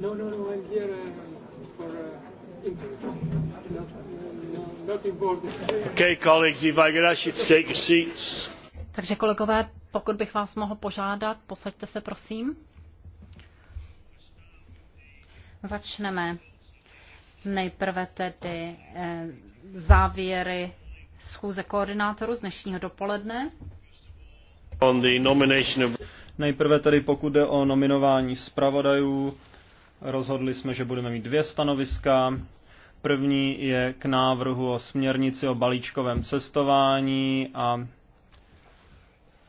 No, no, no, I'm here uh, for uh, interest. Not, uh, no, not involved. Okay, colleagues, if I could ask you to take your seats. Takže kolegové, pokud bych vás mohl požádat, posaďte se prosím. Začneme nejprve tedy eh, závěry schůze koordinátorů z dnešního dopoledne. On the nomination of... Nejprve tedy pokud jde o nominování zpravodajů, rozhodli jsme, že budeme mít dvě stanoviska. První je k návrhu o směrnici o balíčkovém cestování a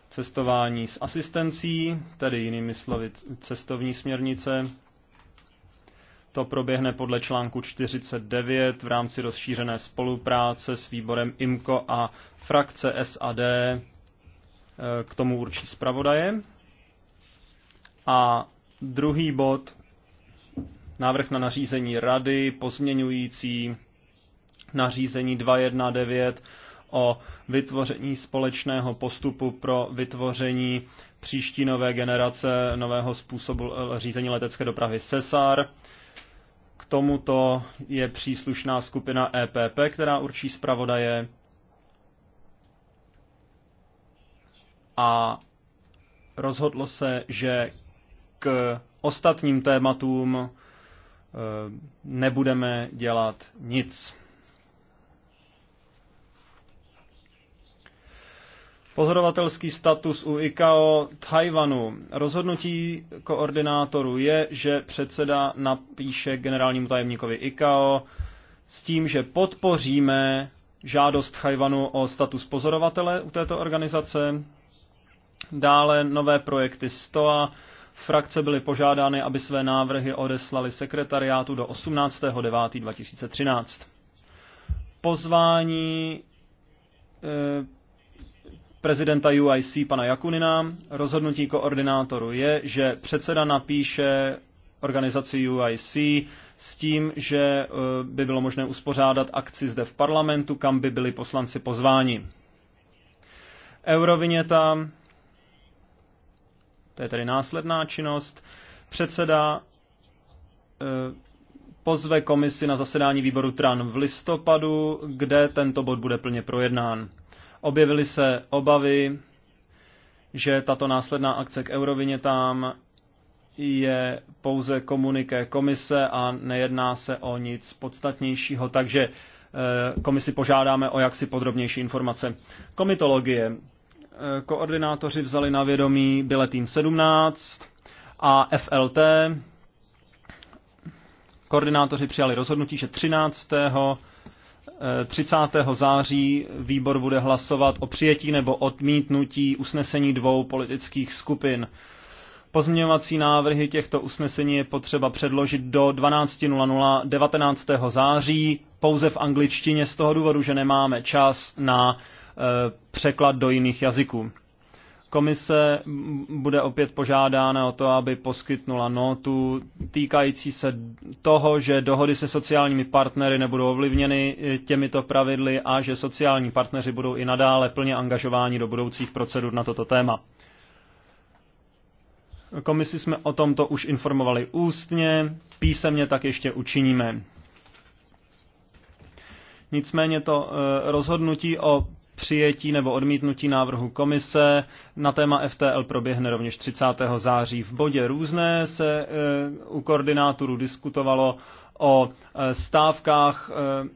cestování s asistencí, tedy jinými slovy cestovní směrnice. To proběhne podle článku 49 v rámci rozšířené spolupráce s výborem IMCO a frakce SAD. K tomu určí zpravodaje. A druhý bod, návrh na nařízení rady pozměňující nařízení 219 o vytvoření společného postupu pro vytvoření příští nové generace nového způsobu řízení letecké dopravy SESAR. K tomuto je příslušná skupina EPP, která určí zpravodaje. A rozhodlo se, že k ostatním tématům eh, nebudeme dělat nic. Pozorovatelský status u ICAO Tajvanu. Rozhodnutí koordinátoru je, že předseda napíše generálnímu tajemníkovi ICAO s tím, že podpoříme žádost Tajvanu o status pozorovatele u této organizace. Dále nové projekty STOA, Frakce byly požádány, aby své návrhy odeslali sekretariátu do 18.9.2013. Pozvání eh, prezidenta UIC pana Jakunina. Rozhodnutí koordinátoru je, že předseda napíše organizaci UIC s tím, že eh, by bylo možné uspořádat akci zde v parlamentu, kam by byli poslanci pozváni. Eurovině tam to je tedy následná činnost, předseda eh, pozve komisi na zasedání výboru TRAN v listopadu, kde tento bod bude plně projednán. Objevily se obavy, že tato následná akce k tam je pouze komuniké komise a nejedná se o nic podstatnějšího, takže eh, komisi požádáme o jaksi podrobnější informace. Komitologie. Eh, koordinátoři vzali na vědomí Biletín 17 a FLT. Koordinátoři přijali rozhodnutí, že 13. 30. Eh, září výbor bude hlasovat o přijetí nebo odmítnutí usnesení dvou politických skupin. Pozměňovací návrhy těchto usnesení je potřeba předložit do 12.00 19. září pouze v angličtině z toho důvodu, že nemáme čas na Eh, překlad do jiných jazyků. Komise bude opět požádána o to, aby poskytnula notu týkající se toho, že dohody se sociálními partnery nebudou ovlivněny eh, těmito pravidly a že sociální partneři budou i nadále plně angažováni do budoucích procedur na toto téma. Komisi jsme o tomto už informovali ústně, písemně tak ještě učiníme. Nicméně to eh, rozhodnutí o přijetí nebo odmítnutí návrhu komise. Na téma FTL proběhne rovněž 30. září. V bodě různé se eh, u koordinátorů diskutovalo o eh, stávkách eh,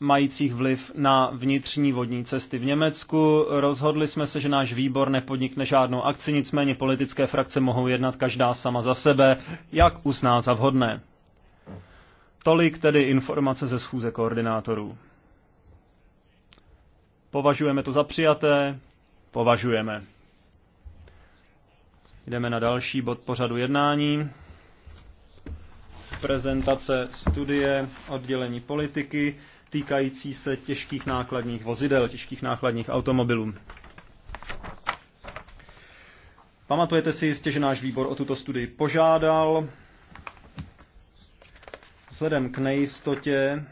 majících vliv na vnitřní vodní cesty v Německu. Rozhodli jsme se, že náš výbor nepodnikne žádnou akci, nicméně politické frakce mohou jednat každá sama za sebe, jak uzná za vhodné. Tolik tedy informace ze schůze koordinátorů. Považujeme to za přijaté? Považujeme. Jdeme na další bod pořadu jednání. Prezentace studie oddělení politiky týkající se těžkých nákladních vozidel, těžkých nákladních automobilů. Pamatujete si jistě, že náš výbor o tuto studii požádal. Vzhledem k nejistotě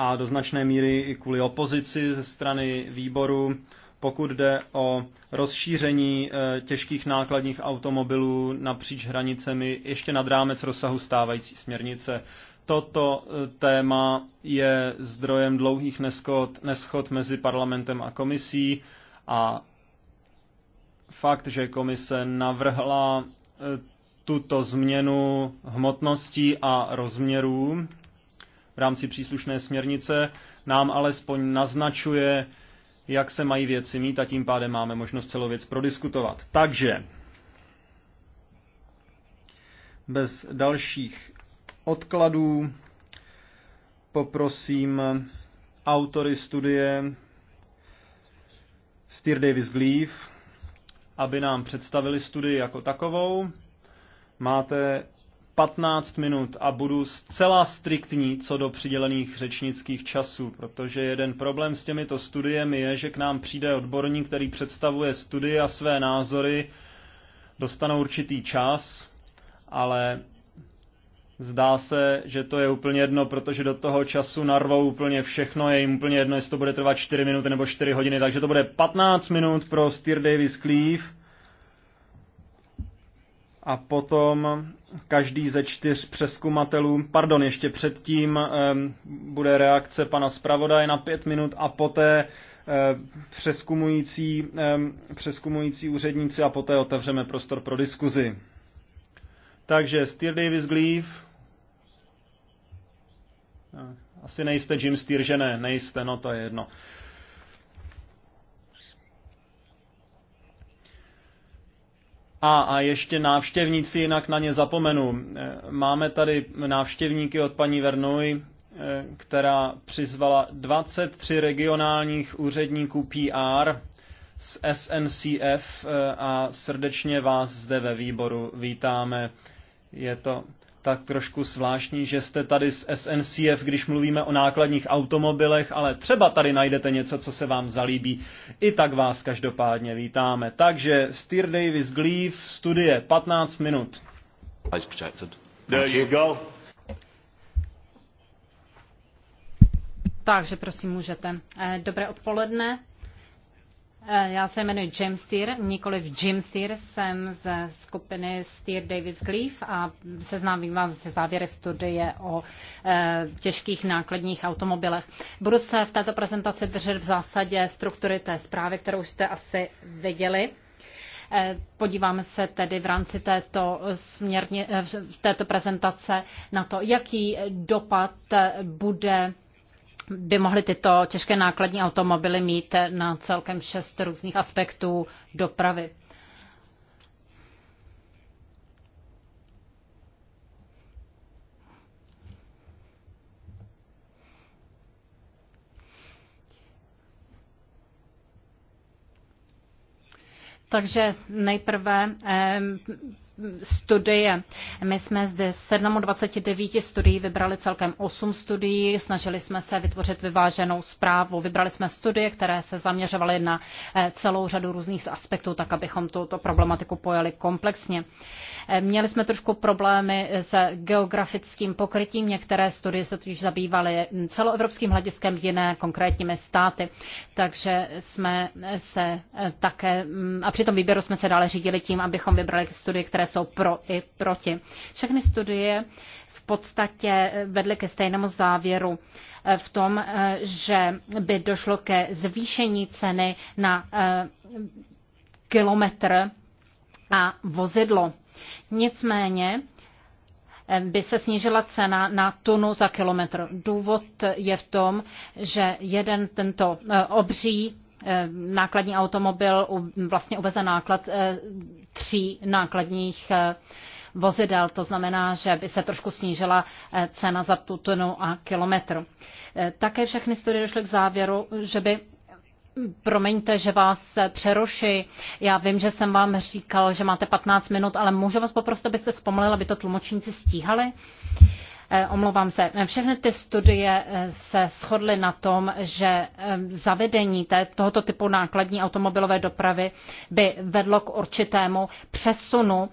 a do značné míry i kvůli opozici ze strany výboru. Pokud jde o rozšíření e, těžkých nákladních automobilů napříč hranicemi ještě nad rámec rozsahu stávající směrnice, toto e, téma je zdrojem dlouhých neschod, neschod mezi parlamentem a komisí a fakt, že komise navrhla e, tuto změnu hmotností a rozměrů v rámci příslušné směrnice nám alespoň naznačuje, jak se mají věci mít a tím pádem máme možnost celou věc prodiskutovat. Takže bez dalších odkladů poprosím autory studie Steer Davis Gleave, aby nám představili studii jako takovou. Máte 15 minut a budu zcela striktní co do přidělených řečnických časů, protože jeden problém s těmito studiemi je, že k nám přijde odborník, který představuje studie a své názory, dostanou určitý čas, ale zdá se, že to je úplně jedno, protože do toho času narvou úplně všechno, je jim úplně jedno, jestli to bude trvat 4 minuty nebo 4 hodiny, takže to bude 15 minut pro Steer Davis Cleave a potom každý ze čtyř přeskumatelů, pardon, ještě předtím bude reakce pana zpravodaje na pět minut a poté eh, přeskumující, přeskumující úředníci a poté otevřeme prostor pro diskuzi. Takže Steer Davis Gleave. Asi nejste Jim Steer, že ne? Nejste, no to je jedno. A, a ještě návštěvníci, jinak na ně zapomenu. E, máme tady návštěvníky od paní Vernoy, e, která přizvala 23 regionálních úředníků PR z SNCF e, a srdečně vás zde ve výboru vítáme. Je to tak trošku zvláštní, že jste tady z SNCF, když mluvíme o nákladních automobilech, ale třeba tady najdete něco, co se vám zalíbí. I tak vás každopádně vítáme. Takže Steer Davis Gleave, studie 15 minut. Takže prosím, můžete. Eh, dobré odpoledne. Eh, já se jmenuji Jim Steer, nikoliv Jim Steer, jsem ze skupiny Steer Davis Gleaf a seznámím vám se závěry studie o e, těžkých nákladních automobilech. Budu se v této prezentaci držet v zásadě struktury té zprávy, kterou jste asi viděli. Eh, podíváme se tedy v rámci této, směrně, této prezentace na to, jaký dopad bude by mohly tyto těžké nákladní automobily mít na celkem šest různých aspektů dopravy. Takže nejprve eh, studie. My jsme zde 27 studií vybrali celkem 8 studií, snažili jsme se vytvořit vyváženou zprávu. Vybrali jsme studie, které se zaměřovaly na eh, celou řadu různých aspektů, tak abychom tuto problematiku pojali komplexně. Eh, měli jsme trošku problémy s geografickým pokrytím. Některé studie se totiž zabývaly hm, celoevropským hlediskem, jiné konkrétními státy. Takže jsme se eh, také, hm, a při tom výběru jsme se dále řídili tím, abychom vybrali studie, které jsou pro i proti. Všechny studie v podstatě vedly ke stejnému závěru eh, v tom, eh, že by došlo ke zvýšení ceny na eh, kilometr a vozidlo. Nicméně by se snížila cena na tunu za kilometr. Důvod je v tom, že jeden tento obří Eh, nákladní automobil vlastně uveze náklad eh, tří nákladních eh, vozidel. To znamená, že by se trošku snížila cena za tunu a kilometr. Také všechny studie došly k závěru, že by Promiňte, že vás přeruši. Já vím, že jsem vám říkal, že máte 15 minut, ale můžu vás poprosit, abyste zpomalili, aby to tlumočníci stíhali. Uh, Eh, omlouvám se, eh, všechny ty studie eh, se shodly na tom, že zavedení tohoto typu nákladní automobilové dopravy by vedlo k určitému přesunu,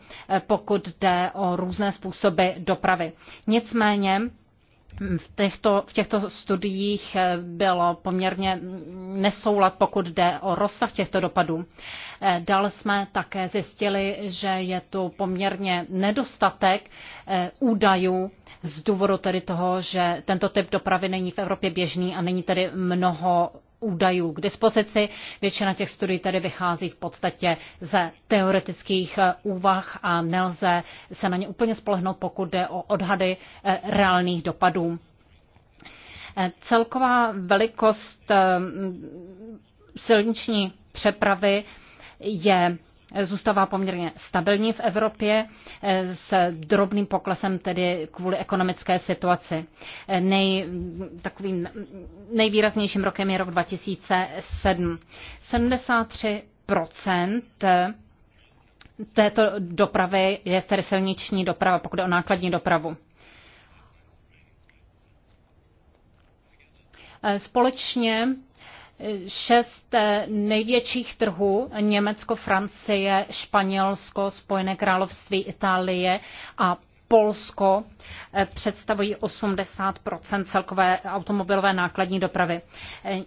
pokud jde o různé způsoby dopravy. Nicméně v těchto, v těchto studiích eh, bylo poměrně nesoulad, pokud jde o rozsah těchto dopadů. Eh, Dále jsme také zjistili, že je tu poměrně nedostatek eh, údajů z důvodu tedy toho, že tento typ dopravy není v Evropě běžný a není tedy mnoho údajů k dispozici. Většina těch studií tady vychází v podstatě ze teoretických eh, úvah a nelze se na ně úplně spolehnout, pokud jde o odhady eh, reálných dopadů. Eh, celková velikost silniční přepravy je zůstává poměrně stabilní v Evropě eh, s drobným poklesem tedy kvůli ekonomické situaci. Eh, nej, takovým nejvýraznějším rokem je rok 2007. 73 eh, této dopravy je tedy silniční doprava, pokud je o nákladní dopravu. Společně šest největších trhů, Německo, Francie, Španělsko, Spojené království, Itálie a Polsko eh, představují 80 celkové automobilové nákladní dopravy. Eh,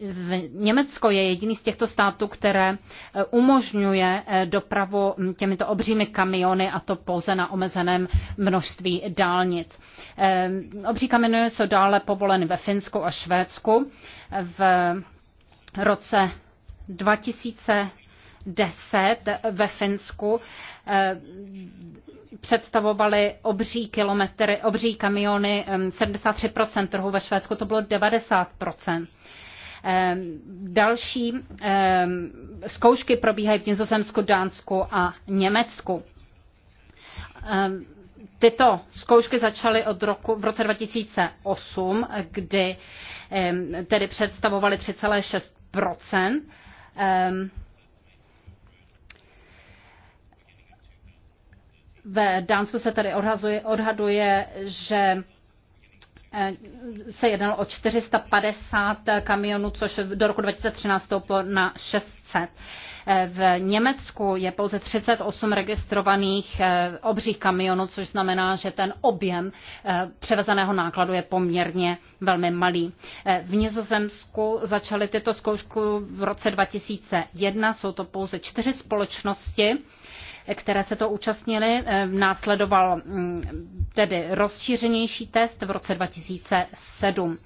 Německo je jediný z těchto států, které eh, umožňuje dopravu těmito obřími kamiony a to pouze na omezeném množství dálnic. Obří kamiony jsou dále povoleny ve Finsku a Švédsku. V roce 2010 ve Finsku eh, představovaly obří kilometry, obří kamiony 73% eh, trhu, ve Švédsku to bylo 90%. Eh, další zkoušky probíhají v Nizozemsku, Dánsku a Německu. Tyto zkoušky začaly od roku, v roce 2008, kdy tedy představovaly v Dánsku se tady odhazuje, odhaduje, že Eh, se jednalo o 450 kamionů, což do roku 2013 stouplo na 600. Eh, v Německu je pouze 38 registrovaných eh, obřích kamionů, což znamená, že ten objem převezeného nákladu je poměrně velmi malý. V Nizozemsku začaly tyto zkoušku v roce 2001, jsou to pouze čtyři společnosti které se to účastnili. Eh, následoval mm, tedy rozšířenější test v roce 2007.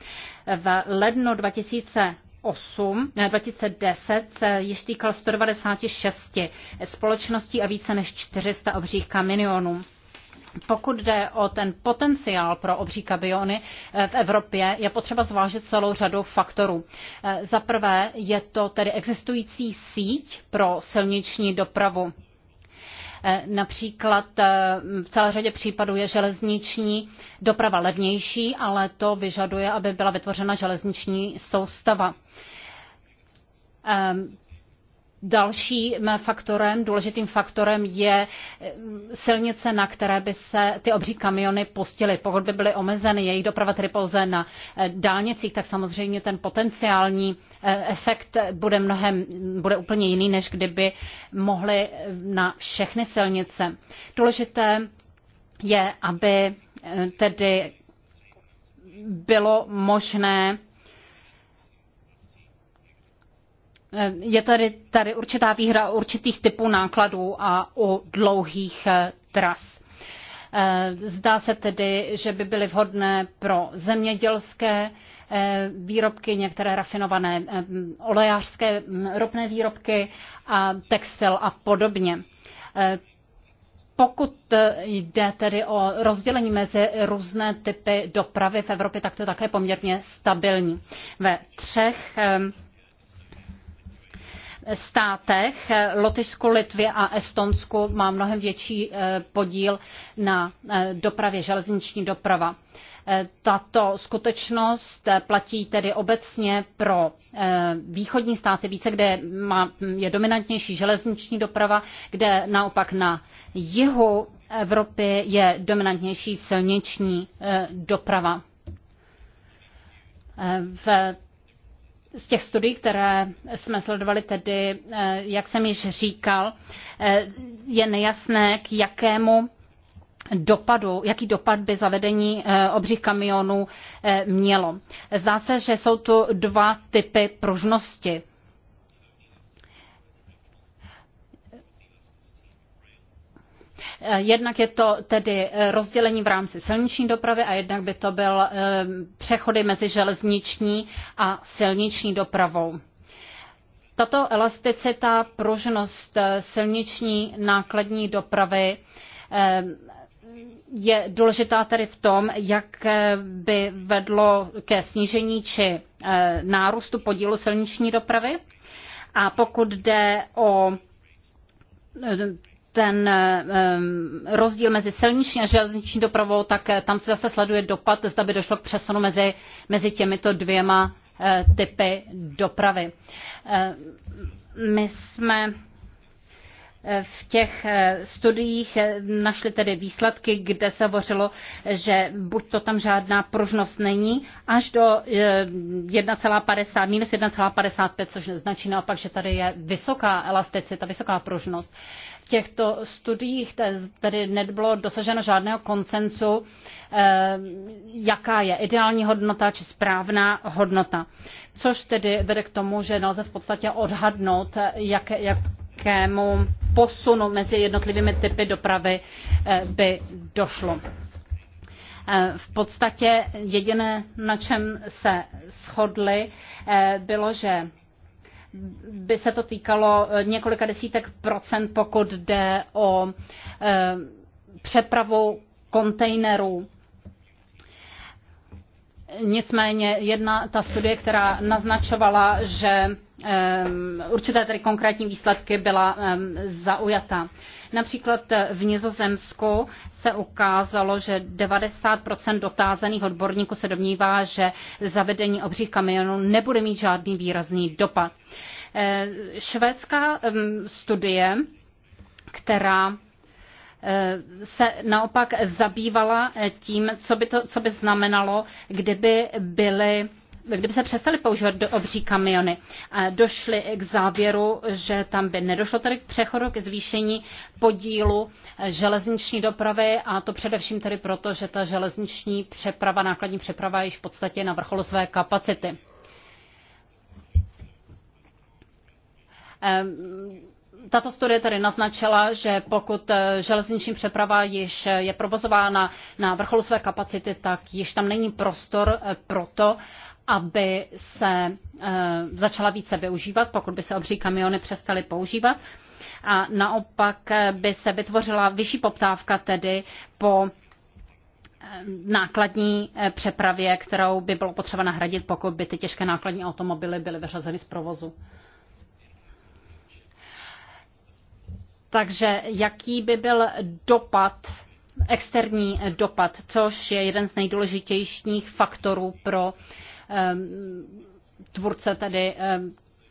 V lednu 2000 8, 2010 se již týkal 196 společností a více než 400 obřích kamionů. Pokud jde o ten potenciál pro obří kabiony eh, v Evropě, je potřeba zvážit celou řadu faktorů. Eh, za prvé je to tedy existující síť pro silniční dopravu. Eh, například eh, v celé řadě případů je železniční doprava levnější, ale to vyžaduje, aby byla vytvořena železniční soustava. Ehm, Dalším faktorem, důležitým faktorem je eh, silnice, na které by se ty obří kamiony pustily. Pokud by byly omezeny jejich doprava tedy pouze na eh, dálnicích, tak samozřejmě ten potenciální eh, efekt bude, mnohem, bude úplně jiný, než kdyby mohly na všechny silnice. Důležité je, aby tedy bylo možné je tady, tady určitá výhra určitých typů nákladů a u dlouhých eh, tras. Eh, zdá se tedy, že by byly vhodné pro zemědělské eh, výrobky, některé rafinované olejářské hm, ropné výrobky a textil a podobně. Pokud jde tedy o rozdělení mezi různé typy dopravy v Evropě, tak to je také poměrně stabilní. Ve třech hm, státech, Lotyšsku, Litvě a Estonsku má mnohem větší eh, podíl na eh, dopravě, železniční doprava. Eh, tato skutečnost platí tedy obecně pro východní státy více, kde je dominantnější železniční doprava, kde naopak na jihu Evropy je dominantnější silniční doprava. V z těch studií, které jsme sledovali tedy, eh, jak jsem již říkal, eh, je nejasné, k jakému dopadu, jaký dopad by zavedení eh, obřích kamionů mělo. Zdá se, že jsou tu dva typy pružnosti. Eh, jednak je to tedy eh, rozdělení v rámci silniční dopravy a jednak by to byl eh, přechody mezi železniční a silniční dopravou. Tato elasticita, pružnost silniční nákladní dopravy je důležitá tedy v tom, jak by vedlo ke snížení či nárůstu podílu silniční dopravy. A pokud jde o ten ehm, rozdíl mezi silniční a železniční dopravou, tak eh, tam se zase sleduje dopad, zda by došlo k přesunu mezi, mezi těmito dvěma eh, typy dopravy. Eh, my jsme v těch studiích našli tedy výsledky, kde se hovořilo, že buď to tam žádná pružnost není, až do 1,50, minus 1,55, což značí naopak, že tady je vysoká elasticita, vysoká pružnost těchto studiích tedy nebylo dosaženo žádného koncensu, eh, jaká je ideální hodnota či správná hodnota. Což tedy vede k tomu, že nelze v podstatě odhadnout, jak, jakému posunu mezi jednotlivými typy dopravy eh, by došlo. Eh, v podstatě jediné, na čem se shodli, bylo, že by se to týkalo eh, několika desítek procent, pokud jde o eh, přepravu kontejnerů. Nicméně jedna ta studie, která naznačovala, že eh, určité tedy konkrétní výsledky byla zaujata. Například v Nizozemsku se ukázalo, že 90% dotázaných odborníků se domnívá, že zavedení obřích kamionů nebude mít žádný výrazný dopad. Eh, švédská hm, studie, která eh, se naopak zabývala eh, tím, co by, to, co by znamenalo, kdyby byly kdyby se přestali používat do obří kamiony a došli k závěru, že tam by nedošlo tedy k přechodu, k zvýšení podílu železniční dopravy a to především tedy proto, že ta železniční přeprava, nákladní přeprava je již v podstatě na vrcholu své kapacity. Ehm, tato studie tedy naznačila, že pokud e, železniční přeprava již je provozována na vrcholu své kapacity, tak již tam není prostor e, pro to, aby se eh, začala více využívat, pokud by se obří kamiony přestaly používat a naopak eh, by se vytvořila vyšší poptávka tedy po eh, nákladní přepravě, kterou by bylo potřeba nahradit, pokud by ty těžké nákladní automobily byly vyřazeny z provozu. Takže jaký by byl dopad, externí dopad, což je jeden z nejdůležitějších faktorů pro uh, Ehm, tvůrce tedy ehm,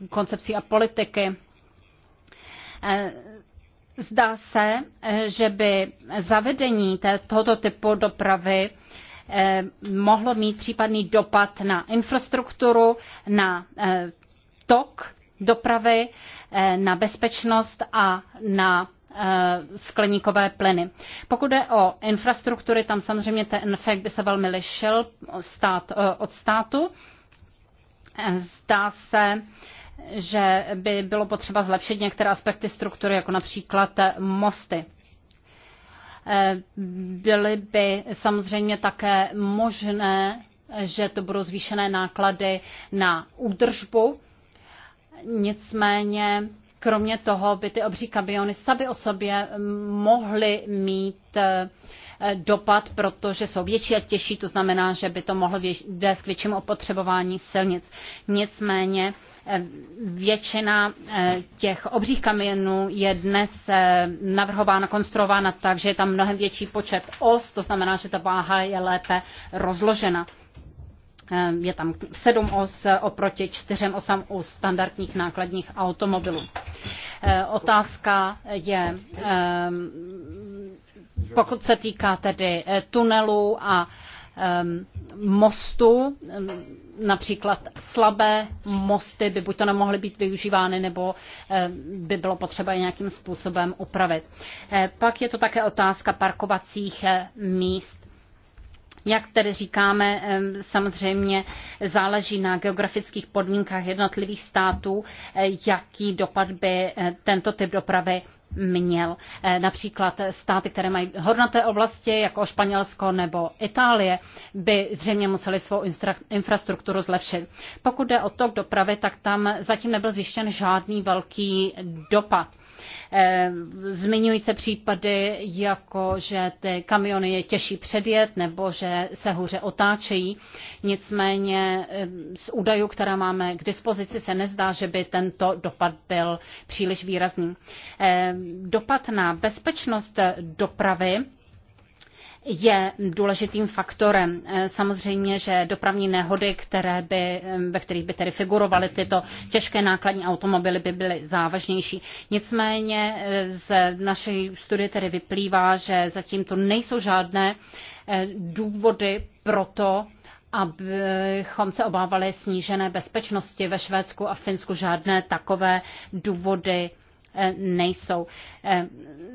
koncepcí a politiky. Ehm, zdá se, eh, že by zavedení tohoto typu dopravy mohlo mít případný dopad na infrastrukturu, na eh, tok dopravy, eh, na bezpečnost a na Eh, skleníkové plyny. Pokud jde o infrastruktury, tam samozřejmě ten efekt by se velmi lišil stát, eh, od státu. Zdá se, že by bylo potřeba zlepšit některé aspekty struktury, jako například mosty. Eh, byly by samozřejmě také možné, že to budou zvýšené náklady na údržbu, nicméně Kromě toho by ty obří kamiony sami o sobě mohly mít eh, dopad, protože jsou větší a těžší, to znamená, že by to mohlo vést k většímu opotřebování silnic. Nicméně eh, většina eh, těch obřích kamionů je dnes navrhována, konstruována tak, že je tam mnohem větší počet os, to znamená, že ta váha je lépe rozložena. Eh, je tam 7 os oproti 4 osám u standardních nákladních automobilů. Eh, otázka je, eh, pokud se týká tedy tunelů a mostu, například slabé mosty by buď to nemohly být využívány, nebo by bylo potřeba je nějakým způsobem upravit. Pak je to také otázka parkovacích míst jak tedy říkáme, samozřejmě záleží na geografických podmínkách jednotlivých států, eh, jaký dopad by eh, tento typ dopravy měl. Eh, například státy, které mají hornaté oblasti, jako Španělsko nebo Itálie, by zřejmě museli svou infrastrukturu zlepšit. Pokud jde o tok dopravy, tak tam zatím nebyl zjištěn žádný velký dopad. Eh, zmiňují se případy, jako že ty kamiony je těžší předjet nebo že se hůře otáčejí. Nicméně eh, z údajů, které máme k dispozici, se nezdá, že by tento dopad byl příliš výrazný. Eh, dopad na bezpečnost dopravy je důležitým faktorem. Eh, samozřejmě, že dopravní nehody, které by, eh, ve kterých by tedy figurovaly tyto těžké nákladní automobily, by byly závažnější. Nicméně eh, z naší studie tedy vyplývá, že zatím to nejsou žádné důvody pro to, abychom se obávali snížené bezpečnosti ve Švédsku a Finsku. Žádné takové důvody Eh, nejsou. Eh,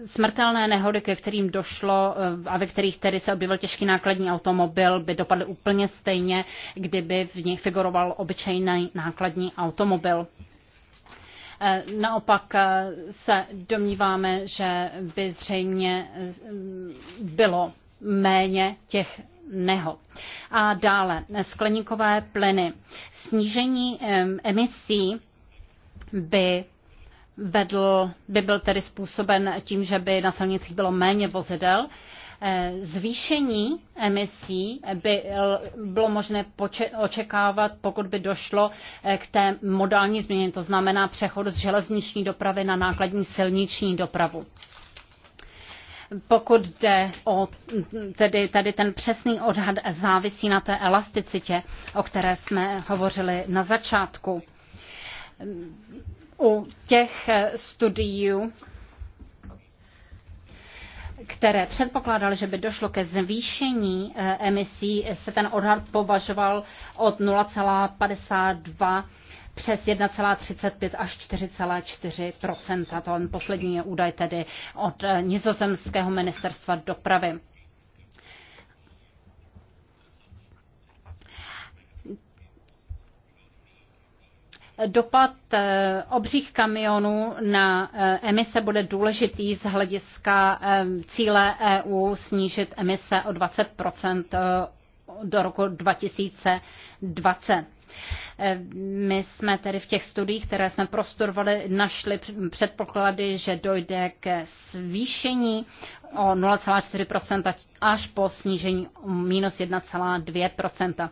smrtelné nehody, ke kterým došlo eh, a ve kterých tedy se objevil těžký nákladní automobil, by dopadly úplně stejně, kdyby v nich figuroval obyčejný nákladní automobil. Naopak se domníváme, že by zřejmě bylo méně těch neho. A dále skleníkové plyny. Snížení emisí by vedl, by byl tedy způsoben tím, že by na silnicích bylo méně vozidel. Eh, zvýšení emisí by bylo možné očekávat, pokud by došlo eh, k té modální změně, to znamená přechod z železniční dopravy na nákladní silniční dopravu. Pokud jde o tedy, tady ten přesný odhad, závisí na té elasticitě, o které jsme hovořili na začátku u těch eh, studií, které předpokládaly, že by došlo ke zvýšení eh, emisí, se ten odhad považoval od 0,52 přes 1,35 až 4,4 To poslední je údaj tedy od eh, nizozemského ministerstva dopravy. Dopad eh, obřích kamionů na eh, emise bude důležitý z hlediska eh, cíle EU snížit emise o 20 do roku 2020. Eh, my jsme tedy v těch studiích, které jsme prostorovali, našli předpoklady, že dojde ke zvýšení o 0,4% až po snížení minus 1,2%.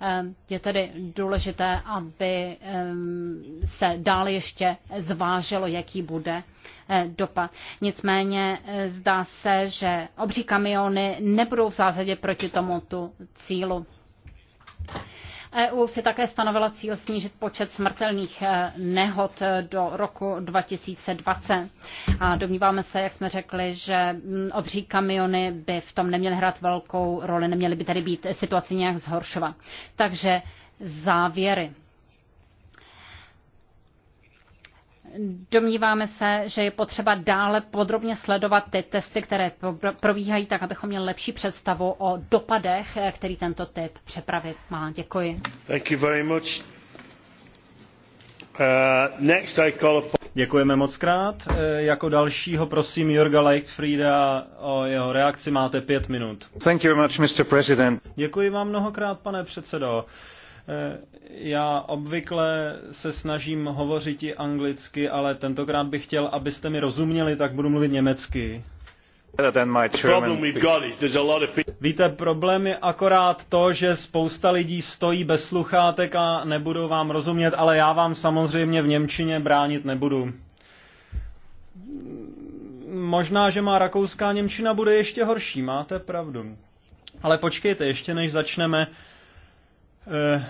Eh, je tedy důležité, aby eh, se dále ještě zvážilo, jaký bude dopad. Nicméně zdá se, že obří kamiony nebudou v zásadě proti tomuto cílu. EU si také stanovila cíl snížit počet smrtelných e, nehod e, do roku 2020. A domníváme se, jak jsme řekli, že mm, obří kamiony by v tom neměly hrát velkou roli, neměly by tady být situaci nějak zhoršovat. Takže závěry. Domníváme se, že je potřeba dále podrobně sledovat ty testy, které probíhají, tak abychom měli lepší představu o dopadech, který tento typ přepravy má. Děkuji. Thank you very much. Uh, next I call upon... Děkujeme moc krát. E, jako dalšího prosím Jorga Leichtfrieda o jeho reakci. Máte pět minut. Thank you very much, Mr. President. Děkuji vám mnohokrát, pane předsedo. E, Eh, já obvykle se snažím hovořit i anglicky, ale tentokrát bych chtěl, abyste mi rozuměli, tak budu mluvit německy. Víte, problém je akorát to, že spousta lidí stojí bez sluchátek a nebudou vám rozumět, ale já vám samozřejmě v Němčině bránit nebudu. Možná, že má rakouská Němčina bude ještě horší, máte pravdu. Ale počkejte, ještě než začneme, Eh,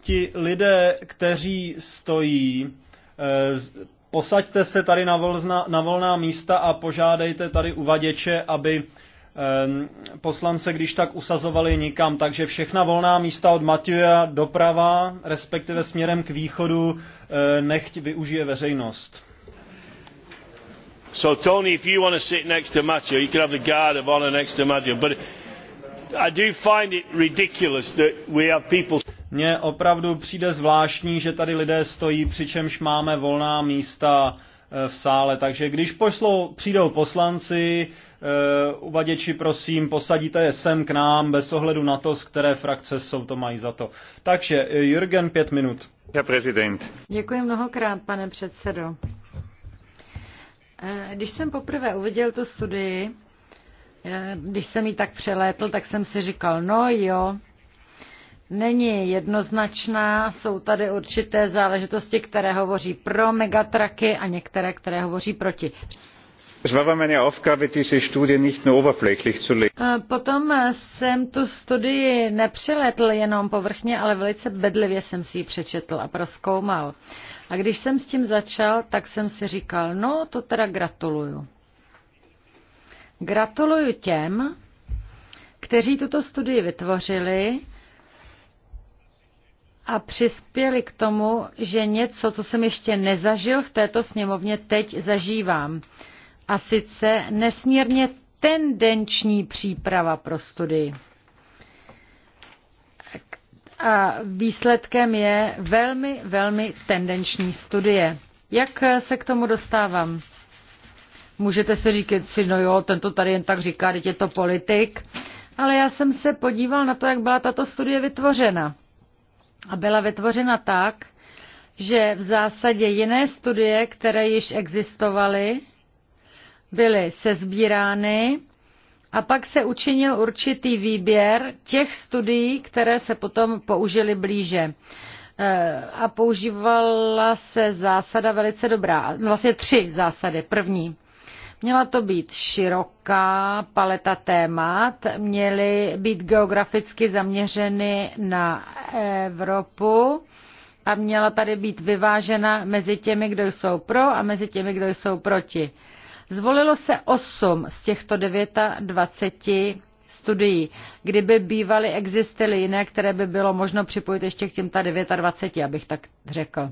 ti lidé, kteří stojí, eh, posaďte se tady na, volna, na volná místa a požádejte tady uvaděče, aby ehm, poslance když tak usazovali nikam. Takže všechna volná místa od Matěja doprava, respektive směrem k východu, eh, nechť využije veřejnost. So Tony, if you want to sit next to Matthew, you can have the guard of honor next to Matthew. But mně opravdu přijde zvláštní, že tady lidé stojí, přičemž máme volná místa eh, v sále. Takže když pošlou, přijdou poslanci, uh, uvaděči, prosím, posadíte je sem k nám, bez ohledu na to, z které frakce jsou, to mají za to. Takže eh, Jürgen, pět minut. Ja, prezident. Děkuji mnohokrát, pane předsedo. Když jsem poprvé uviděl tu studii, Eh, když jsem ji tak přelétl, tak jsem si říkal, no jo, není jednoznačná, jsou tady určité záležitosti, které hovoří pro megatraky a některé, které hovoří proti. Eh, potom eh, jsem tu studii nepřelétl jenom povrchně, ale velice bedlivě jsem si ji přečetl a proskoumal. A když jsem s tím začal, tak jsem si říkal, no to teda gratuluju. Gratuluju těm, kteří tuto studii vytvořili a přispěli k tomu, že něco, co jsem ještě nezažil v této sněmovně, teď zažívám. A sice nesmírně tendenční příprava pro studii. A výsledkem je velmi, velmi tendenční studie. Jak se k tomu dostávám? Můžete si říkat si, no jo, ten to tady jen tak říká, teď je to politik. Ale já jsem se podíval na to, jak byla tato studie vytvořena. A byla vytvořena tak, že v zásadě jiné studie, které již existovaly, byly sezbírány a pak se učinil určitý výběr těch studií, které se potom použily blíže. Eh, a používala se zásada velice dobrá, vlastně tři zásady. První, Měla to být široká paleta témat, měly být geograficky zaměřeny na Evropu a měla tady být vyvážena mezi těmi, kdo jsou pro a mezi těmi, kdo jsou proti. Zvolilo se 8 z těchto 29 studií. Kdyby bývaly existily jiné, které by bylo možno připojit ještě k těm ta 29, abych tak řekl.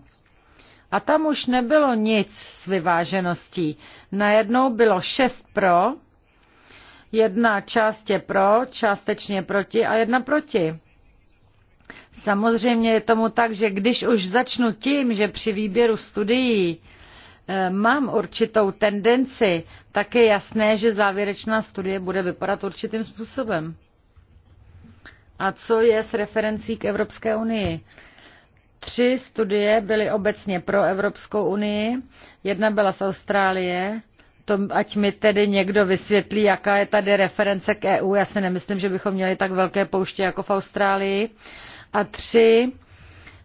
A tam už nebylo nic s vyvážeností. Najednou bylo šest pro, jedna část je pro, částečně proti a jedna proti. Samozřejmě je tomu tak, že když už začnu tím, že při výběru studií eh, mám určitou tendenci, tak je jasné, že závěrečná studie bude vypadat určitým způsobem. A co je s referencí k Evropské unii? Tři studie byly obecně pro Evropskou unii, jedna byla z Austrálie, to, ať mi tedy někdo vysvětlí, jaká je tady reference k EU. Já si nemyslím, že bychom měli tak velké pouště jako v Austrálii. A tři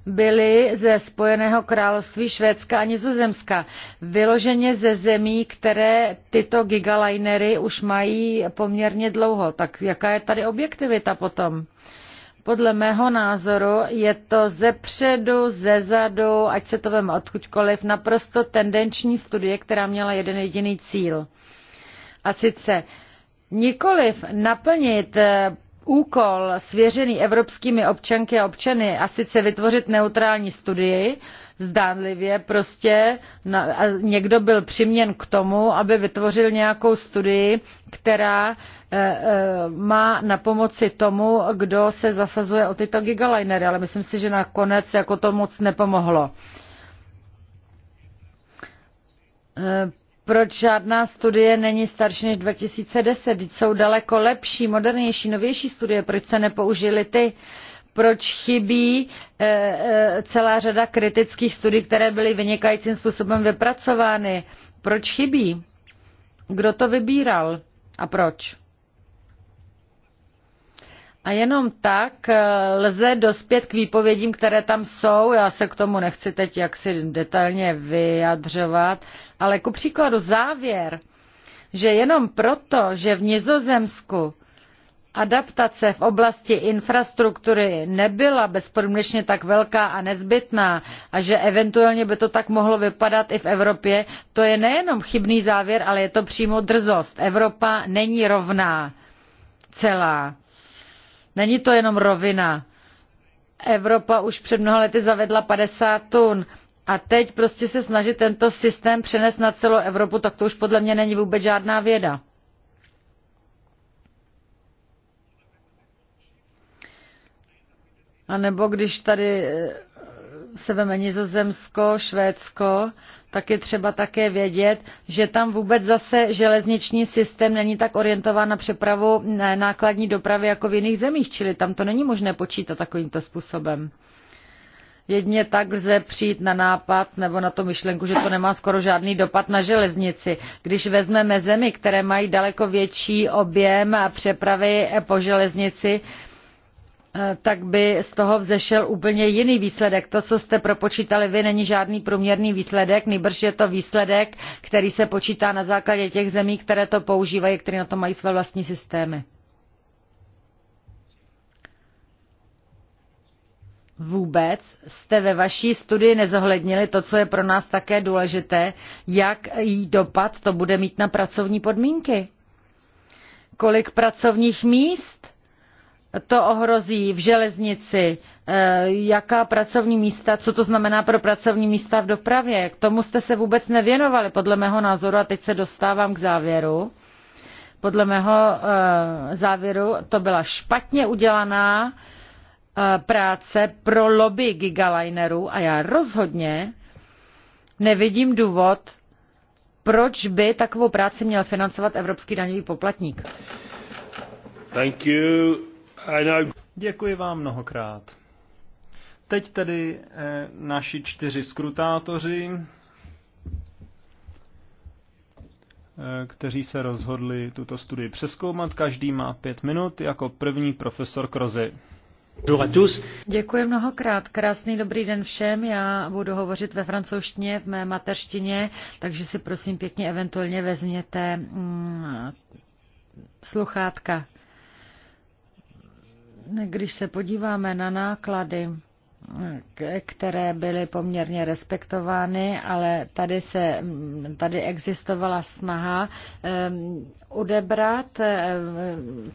byly ze Spojeného království Švédska a Nizozemska. Vyloženě ze zemí, které tyto gigalinery už mají poměrně dlouho. Tak jaká je tady objektivita potom? Podle mého názoru je to ze předu, ze zadu, ať se to vem odkudkoliv, naprosto tendenční studie, která měla jeden jediný cíl. A sice nikoliv naplnit eh, úkol svěřený evropskými občanky a občany a sice vytvořit neutrální studii, zdánlivě prostě někdo byl přiměn k tomu, aby vytvořil nějakou studii, která eh, eh, má na pomoci tomu, kdo se zasazuje o tyto gigalinery, ale myslím si, že nakonec jako to moc nepomohlo. Eh, proč žádná studie není starší než 2010? jsou daleko lepší, modernější, novější studie, proč se nepoužily ty? proč chybí eh, eh, celá řada kritických studií, které byly vynikajícím způsobem vypracovány. Proč chybí? Kdo to vybíral a proč? A jenom tak eh, lze dospět k výpovědím, které tam jsou. Já se k tomu nechci teď jaksi detailně vyjadřovat, ale ku příkladu závěr, že jenom proto, že v Nizozemsku adaptace v oblasti infrastruktury nebyla bezpodmínečně tak velká a nezbytná a že eventuálně by to tak mohlo vypadat i v Evropě, to je nejenom chybný závěr, ale je to přímo drzost. Evropa není rovná celá. Není to jenom rovina. Evropa už před mnoha lety zavedla 50 tun a teď prostě se snaží tento systém přenést na celou Evropu, tak to už podle mě není vůbec žádná věda. A nebo když tady eh, se veme Nizozemsko, Švédsko, tak je třeba také vědět, že tam vůbec zase železniční systém není tak orientován na přepravu na nákladní dopravy jako v jiných zemích, čili tam to není možné počítat takovýmto způsobem. Jedně tak lze přijít na nápad nebo na to myšlenku, že to nemá skoro žádný dopad na železnici. Když vezmeme zemi, které mají daleko větší objem přepravy eh, po železnici, Eh, tak by z toho vzešel úplně jiný výsledek. To, co jste propočítali vy, není žádný průměrný výsledek, nejbrž je to výsledek, který se počítá na základě těch zemí, které to používají, které na to mají své vlastní systémy. Vůbec jste ve vaší studii nezohlednili to, co je pro nás také důležité, jak jí dopad to bude mít na pracovní podmínky. Kolik pracovních míst to ohrozí v železnici, eh, jaká pracovní místa, co to znamená pro pracovní místa v dopravě. K tomu jste se vůbec nevěnovali, podle mého názoru, a teď se dostávám k závěru. Podle mého eh, závěru to byla špatně udělaná eh, práce pro lobby gigalinerů a já rozhodně nevidím důvod, proč by takovou práci měl financovat evropský daňový poplatník. Thank you. Děkuji vám mnohokrát. Teď tedy eh, naši čtyři skrutátoři, eh, kteří se rozhodli tuto studii přeskoumat. Každý má pět minut, jako první profesor Krozy. Děkuji mnohokrát. Krásný dobrý den všem. Já budu hovořit ve francouzštině, v mé mateřštině, takže si prosím pěkně eventuálně vezměte mm, sluchátka. Když se podíváme na náklady, které byly poměrně respektovány, ale tady, se, tady existovala snaha ehm, odebrat ehm,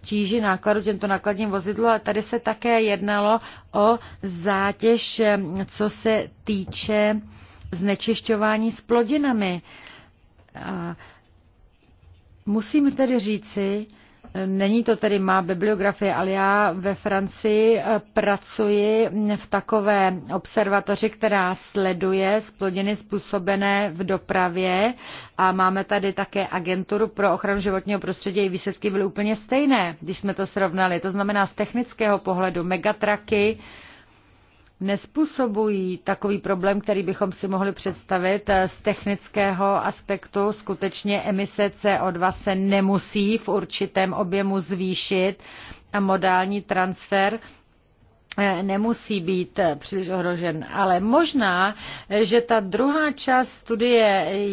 tíži nákladu těmto nákladním vozidlu, ale tady se také jednalo o zátěž, ehm, co se týče znečišťování s plodinami. A musím tedy říci, Není to tedy má bibliografie, ale já ve Francii eh, pracuji v takové observatoři, která sleduje splodiny způsobené v dopravě a máme tady také agenturu pro ochranu životního prostředí. Její výsledky byly úplně stejné, když jsme to srovnali. To znamená z technického pohledu megatraky, nespůsobují takový problém, který bychom si mohli představit eh, z technického aspektu. Skutečně emise CO2 se nemusí v určitém objemu zvýšit a modální transfer eh, nemusí být eh, příliš ohrožen. Ale možná, že ta druhá část studie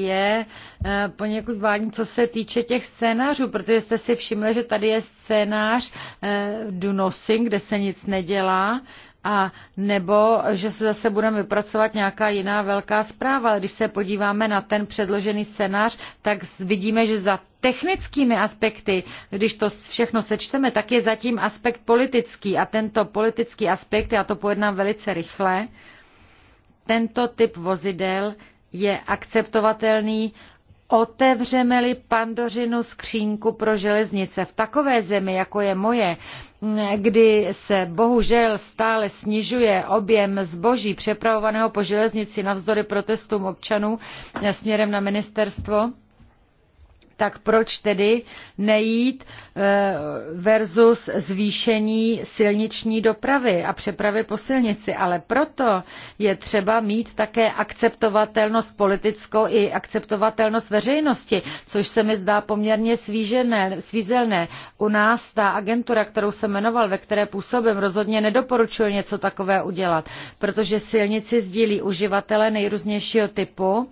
je poněkud vágní, co se týče těch scénářů, protože jste si všimli, že tady je scénář do nothing, kde se nic nedělá a nebo že se zase budeme vypracovat nějaká jiná velká zpráva. Ale když se podíváme na ten předložený scénář, tak vidíme, že za technickými aspekty, když to všechno sečteme, tak je zatím aspekt politický. A tento politický aspekt, já to pojednám velice rychle, tento typ vozidel je akceptovatelný Otevřeme-li pandořinu skřínku pro železnice v takové zemi, jako je moje, kdy se bohužel stále snižuje objem zboží přepravovaného po železnici navzdory protestům občanů směrem na ministerstvo, tak proč tedy nejít eh, versus zvýšení silniční dopravy a přepravy po silnici? Ale proto je třeba mít také akceptovatelnost politickou i akceptovatelnost veřejnosti, což se mi zdá poměrně svížené, svízelné. U nás ta agentura, kterou jsem jmenoval, ve které působím, rozhodně nedoporučuje něco takové udělat, protože silnici sdílí uživatele nejrůznějšího typu,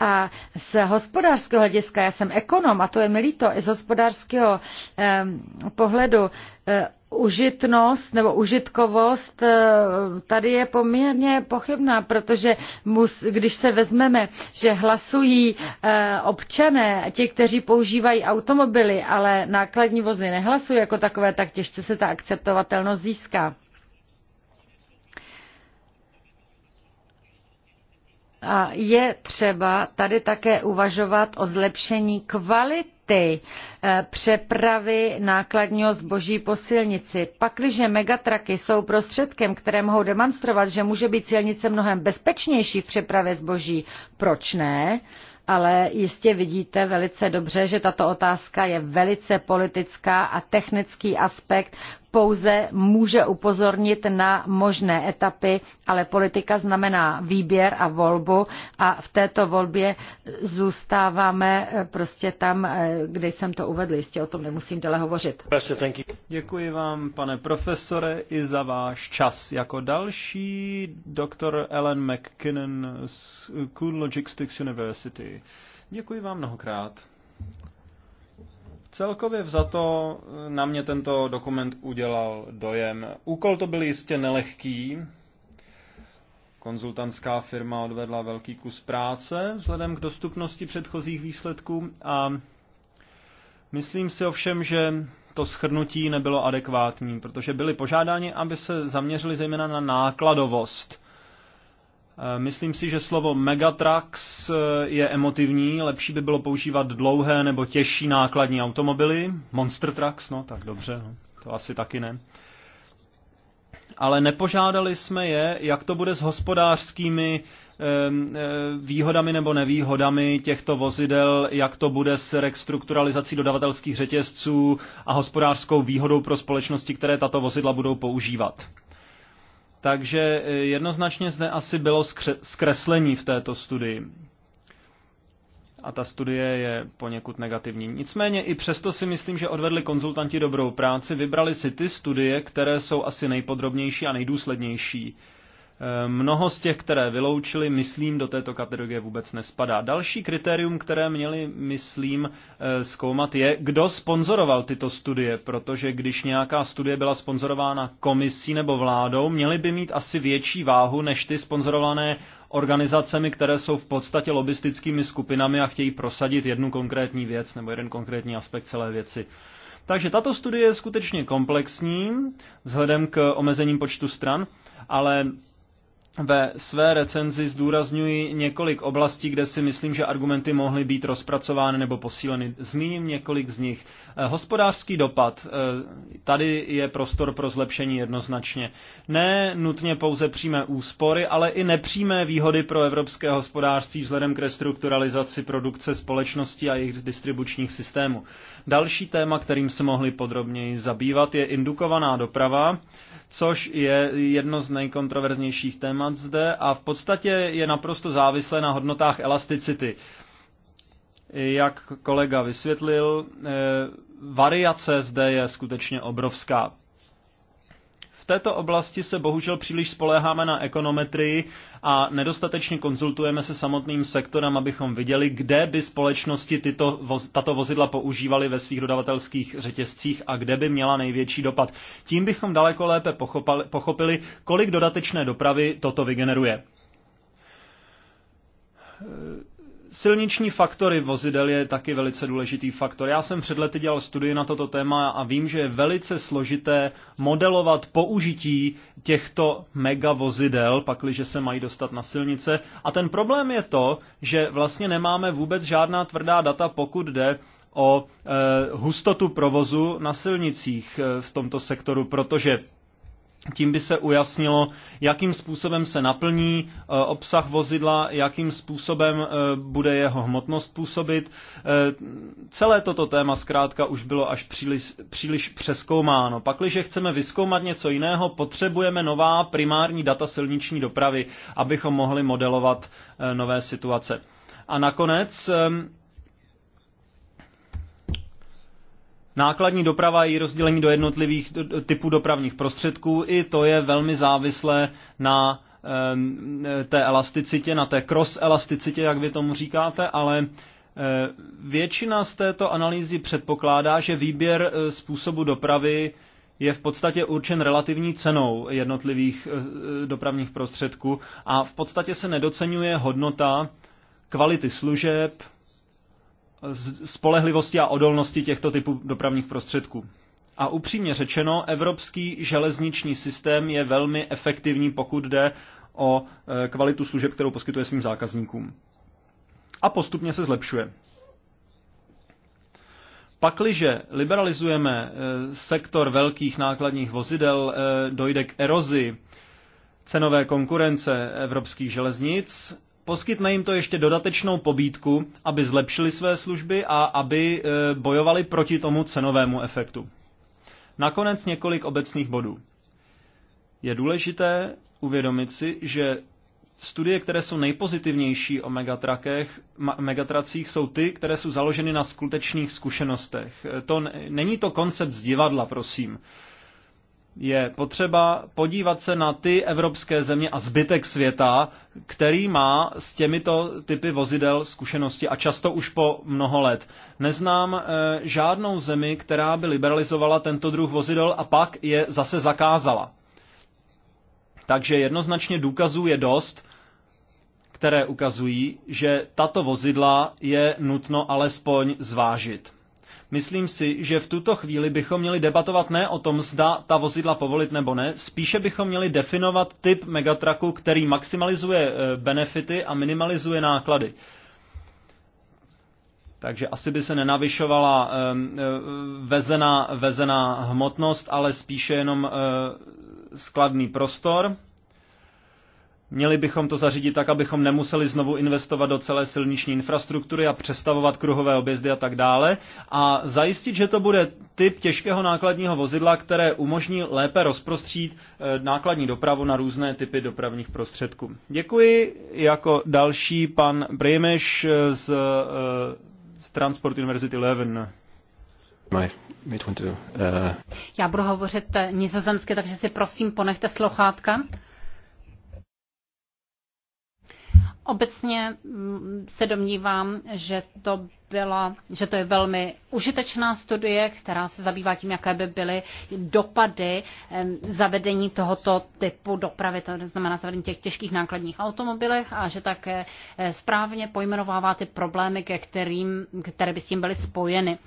a z hospodářského hlediska, já jsem ekonom a to je mi líto, i z hospodářského eh, pohledu eh, užitnost nebo užitkovost eh, tady je poměrně pochybná, protože mus, když se vezmeme, že hlasují eh, občané, ti, kteří používají automobily, ale nákladní vozy nehlasují jako takové, tak těžce se ta akceptovatelnost získá. A je třeba tady také uvažovat o zlepšení kvality eh, přepravy nákladního zboží po silnici. Pakliže megatraky jsou prostředkem, které mohou demonstrovat, že může být silnice mnohem bezpečnější v přepravě zboží, proč ne? ale jistě vidíte velice dobře, že tato otázka je velice politická a technický aspekt pouze může upozornit na možné etapy, ale politika znamená výběr a volbu a v této volbě zůstáváme eh, prostě tam, eh, kde jsem to uvedl. Jistě o tom nemusím dále hovořit. Děkuji vám, pane profesore, i za váš čas. Jako další doktor Ellen McKinnon z Cool Logistics University. Děkuji vám mnohokrát. Celkově vzato na mě tento dokument udělal dojem. Úkol to byl jistě nelehký. Konzultantská firma odvedla velký kus práce vzhledem k dostupnosti předchozích výsledků a myslím si ovšem, že to schrnutí nebylo adekvátní, protože byli požádáni, aby se zaměřili zejména na nákladovost Eh, myslím si, že slovo Megatrax eh, je emotivní, lepší by bylo používat dlouhé nebo těžší nákladní automobily. Monster Trucks, no tak dobře, no, to asi taky ne. Ale nepožádali jsme je, jak to bude s hospodářskými eh, výhodami nebo nevýhodami těchto vozidel, jak to bude s restrukturalizací dodavatelských řetězců a hospodářskou výhodou pro společnosti, které tato vozidla budou používat. Takže eh, jednoznačně zde asi bylo zkreslení v této studii. A ta studie je poněkud negativní. Nicméně i přesto si myslím, že odvedli konzultanti dobrou práci, vybrali si ty studie, které jsou asi nejpodrobnější a nejdůslednější. Eh, mnoho z těch, které vyloučili, myslím, do této kategorie vůbec nespadá. Další kritérium, které měli, myslím, eh, zkoumat, je, kdo sponzoroval tyto studie, protože když nějaká studie byla sponzorována komisí nebo vládou, měly by mít asi větší váhu než ty sponzorované organizacemi, které jsou v podstatě lobistickými skupinami a chtějí prosadit jednu konkrétní věc nebo jeden konkrétní aspekt celé věci. Takže tato studie je skutečně komplexní vzhledem k omezením počtu stran, ale ve své recenzi zdůrazňuji několik oblastí, kde si myslím, že argumenty mohly být rozpracovány nebo posíleny. Zmíním několik z nich. Eh, hospodářský dopad. Eh, tady je prostor pro zlepšení jednoznačně. Ne nutně pouze přímé úspory, ale i nepřímé výhody pro evropské hospodářství vzhledem k restrukturalizaci produkce společnosti a jejich distribučních systémů. Další téma, kterým se mohli podrobněji zabývat, je indukovaná doprava, což je jedno z nejkontroverznějších témat 14 zde a v podstatě je naprosto závislé na hodnotách elasticity. Jak kolega vysvětlil, eh, variace zde je skutečně obrovská této oblasti se bohužel příliš spoléháme na ekonometrii a nedostatečně konzultujeme se samotným sektorem, abychom viděli, kde by společnosti tyto, tato vozidla používaly ve svých dodavatelských řetězcích a kde by měla největší dopad. Tím bychom daleko lépe pochopili, kolik dodatečné dopravy toto vygeneruje Silniční faktory vozidel je taky velice důležitý faktor. Já jsem před lety dělal studii na toto téma a vím, že je velice složité modelovat použití těchto megavozidel, pakliže se mají dostat na silnice. A ten problém je to, že vlastně nemáme vůbec žádná tvrdá data, pokud jde o e, hustotu provozu na silnicích eh, v tomto sektoru, protože tím by se ujasnilo, jakým způsobem se naplní eh, obsah vozidla, jakým způsobem eh, bude jeho hmotnost působit. Eh, celé toto téma zkrátka už bylo až příliš, příliš přeskoumáno. Pakliže chceme vyskoumat něco jiného, potřebujeme nová primární data silniční dopravy, abychom mohli modelovat nové situace. A nakonec Nákladní doprava je rozdělení do jednotlivých typů dopravních prostředků. I to je velmi závislé na té elasticitě, na té cross-elasticitě, jak vy tomu říkáte, ale eh, většina z této analýzy předpokládá, že výběr eh, způsobu dopravy je v podstatě určen relativní cenou jednotlivých eh, dopravních prostředků a v podstatě se nedocenuje hodnota kvality služeb, spolehlivosti a odolnosti těchto typů dopravních prostředků. A upřímně řečeno, evropský železniční systém je velmi efektivní, pokud jde o e, kvalitu služeb, kterou poskytuje svým zákazníkům. A postupně se zlepšuje. Pakliže liberalizujeme e, sektor velkých nákladních vozidel, e, dojde k erozi cenové konkurence evropských železnic Poskytne jim to ještě dodatečnou pobídku, aby zlepšili své služby a aby e, bojovali proti tomu cenovému efektu. Nakonec několik obecných bodů. Je důležité uvědomit si, že studie, které jsou nejpozitivnější o megatrakech, megatracích, jsou ty, které jsou založeny na skutečných zkušenostech. E, to není to koncept z divadla, prosím je potřeba podívat se na ty evropské země a zbytek světa, který má s těmito typy vozidel zkušenosti a často už po mnoho let. Neznám e, žádnou zemi, která by liberalizovala tento druh vozidel a pak je zase zakázala. Takže jednoznačně důkazů je dost, které ukazují, že tato vozidla je nutno alespoň zvážit. Myslím si, že v tuto chvíli bychom měli debatovat ne o tom, zda ta vozidla povolit nebo ne, spíše bychom měli definovat typ megatraku, který maximalizuje eh, benefity a minimalizuje náklady. Takže asi by se nenavyšovala eh, eh, vezená, vezená hmotnost, ale spíše jenom skladný prostor Měli bychom to zařídit tak, abychom nemuseli znovu investovat do celé silniční infrastruktury a přestavovat kruhové objezdy a tak dále a zajistit, že to bude typ těžkého nákladního vozidla, které umožní lépe rozprostřít eh, nákladní dopravu na různé typy dopravních prostředků. Děkuji. Jako další pan Bremeš eh, z, eh, z Transport University Leven. Já budu hovořit nizozemsky, takže si prosím ponechte slochátka. Obecně mm, se domnívám, že to, byla, že to je velmi užitečná studie, která se zabývá tím, jaké by byly dopady zavedení tohoto typu dopravy, to znamená zavedení těch těžkých nákladních automobilech a že také eh, správně pojmenovává ty problémy, ke kterým, které by s tím byly spojeny.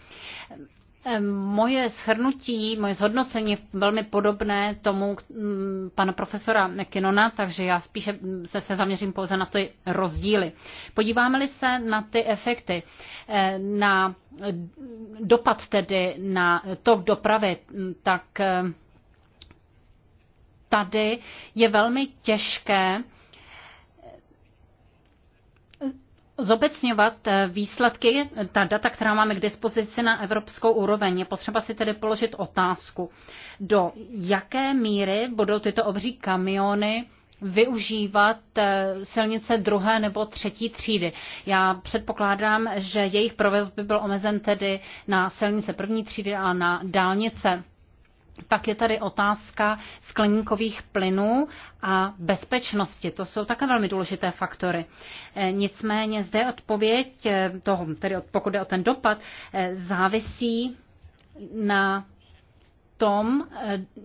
Moje shrnutí, moje zhodnocení je velmi podobné tomu pana profesora Kinona, takže já spíše se, se zaměřím pouze na ty rozdíly. Podíváme-li se na ty efekty, eh, na eh, dopad tedy na tok dopravy, tak eh, tady je velmi těžké zobecňovat eh, výsledky, ta data, která máme k dispozici na evropskou úroveň. Je potřeba si tedy položit otázku, do jaké míry budou tyto obří kamiony využívat eh, silnice druhé nebo třetí třídy. Já předpokládám, že jejich provoz by byl omezen tedy na silnice první třídy a na dálnice. Pak je tady otázka skleníkových plynů a bezpečnosti. To jsou také velmi důležité faktory. Eh, nicméně zde odpověď eh, toho, tedy pokud jde o ten dopad, eh, závisí na tom,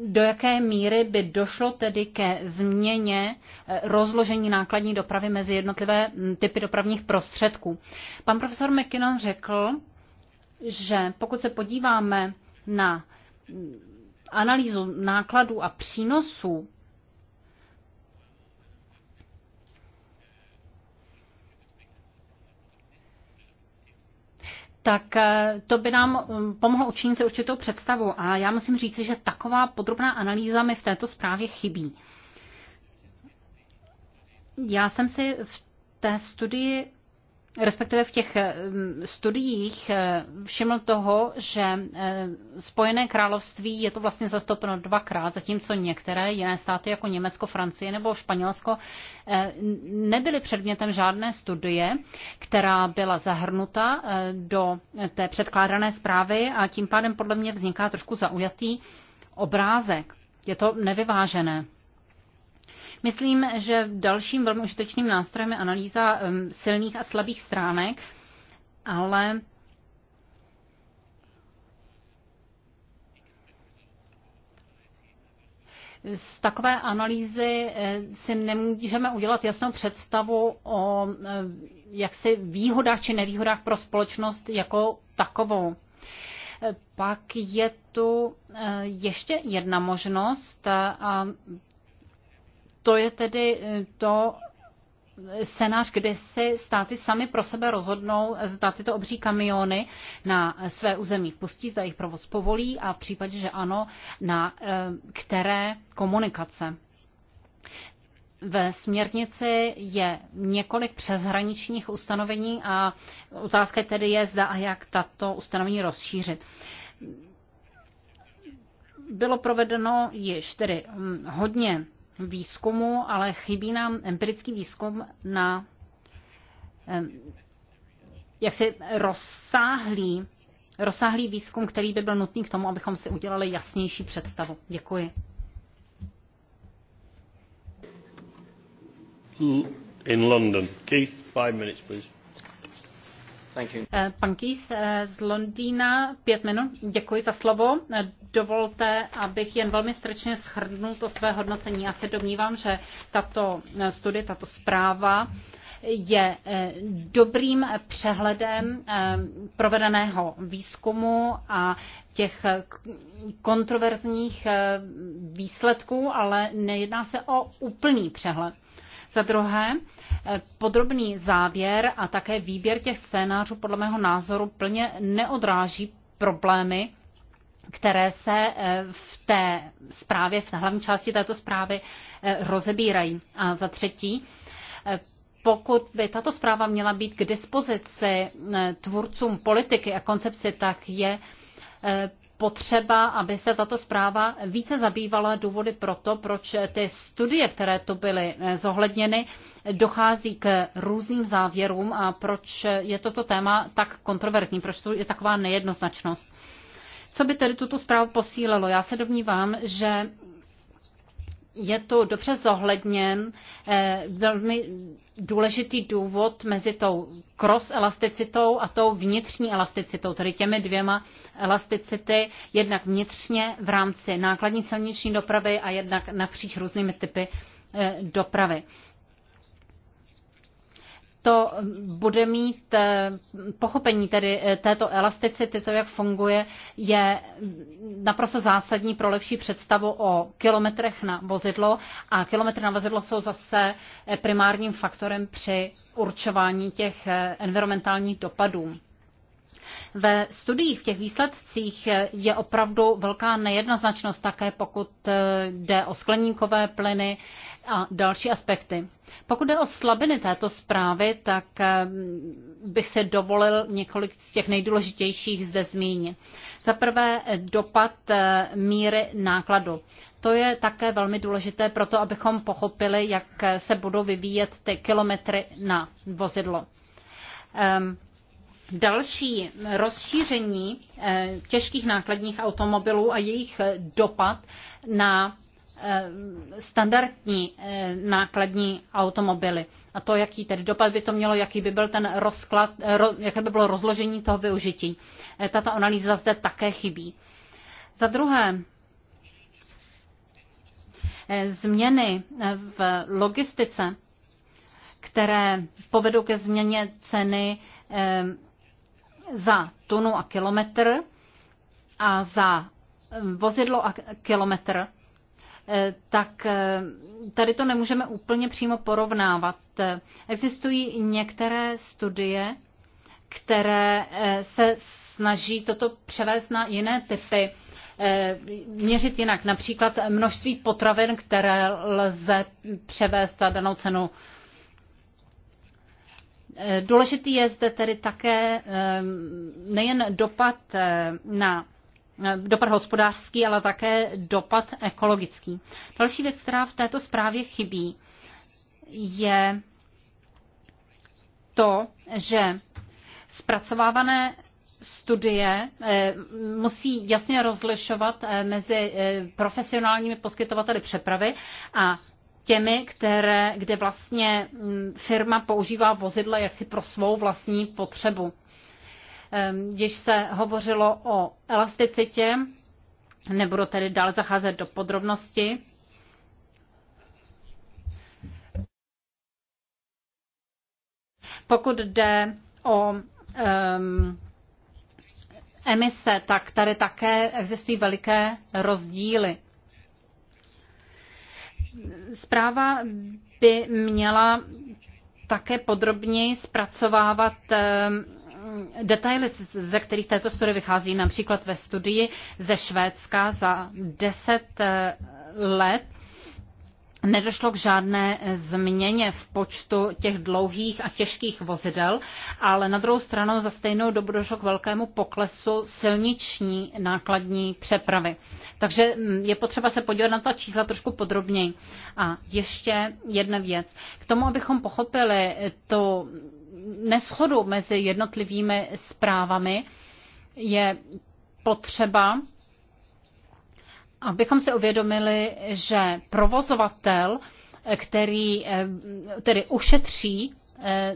do jaké míry by došlo tedy ke změně rozložení nákladní dopravy mezi jednotlivé mm, typy dopravních prostředků. Pan profesor McKinnon řekl, že pokud se podíváme na mm, analýzu nákladů a přínosů tak eh, to by nám mm, pomohlo učinit si určitou představu. A já musím říct, že taková podrobná analýza mi v této zprávě chybí. Já jsem si v té studii respektive v těch eh, studiích eh, všiml toho, že eh, Spojené království je to vlastně zastoupeno dvakrát, zatímco některé jiné státy jako Německo, Francie nebo Španělsko nebyly předmětem žádné studie, která byla zahrnuta do té předkládané zprávy a tím pádem podle mě vzniká trošku zaujatý obrázek. Je to nevyvážené. Myslím, že dalším velmi užitečným nástrojem je analýza silných a slabých stránek, ale z takové analýzy eh, si nemůžeme udělat jasnou představu o eh, jaksi výhodách či nevýhodách pro společnost jako takovou. Eh, pak je tu ještě jedna možnost a to je tedy eh, to scénář, kde si státy sami pro sebe rozhodnou, zda tyto obří kamiony na své území vpustí, zda jejich provoz povolí a v případě, že ano, na eh, které komunikace. Ve směrnici je několik přeshraničních ustanovení a otázka tedy je, zda a jak tato ustanovení rozšířit. Bylo provedeno již tedy hm, hodně výzkumu, ale chybí nám empirický výzkum na se rozsáhlý, rozsáhlý výzkum, který by byl nutný k tomu, abychom si udělali jasnější představu. Děkuji. In London. Keith, five minutes, please. Eh, pan Kýs eh, z Londýna, pět minut, děkuji za slovo. Eh, dovolte, abych jen velmi stručně shrnul to své hodnocení. Já se domnívám, že tato studie, tato zpráva je dobrým přehledem provedeného výzkumu a těch kontroverzních výsledků, ale nejedná se o úplný přehled. Za druhé, eh, podrobný závěr a také výběr těch scénářů podle mého názoru plně neodráží problémy, které se eh, v té zprávě, v hlavní části této zprávy eh, rozebírají. A za třetí, pokud by tato zpráva měla být k dispozici tvůrcům politiky a koncepci, tak je potřeba, aby se tato zpráva více zabývala důvody pro to, proč ty studie, které tu byly eh, zohledněny, dochází k různým závěrům a proč je toto téma tak kontroverzní, proč tu je taková nejednoznačnost. Co by tedy tuto zprávu posílilo? Já se domnívám, že je to dobře zohledněn eh, velmi důležitý důvod mezi tou cross elasticitou a tou vnitřní elasticitou, tedy těmi dvěma elasticity, jednak vnitřně v rámci nákladní silniční dopravy a jednak napříč různými typy eh, dopravy to bude mít eh, pochopení tedy eh, této elasticity, to, jak funguje, je naprosto zásadní pro lepší představu o kilometrech na vozidlo a kilometry na vozidlo jsou zase primárním faktorem při určování těch environmentálních dopadů ve studiích, v těch výsledcích je opravdu velká nejednoznačnost také, pokud eh, jde o skleníkové plyny a další aspekty. Pokud jde o slabiny této zprávy, tak eh, bych se dovolil několik z těch nejdůležitějších zde zmínit. Za prvé dopad eh, míry nákladu. To je také velmi důležité pro to, abychom pochopili, jak se budou vyvíjet ty kilometry na vozidlo. Ehm, další rozšíření eh, těžkých nákladních automobilů a jejich eh, dopad na eh, standardní nákladní automobily. A to, jaký tedy dopad by to mělo, jaký by byl ten rozklad, jaké by bylo rozložení toho využití. Tato analýza zde také chybí. Za druhé, změny v logistice, které povedou ke změně ceny za tunu a kilometr a za eh, vozidlo a kilometr, eh, tak eh, tady to nemůžeme úplně přímo porovnávat. Existují některé studie, které se snaží toto převést na jiné typy, měřit jinak, například množství potravin, které lze převést za danou cenu Eh, důležitý je zde tedy také eh, nejen dopad eh, na dopad hospodářský, ale také dopad ekologický. Další věc, která v této zprávě chybí, je to, že zpracovávané studie musí jasně rozlišovat mezi profesionálními poskytovateli přepravy a těmi, které, kde vlastně mm, firma používá vozidla jaksi pro svou vlastní potřebu. Ehm, když se hovořilo o elasticitě, nebudu tedy dál zacházet do podrobnosti, Pokud jde o um, emise, tak tady také existují veliké rozdíly. Zpráva by měla také podrobněji zpracovávat eh, detaily, ze kterých této studie vychází, například ve studii ze Švédska za 10 eh, let nedošlo k žádné eh, změně v počtu těch dlouhých a těžkých vozidel, ale na druhou stranu za stejnou dobu došlo k velkému poklesu silniční nákladní přepravy. Takže mm, je potřeba se podívat na ta čísla trošku podrobněji. A ještě jedna věc. K tomu, abychom pochopili eh, to neschodu mezi jednotlivými zprávami, je potřeba abychom si uvědomili, že provozovatel, který eh, tedy ušetří, eh,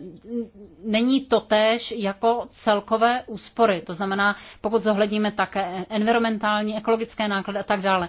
není totéž jako celkové úspory. To znamená, pokud zohledníme také environmentální, ekologické náklady a tak dále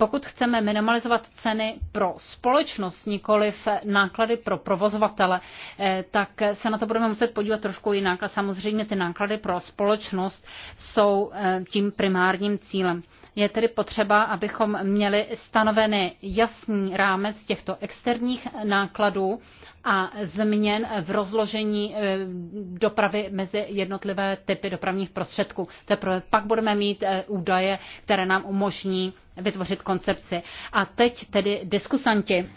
pokud chceme minimalizovat ceny pro společnost, nikoliv náklady pro provozovatele, eh, tak se na to budeme muset podívat trošku jinak a samozřejmě ty náklady pro společnost jsou eh, tím primárním cílem. Je tedy potřeba, abychom měli stanovený jasný rámec těchto externích nákladů a změn v rozložení eh, dopravy mezi jednotlivé typy dopravních prostředků. Teprve pak budeme mít eh, údaje, které nám umožní vytvořit koncepci. A teď tedy diskusanti.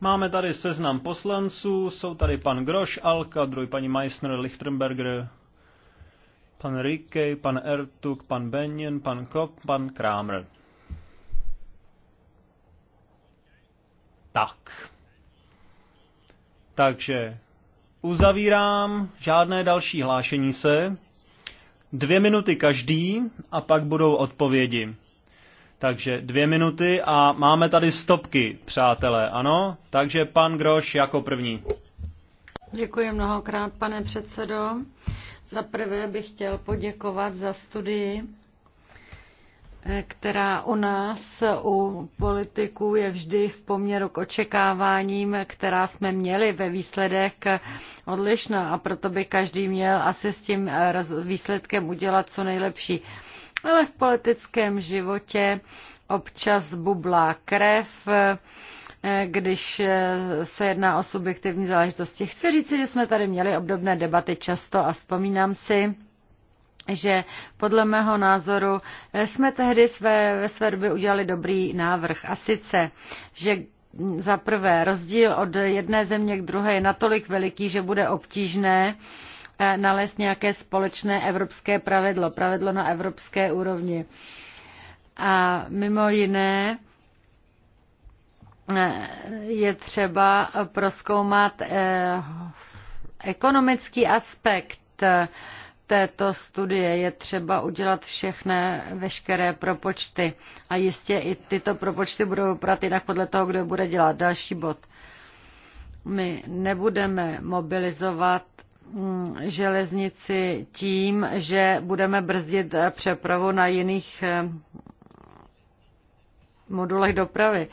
Máme tady seznam poslanců, jsou tady pan Groš, Alka, druhý paní Meissner, Lichtenberger, pan Rikej, pan Ertuk, pan Benjen, pan Kop, pan Kramer. Tak. Takže uzavírám, žádné další hlášení se. Dvě minuty každý a pak budou odpovědi. Takže dvě minuty a máme tady stopky, přátelé, ano? Takže pan Groš jako první. Děkuji mnohokrát, pane předsedo. Za prvé bych chtěl poděkovat za studii která u nás, u politiků, je vždy v poměru k očekáváním, která jsme měli ve výsledek odlišná a proto by každý měl asi s tím eh, výsledkem udělat co nejlepší. Ale v politickém životě občas bublá krev, eh, když eh, se jedná o subjektivní záležitosti. Chci říct, že jsme tady měli obdobné debaty často a vzpomínám si, že podle mého názoru jsme tehdy své, ve své době udělali dobrý návrh. A sice, že za prvé rozdíl od jedné země k druhé je natolik veliký, že bude obtížné eh, nalézt nějaké společné evropské pravidlo, pravidlo na evropské úrovni. A mimo jiné, eh, je třeba proskoumat eh, ekonomický aspekt této studie je třeba udělat všechny veškeré propočty. A jistě i tyto propočty budou vypadat jinak podle toho, kdo bude dělat další bod. My nebudeme mobilizovat mm, železnici tím, že budeme brzdit přepravu na jiných mm, modulech dopravy.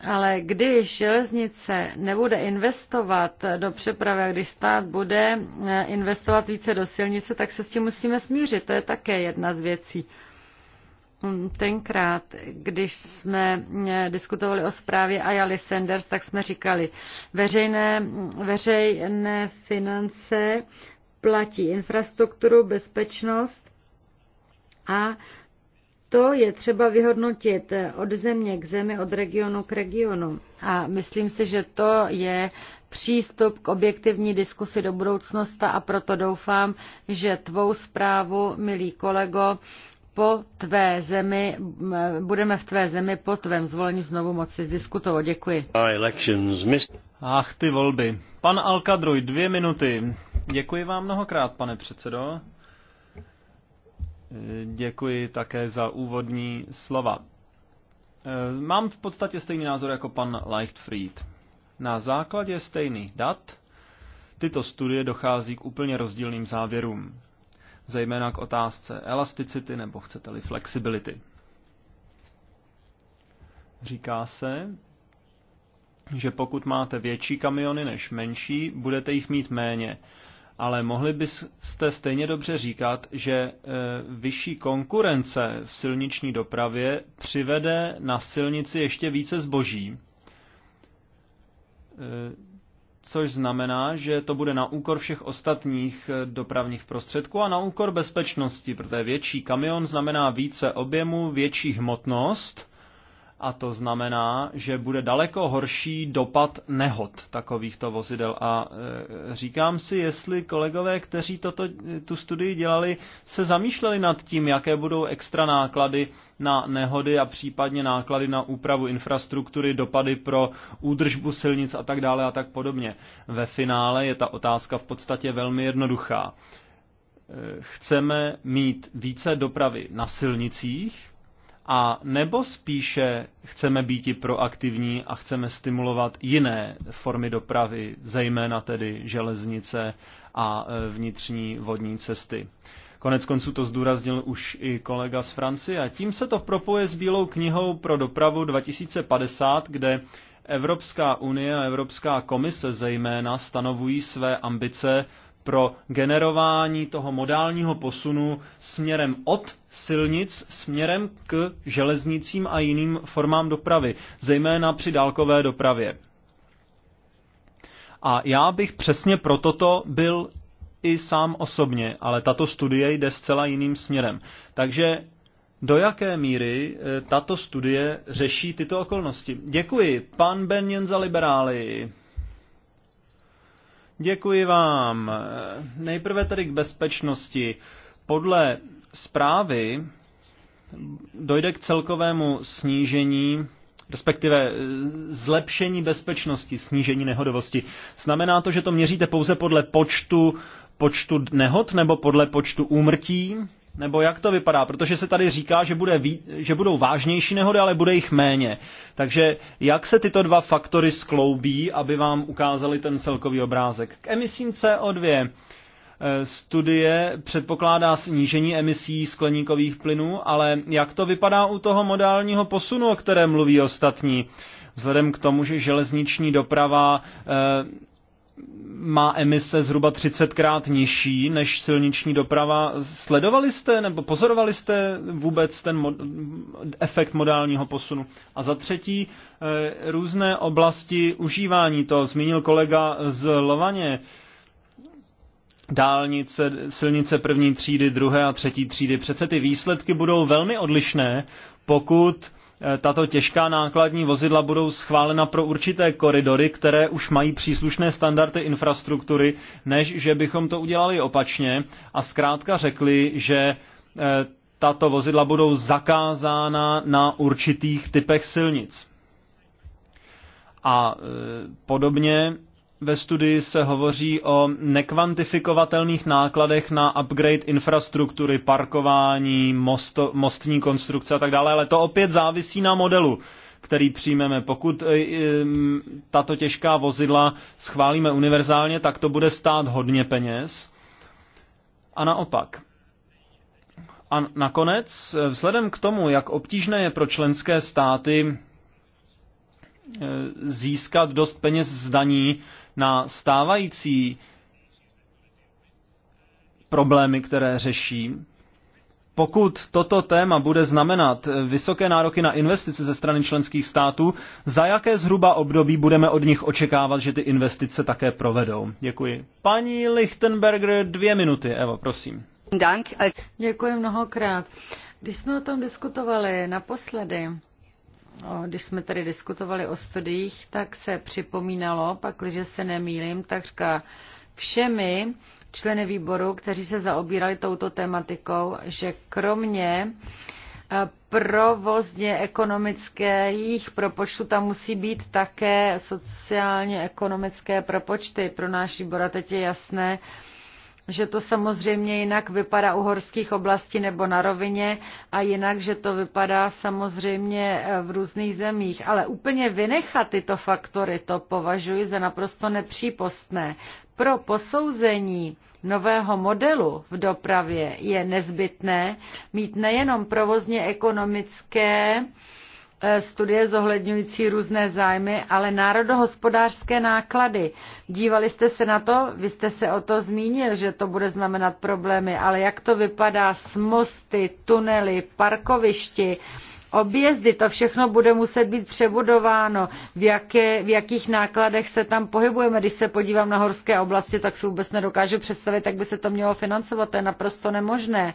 Ale když železnice nebude investovat do přepravy a když stát bude eh, investovat více do silnice, tak se s tím musíme smířit. To je také jedna z věcí. Hm, tenkrát, když jsme eh, diskutovali o zprávě Ayali Sanders, tak jsme říkali, veřejné, veřejné finance platí infrastrukturu, bezpečnost a to je třeba vyhodnotit od země k zemi, od regionu k regionu. A myslím si, že to je přístup k objektivní diskusi do budoucnosti a proto doufám, že tvou zprávu, milý kolego, po tvé zemi, budeme v tvé zemi po tvém zvolení znovu moci diskutovat. Děkuji. Ach, ty volby. Pan Alkadroj, dvě minuty. Děkuji vám mnohokrát, pane předsedo. Děkuji také za úvodní slova. Eh, mám v podstatě stejný názor jako pan Leichtfried. Na základě stejných dat tyto studie dochází k úplně rozdílným závěrům, zejména k otázce elasticity nebo chcete-li flexibility. Říká se, že pokud máte větší kamiony než menší, budete jich mít méně ale mohli byste stejně dobře říkat, že eh, vyšší konkurence v silniční dopravě přivede na silnici ještě více zboží, eh, což znamená, že to bude na úkor všech ostatních eh, dopravních prostředků a na úkor bezpečnosti, protože větší kamion znamená více objemu, větší hmotnost a to znamená, že bude daleko horší dopad nehod takovýchto vozidel. A e, říkám si, jestli kolegové, kteří toto, e, tu studii dělali, se zamýšleli nad tím, jaké budou extra náklady na nehody a případně náklady na úpravu infrastruktury, dopady pro údržbu silnic a tak dále a tak podobně. Ve finále je ta otázka v podstatě velmi jednoduchá. E, chceme mít více dopravy na silnicích, a nebo spíše chceme být i proaktivní a chceme stimulovat jiné formy dopravy, zejména tedy železnice a e, vnitřní vodní cesty. Konec konců to zdůraznil už i kolega z Francie. A tím se to propoje s Bílou knihou pro dopravu 2050, kde Evropská unie a Evropská komise zejména stanovují své ambice pro generování toho modálního posunu směrem od silnic směrem k železnicím a jiným formám dopravy, zejména při dálkové dopravě. A já bych přesně pro toto byl i sám osobně, ale tato studie jde zcela jiným směrem. Takže do jaké míry e, tato studie řeší tyto okolnosti? Děkuji. Pan Benjen za liberály. Děkuji vám. Nejprve tedy k bezpečnosti. Podle zprávy dojde k celkovému snížení respektive zlepšení bezpečnosti, snížení nehodovosti. Znamená to, že to měříte pouze podle počtu, počtu nehod nebo podle počtu úmrtí? Nebo jak to vypadá? Protože se tady říká, že, bude, že budou vážnější nehody, ale bude jich méně. Takže jak se tyto dva faktory skloubí, aby vám ukázali ten celkový obrázek? K emisím CO2 eh, studie předpokládá snížení emisí skleníkových plynů, ale jak to vypadá u toho modálního posunu, o kterém mluví ostatní? Vzhledem k tomu, že železniční doprava eh, má emise zhruba 30krát nižší než silniční doprava. Sledovali jste nebo pozorovali jste vůbec ten mod, efekt modálního posunu? A za třetí, eh, různé oblasti užívání, to zmínil kolega z Lovaně, dálnice, silnice první třídy, druhé a třetí třídy. Přece ty výsledky budou velmi odlišné, pokud Eh, tato těžká nákladní vozidla budou schválena pro určité koridory, které už mají příslušné standardy infrastruktury, než že bychom to udělali opačně a zkrátka řekli, že eh, tato vozidla budou zakázána na určitých typech silnic. A eh, podobně ve studii se hovoří o nekvantifikovatelných nákladech na upgrade infrastruktury, parkování, mosto, mostní konstrukce a tak dále, ale to opět závisí na modelu který přijmeme. Pokud eh, eh, tato těžká vozidla schválíme univerzálně, tak to bude stát hodně peněz. A naopak. A nakonec, eh, vzhledem k tomu, jak obtížné je pro členské státy získat dost peněz z daní, na stávající problémy, které řeší, pokud toto téma bude znamenat vysoké nároky na investice ze strany členských států, za jaké zhruba období budeme od nich očekávat, že ty investice také provedou? Děkuji. Paní Lichtenberger, dvě minuty. Evo, prosím. Děkuji mnohokrát. Když jsme o tom diskutovali naposledy, když jsme tady diskutovali o studiích, tak se připomínalo, pak, když se nemýlím, říká všemi členy výboru, kteří se zaobírali touto tematikou, že kromě e, provozně ekonomických propočtů tam musí být také sociálně ekonomické propočty. Pro náš výbor a teď je jasné, že to samozřejmě jinak vypadá u horských oblastí nebo na rovině a jinak, že to vypadá samozřejmě eh, v různých zemích. Ale úplně vynechat tyto faktory to považuji za naprosto nepřípostné. Pro posouzení nového modelu v dopravě je nezbytné mít nejenom provozně ekonomické, E, studie zohledňující různé zájmy, ale národohospodářské náklady. Dívali jste se na to? Vy jste se o to zmínil, že to bude znamenat problémy, ale jak to vypadá s mosty, tunely, parkovišti, objezdy, to všechno bude muset být přebudováno. V, jaké, v jakých nákladech se tam pohybujeme? Když se podívám na horské oblasti, tak si vůbec nedokážu představit, jak by se to mělo financovat. To je naprosto nemožné.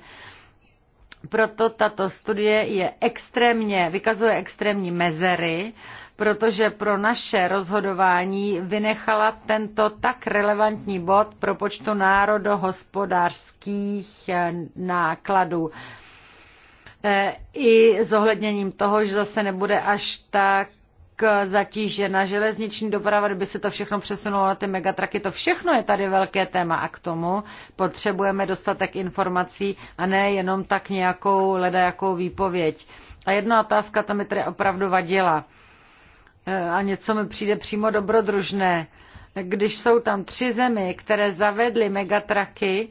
Proto tato studie je extrémně, vykazuje extrémní mezery, protože pro naše rozhodování vynechala tento tak relevantní bod pro počtu národohospodářských eh, nákladů eh, i zohledněním toho, že zase nebude až tak zatížena železniční doprava, kdyby se to všechno přesunulo na ty megatraky, to všechno je tady velké téma a k tomu potřebujeme dostatek informací a ne jenom tak nějakou ledajakou výpověď. A jedna otázka tam mi tady opravdu vadila e, a něco mi přijde přímo dobrodružné. Když jsou tam tři zemi, které zavedly megatraky,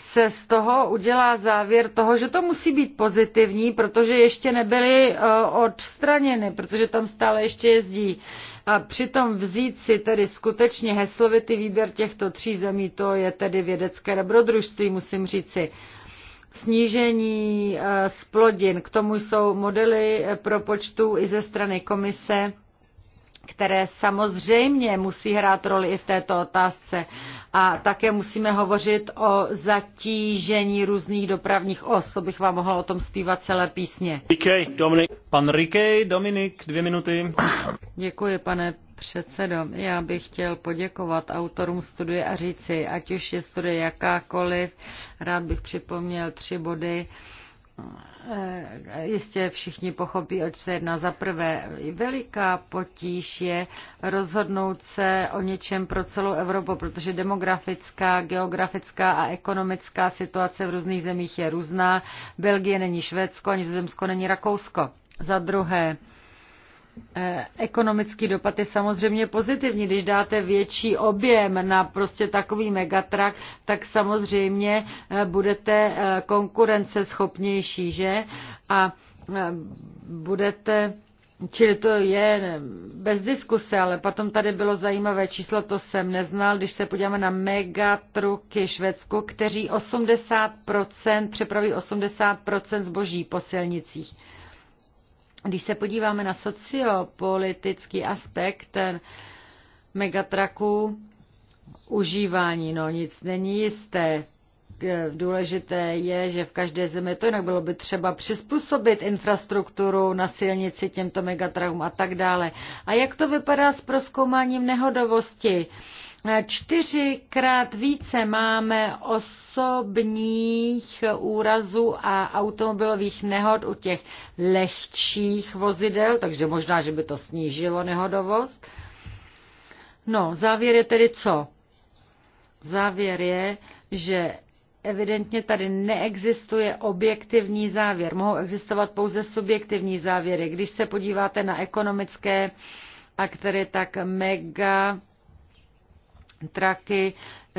se z toho udělá závěr toho, že to musí být pozitivní, protože ještě nebyly eh, odstraněny, protože tam stále ještě jezdí. A přitom vzít si tedy skutečně heslovitý výběr těchto tří zemí, to je tedy vědecké dobrodružství, musím říci. Snížení eh, splodin, k tomu jsou modely eh, propočtů i ze strany komise které samozřejmě musí hrát roli i v této otázce. A také musíme hovořit o zatížení různých dopravních os. To bych vám mohla o tom zpívat celé písně. Rikej, Dominik. Pan Rikej, Dominik, dvě minuty. Děkuji, pane předsedo. Já bych chtěl poděkovat autorům studie a říci, ať už je studie jakákoliv, rád bych připomněl tři body Eh, jistě všichni pochopí, oč se jedná. Za prvé, veliká potíž je rozhodnout se o něčem pro celou Evropu, protože demografická, geografická a ekonomická situace v různých zemích je různá. Belgie není Švédsko, ani Zemsko není Rakousko. Za druhé, Eh, ekonomický dopad je samozřejmě pozitivní. Když dáte větší objem na prostě takový megatrak, tak samozřejmě eh, budete eh, konkurenceschopnější, že? A budete Čili to je bez diskuse, ale potom tady bylo zajímavé číslo, to jsem neznal, když se podíváme na megatruky Švédsku, kteří 80%, přepraví 80% zboží po silnicích. Když se podíváme na sociopolitický aspekt ten megatraku, užívání, no nic není jisté. Důležité je, že v každé zemi to jinak bylo by třeba přizpůsobit infrastrukturu na silnici těmto megatrakům a tak dále. A jak to vypadá s proskoumáním nehodovosti? Uh, Čtyřikrát více máme osobních úrazů a automobilových nehod u těch lehčích vozidel, takže možná, že by to snížilo nehodovost. No, závěr je tedy co? Závěr je, že evidentně tady neexistuje objektivní závěr. Mohou existovat pouze subjektivní závěry. Když se podíváte na ekonomické aktory, tak mega traky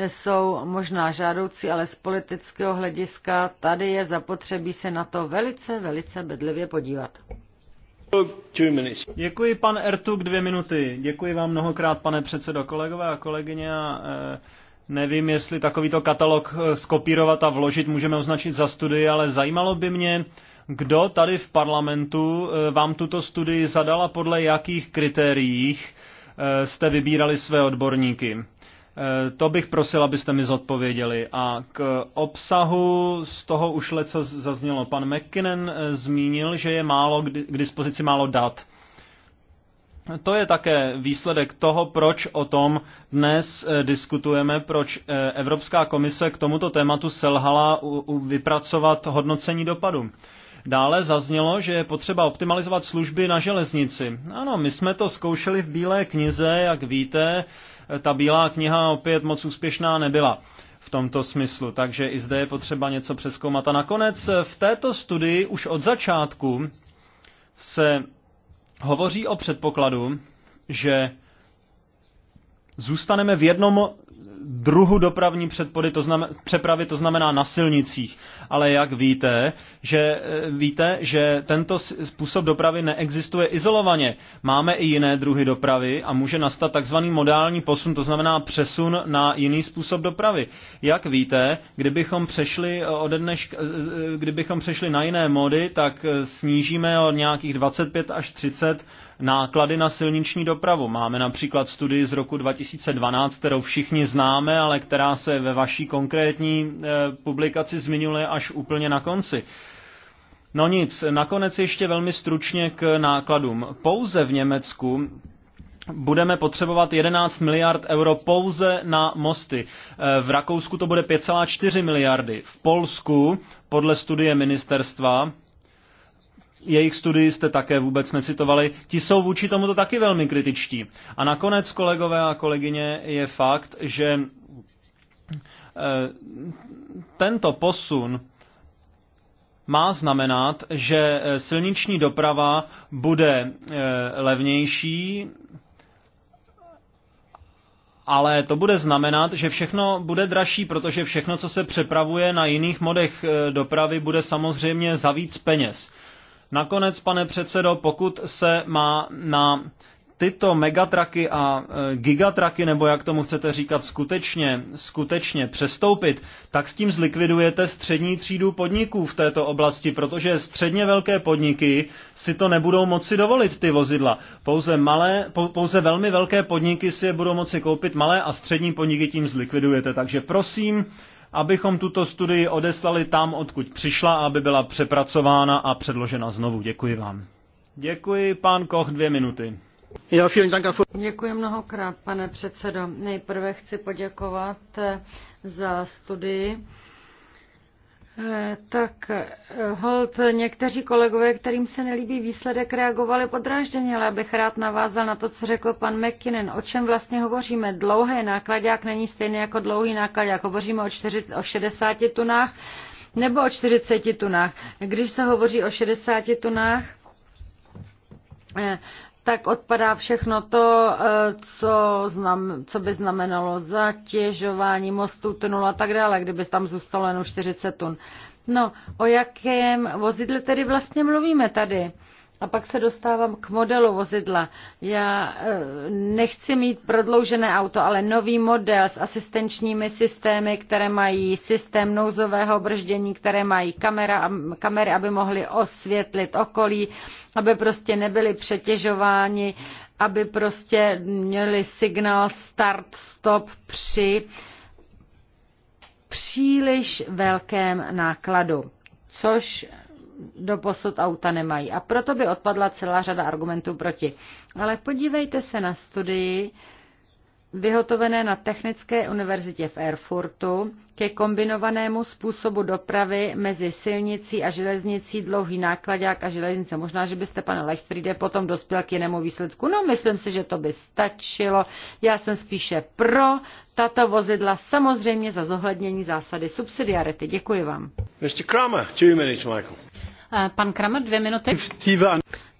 jsou možná žádoucí, ale z politického hlediska tady je zapotřebí se na to velice, velice bedlivě podívat. Děkuji, pan Ertuk, dvě minuty. Děkuji vám mnohokrát, pane předsedo, kolegové a kolegyně. A, eh, nevím, jestli takovýto katalog eh, skopírovat a vložit můžeme označit za studii, ale zajímalo by mě, kdo tady v parlamentu eh, vám tuto studii zadala, podle jakých kritériích jste vybírali své odborníky. Eh, to bych prosil, abyste mi zodpověděli. A k obsahu z toho už leco zaznělo. Pan McKinnon eh, zmínil, že je málo k dispozici málo dat. To je také výsledek toho, proč o tom dnes eh, diskutujeme, proč Evropská komise k tomuto tématu selhala vypracovat hodnocení dopadu. Dále zaznělo, že je potřeba optimalizovat služby na železnici. Ano, my jsme to zkoušeli v Bílé knize, jak víte, ta bílá kniha opět moc úspěšná nebyla v tomto smyslu, takže i zde je potřeba něco přeskoumat. A nakonec v této studii už od začátku se hovoří o předpokladu, že zůstaneme v jednom druhu dopravní předpody, to znamená, přepravy, to znamená na silnicích. Ale jak víte, že eh, víte, že tento způsob dopravy neexistuje izolovaně. Máme i jiné druhy dopravy a může nastat takzvaný modální posun, to znamená přesun na jiný způsob dopravy. Jak víte, kdybychom přešli eh, ode dneš, eh, kdybychom přešli na jiné mody, tak snížíme o nějakých 25 až 30 náklady na silniční dopravu. Máme například studii z roku 2012, kterou všichni známe, ale která se ve vaší konkrétní eh, publikaci zmiňuje až úplně na konci. No nic, nakonec ještě velmi stručně k nákladům. Pouze v Německu budeme potřebovat 11 miliard euro pouze na mosty. Eh, v Rakousku to bude 5,4 miliardy. V Polsku, podle studie ministerstva, jejich studii jste také vůbec necitovali, ti jsou vůči tomuto taky velmi kritičtí. A nakonec, kolegové a kolegyně, je fakt, že eh, tento posun má znamenat, že eh, silniční doprava bude eh, levnější, ale to bude znamenat, že všechno bude dražší, protože všechno, co se přepravuje na jiných modech dopravy, bude samozřejmě za víc peněz. Nakonec, pane předsedo, pokud se má na tyto megatraky a e, gigatraky, nebo jak tomu chcete říkat, skutečně, skutečně přestoupit, tak s tím zlikvidujete střední třídu podniků v této oblasti, protože středně velké podniky si to nebudou moci dovolit, ty vozidla. Pouze, malé, pouze velmi velké podniky si je budou moci koupit, malé a střední podniky tím zlikvidujete. Takže prosím, abychom tuto studii odeslali tam, odkud přišla, aby byla přepracována a předložena znovu. Děkuji vám. Děkuji, pán Koch, dvě minuty. Děkuji mnohokrát, pane předsedo. Nejprve chci poděkovat eh, za studii Eh, tak eh, hold, někteří kolegové, kterým se nelíbí výsledek, reagovali podrážděně, ale abych rád navázal na to, co řekl pan McKinnon. O čem vlastně hovoříme? Dlouhý nákladák není stejný jako dlouhý nákladák. Hovoříme o, 40, o 60 tunách nebo o 40 tunách. Když se hovoří o 60 tunách, eh, tak odpadá všechno to, eh, co, znam, co by znamenalo zatěžování mostů, tunů a tak dále, kdyby tam zůstalo jenom 40 tun. No, o jakém vozidle tedy vlastně mluvíme tady? A pak se dostávám k modelu vozidla. Já eh, nechci mít prodloužené auto, ale nový model s asistenčními systémy, které mají systém nouzového brždění, které mají kamera, kamery, aby mohly osvětlit okolí, aby prostě nebyli přetěžováni, aby prostě měli signál start, stop při příliš velkém nákladu, což do posud auta nemají. A proto by odpadla celá řada argumentů proti. Ale podívejte se na studii, vyhotovené na Technické univerzitě v Erfurtu ke kombinovanému způsobu dopravy mezi silnicí a železnicí dlouhý nákladák a železnice. Možná, že byste, pane Lechtfriede, potom dospěl k jinému výsledku. No, myslím si, že to by stačilo. Já jsem spíše pro tato vozidla, samozřejmě za zohlednění zásady subsidiarity. Děkuji vám. Mr. Kramer, two minutes, Michael. Eh, pan Kramer, dvě minuty.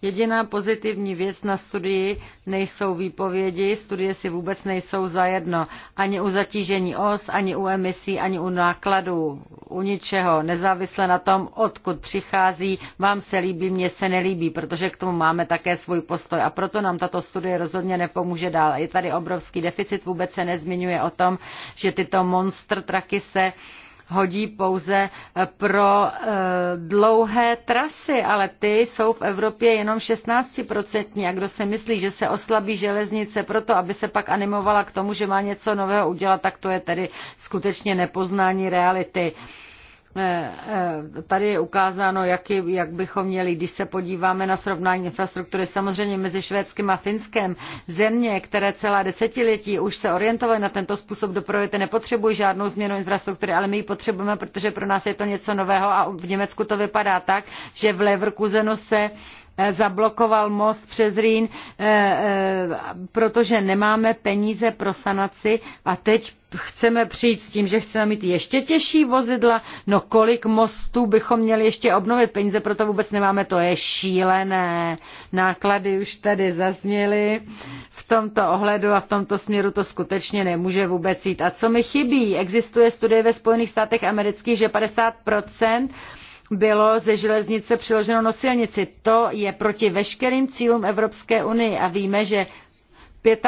Jediná pozitivní věc na studii nejsou výpovědi, studie si vůbec nejsou zajedno. Ani u zatížení os, ani u emisí, ani u nákladů, u ničeho. Nezávisle na tom, odkud přichází, vám se líbí, mně se nelíbí, protože k tomu máme také svůj postoj. A proto nám tato studie rozhodně nepomůže dál. Je tady obrovský deficit, vůbec se nezmiňuje o tom, že tyto monster traky se uh, hodí pouze eh, pro eh, dlouhé trasy, ale ty jsou v Evropě jenom 16%. A kdo se myslí, že se oslabí železnice proto, aby se pak animovala k tomu, že má něco nového udělat, tak to je tedy skutečně nepoznání reality. Eh, eh, tady je ukázáno, jak, je, jak bychom měli, když se podíváme na srovnání infrastruktury, samozřejmě mezi Švédským a Finskem. Země, které celá desetiletí už se orientovaly na tento způsob dopravy, ty nepotřebují žádnou změnu infrastruktury, ale my ji potřebujeme, protože pro nás je to něco nového a v Německu to vypadá tak, že v Leverkusenu se Eh, zablokoval most přes Rýn, eh, eh, protože nemáme peníze pro sanaci a teď chceme přijít s tím, že chceme mít ještě těžší vozidla, no kolik mostů bychom měli ještě obnovit, peníze proto vůbec nemáme, to je šílené. Náklady už tady zazněly v tomto ohledu a v tomto směru to skutečně nemůže vůbec jít. A co mi chybí? Existuje studie ve Spojených státech amerických, že 50 bylo ze železnice přiloženo na silnici. To je proti veškerým cílům Evropské unie a víme, že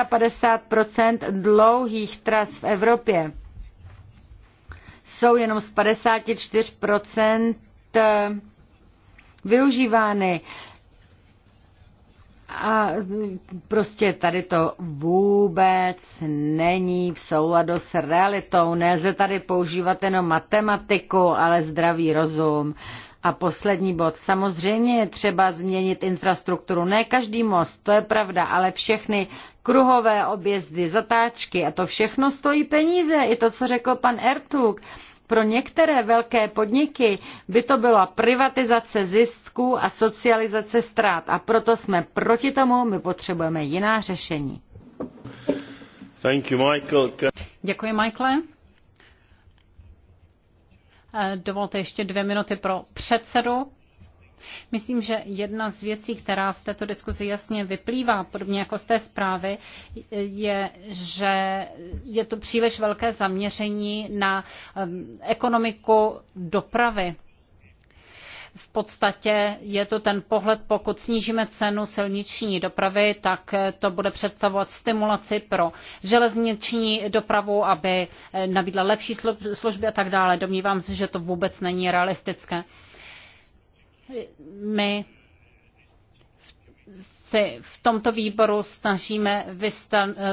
55 dlouhých tras v Evropě jsou jenom z 54 eh, využívány. A prostě tady to vůbec není v souladu s realitou. Nelze tady používat jenom matematiku, ale zdravý rozum. A poslední bod. Samozřejmě je třeba změnit infrastrukturu. Ne každý most, to je pravda, ale všechny kruhové objezdy, zatáčky a to všechno stojí peníze. I to, co řekl pan Ertuk. Pro některé velké podniky by to byla privatizace zisků a socializace ztrát a proto jsme proti tomu, my potřebujeme jiná řešení. Thank you, Michael. Děkuji, Michael. Eh, dovolte ještě dvě minuty pro předsedu Myslím, že jedna z věcí, která z této diskuzi jasně vyplývá, podobně jako z té zprávy, je, že je to příliš velké zaměření na um, ekonomiku dopravy v podstatě je to ten pohled, pokud snížíme cenu silniční dopravy, tak eh, to bude představovat stimulaci pro železniční dopravu, aby eh, nabídla lepší služby a tak dále. Domnívám se, že to vůbec není realistické my si v tomto výboru snažíme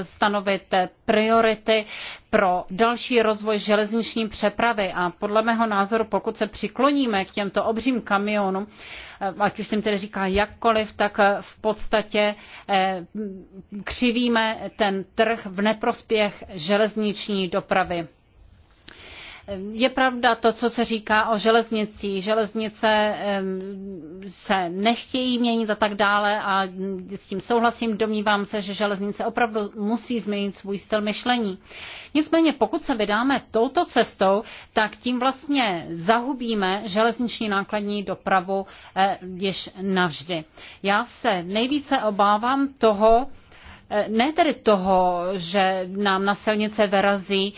stanovit priority pro další rozvoj železniční přepravy a podle mého názoru, pokud se přikloníme k těmto obřím kamionům, eh, ať už se jim tedy říká jakkoliv, tak eh, v podstatě eh, křivíme ten trh v neprospěch železniční dopravy. Je pravda to, co se říká o železnici. Železnice se nechtějí měnit a tak dále a s tím souhlasím. Domnívám se, že železnice opravdu musí změnit svůj styl myšlení. Nicméně pokud se vydáme touto cestou, tak tím vlastně zahubíme železniční nákladní dopravu eh, již navždy. Já se nejvíce obávám toho, Eh, ne tedy toho, že nám na silnice vyrazí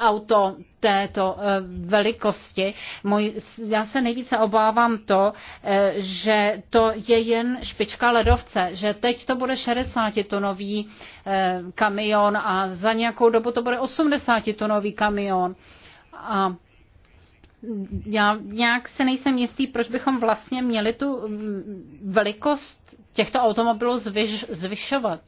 auto této eh, velikosti. Můj, já se nejvíce obávám to, eh, že to je jen špička ledovce, že teď to bude 60-tonový kamion a za nějakou dobu to bude 80-tonový kamion. A já nějak se nejsem jistý, proč bychom vlastně měli tu velikost těchto automobilů zvyš, zvyšovat.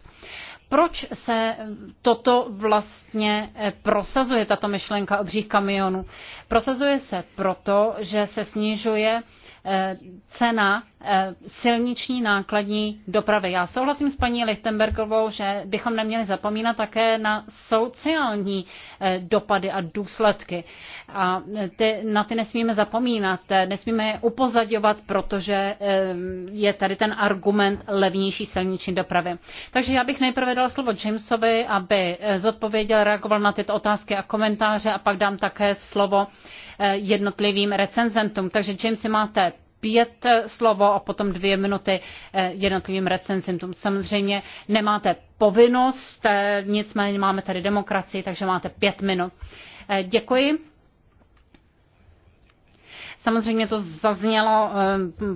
Proč se toto vlastně eh, prosazuje, tato myšlenka obřích kamionů? Prosazuje se proto, že se snižuje Eh, cena eh, silniční nákladní dopravy. Já souhlasím s paní Lichtenbergovou, že bychom neměli zapomínat také na sociální eh, dopady a důsledky. A ty, na ty nesmíme zapomínat, nesmíme je upozadovat, protože je tady ten argument levnější silniční dopravy. Takže já bych nejprve dal slovo Jamesovi, aby zodpověděl, reagoval na tyto otázky a komentáře a pak dám také slovo uh, Eh, jednotlivým recenzentům. Takže čím si máte pět eh, slovo a potom dvě minuty eh, jednotlivým recenzentům. Samozřejmě nemáte povinnost, nicméně máme tady demokracii, takže máte pět minut. Děkuji. Samozřejmě to zaznělo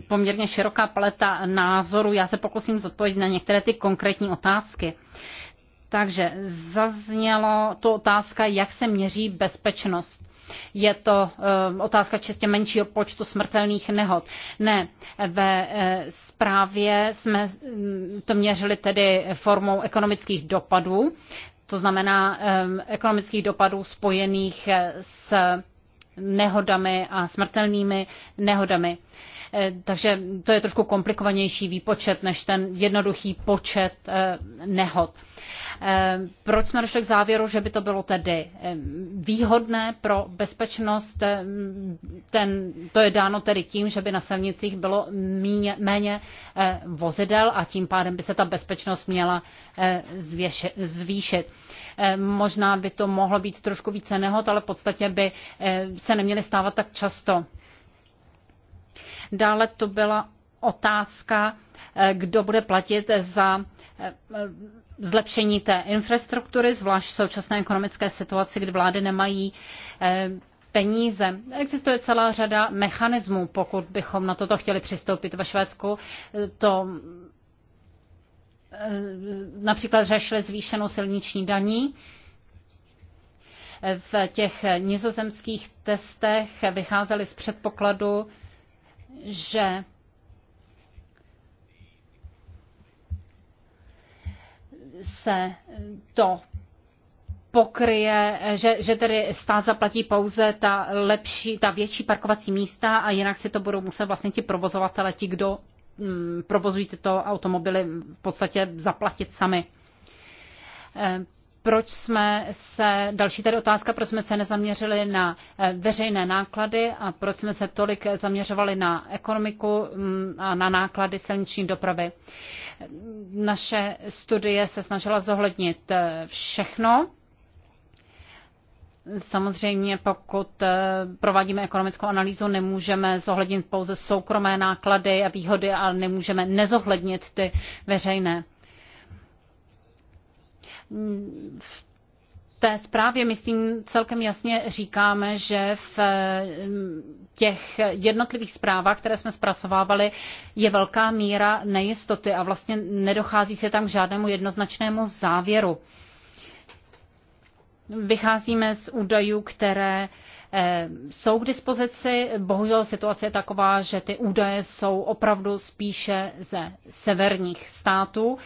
poměrně široká paleta názorů. Já se pokusím zodpovědět na některé ty konkrétní otázky. Takže zaznělo to otázka, jak se měří bezpečnost. Je to eh, otázka čistě menšího počtu smrtelných nehod. Ne, ve eh, zprávě jsme mm, to měřili tedy formou ekonomických dopadů, to znamená eh, ekonomických dopadů spojených s nehodami a smrtelnými nehodami. Takže to je trošku komplikovanější výpočet než ten jednoduchý počet nehod. Eh, proč jsme došli k závěru, že by to bylo tedy eh, výhodné pro bezpečnost? Eh, ten, to je dáno tedy tím, že by na silnicích bylo míně, méně vozidel a tím pádem by se ta bezpečnost měla zvěši, zvýšit. Možná by to mohlo být trošku více nehod, ale v podstatě by se neměly stávat tak často. Dále to byla otázka, kdo bude platit za zlepšení té infrastruktury, zvlášť v současné ekonomické situaci, kdy vlády nemají eh, peníze. Existuje celá řada mechanismů, pokud bychom na toto chtěli přistoupit ve Švédsku. Eh, to eh, například řešili zvýšenou silniční daní. V těch nizozemských testech vycházeli z předpokladu, že se to pokryje, že, že tedy stát zaplatí pouze ta lepší, ta větší parkovací místa a jinak si to budou muset vlastně ti provozovatele, ti, kdo mm, provozují tyto automobily, v podstatě zaplatit sami. Eh, proč jsme se, další tady otázka, proč jsme se nezaměřili na eh, veřejné náklady a proč jsme se tolik zaměřovali na ekonomiku mm, a na náklady silniční dopravy. Naše studie se snažila zohlednit eh, všechno, Samozřejmě, pokud eh, provádíme ekonomickou analýzu, nemůžeme zohlednit pouze soukromé náklady a výhody, ale nemůžeme nezohlednit ty veřejné v té zprávě, myslím, celkem jasně říkáme, že v eh, těch jednotlivých zprávách, které jsme zpracovávali, je velká míra nejistoty a vlastně nedochází se tam k žádnému jednoznačnému závěru. Vycházíme z údajů, které uh, Eh, jsou k dispozici. Bohužel situace je taková, že ty údaje jsou opravdu spíše ze severních států.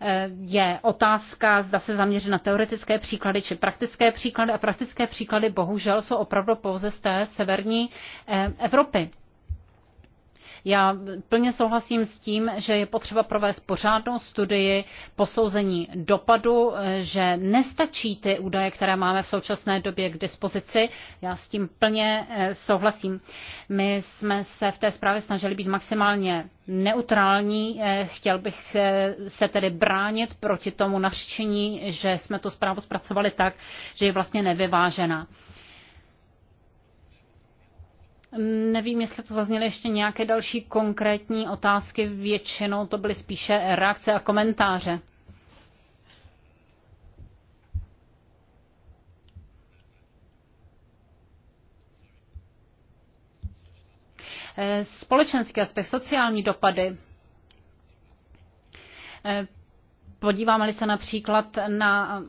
Eh, je otázka, zda se zaměřit na teoretické příklady či praktické příklady. A praktické příklady bohužel jsou opravdu pouze z té severní eh, Evropy. Já plně souhlasím s tím, že je potřeba provést pořádnou studii posouzení dopadu, že nestačí ty údaje, které máme v současné době k dispozici. Já s tím plně eh, souhlasím. My jsme se v té zprávě snažili být maximálně neutrální. Eh, chtěl bych eh, se tedy bránit proti tomu nařčení, že jsme tu zprávu zpracovali tak, že je vlastně nevyvážená. Nevím, jestli to zazněly ještě nějaké další konkrétní otázky. Většinou to byly spíše reakce a komentáře. Eh, společenský aspekt, sociální dopady. Eh, Podíváme-li se například na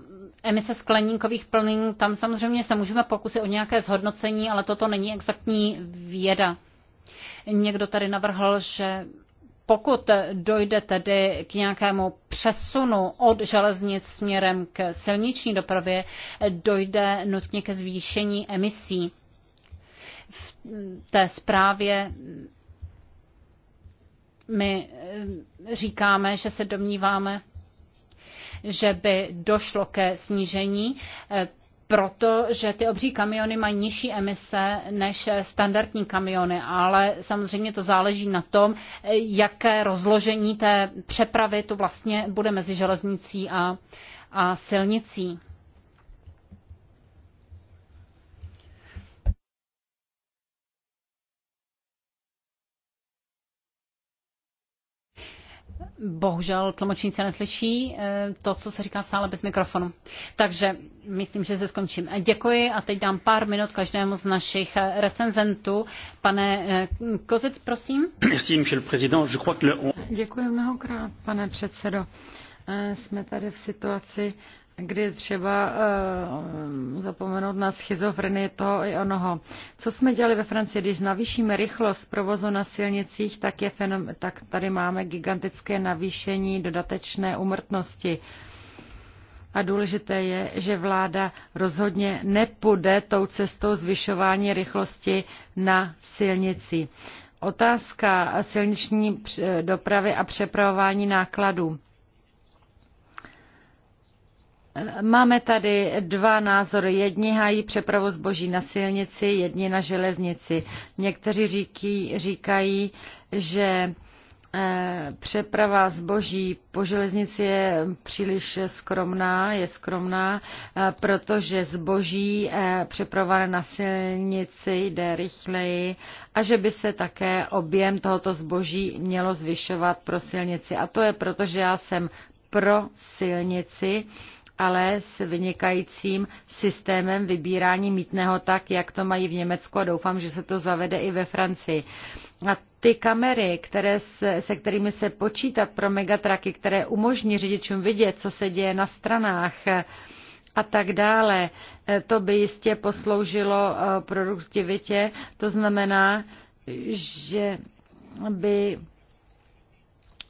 emise skleníkových plnin, tam samozřejmě se můžeme pokusit o nějaké zhodnocení, ale toto není exaktní věda. Někdo tady navrhl, že pokud dojde tedy k nějakému přesunu od železnic směrem k silniční dopravě, dojde nutně ke zvýšení emisí. V té zprávě my říkáme, že se domníváme, že by došlo ke snížení eh, protože ty obří kamiony mají nižší emise než standardní kamiony, ale samozřejmě to záleží na tom, eh, jaké rozložení té přepravy tu vlastně bude mezi železnicí a, a silnicí. Bohužel tlumočníci neslyší eh, to, co se říká v sále bez mikrofonu. Takže myslím, že se skončím. Děkuji a teď dám pár minut každému z našich eh, recenzentů. Pane eh, Kozit, prosím. Děkuji mnohokrát, pane předsedo. Jsme tady v situaci, kdy třeba uh, zapomenout na schizofrenii toho i onoho. Co jsme dělali ve Francii, když navýšíme rychlost provozu na silnicích, tak, je fenom- tak tady máme gigantické navýšení dodatečné umrtnosti. A důležité je, že vláda rozhodně nepůjde tou cestou zvyšování rychlosti na silnici. Otázka silniční eh, dopravy a přepravování nákladů Máme tady dva názory. Jedni hájí přepravu zboží na silnici, jedni na železnici. Někteří říkají, říkají, že eh, přeprava zboží po železnici je příliš skromná, je skromná, eh, protože zboží eh, přepravované na silnici jde rychleji a že by se také objem tohoto zboží mělo zvyšovat pro silnici. A to je proto, že já jsem pro silnici ale s vynikajícím systémem vybírání mítného tak, jak to mají v Německu a doufám, že se to zavede i ve Francii. A ty kamery, které se, se kterými se počítat pro megatraky, které umožní řidičům vidět, co se děje na stranách, a tak dále. Eh, to by jistě posloužilo eh, produktivitě, to znamená, že by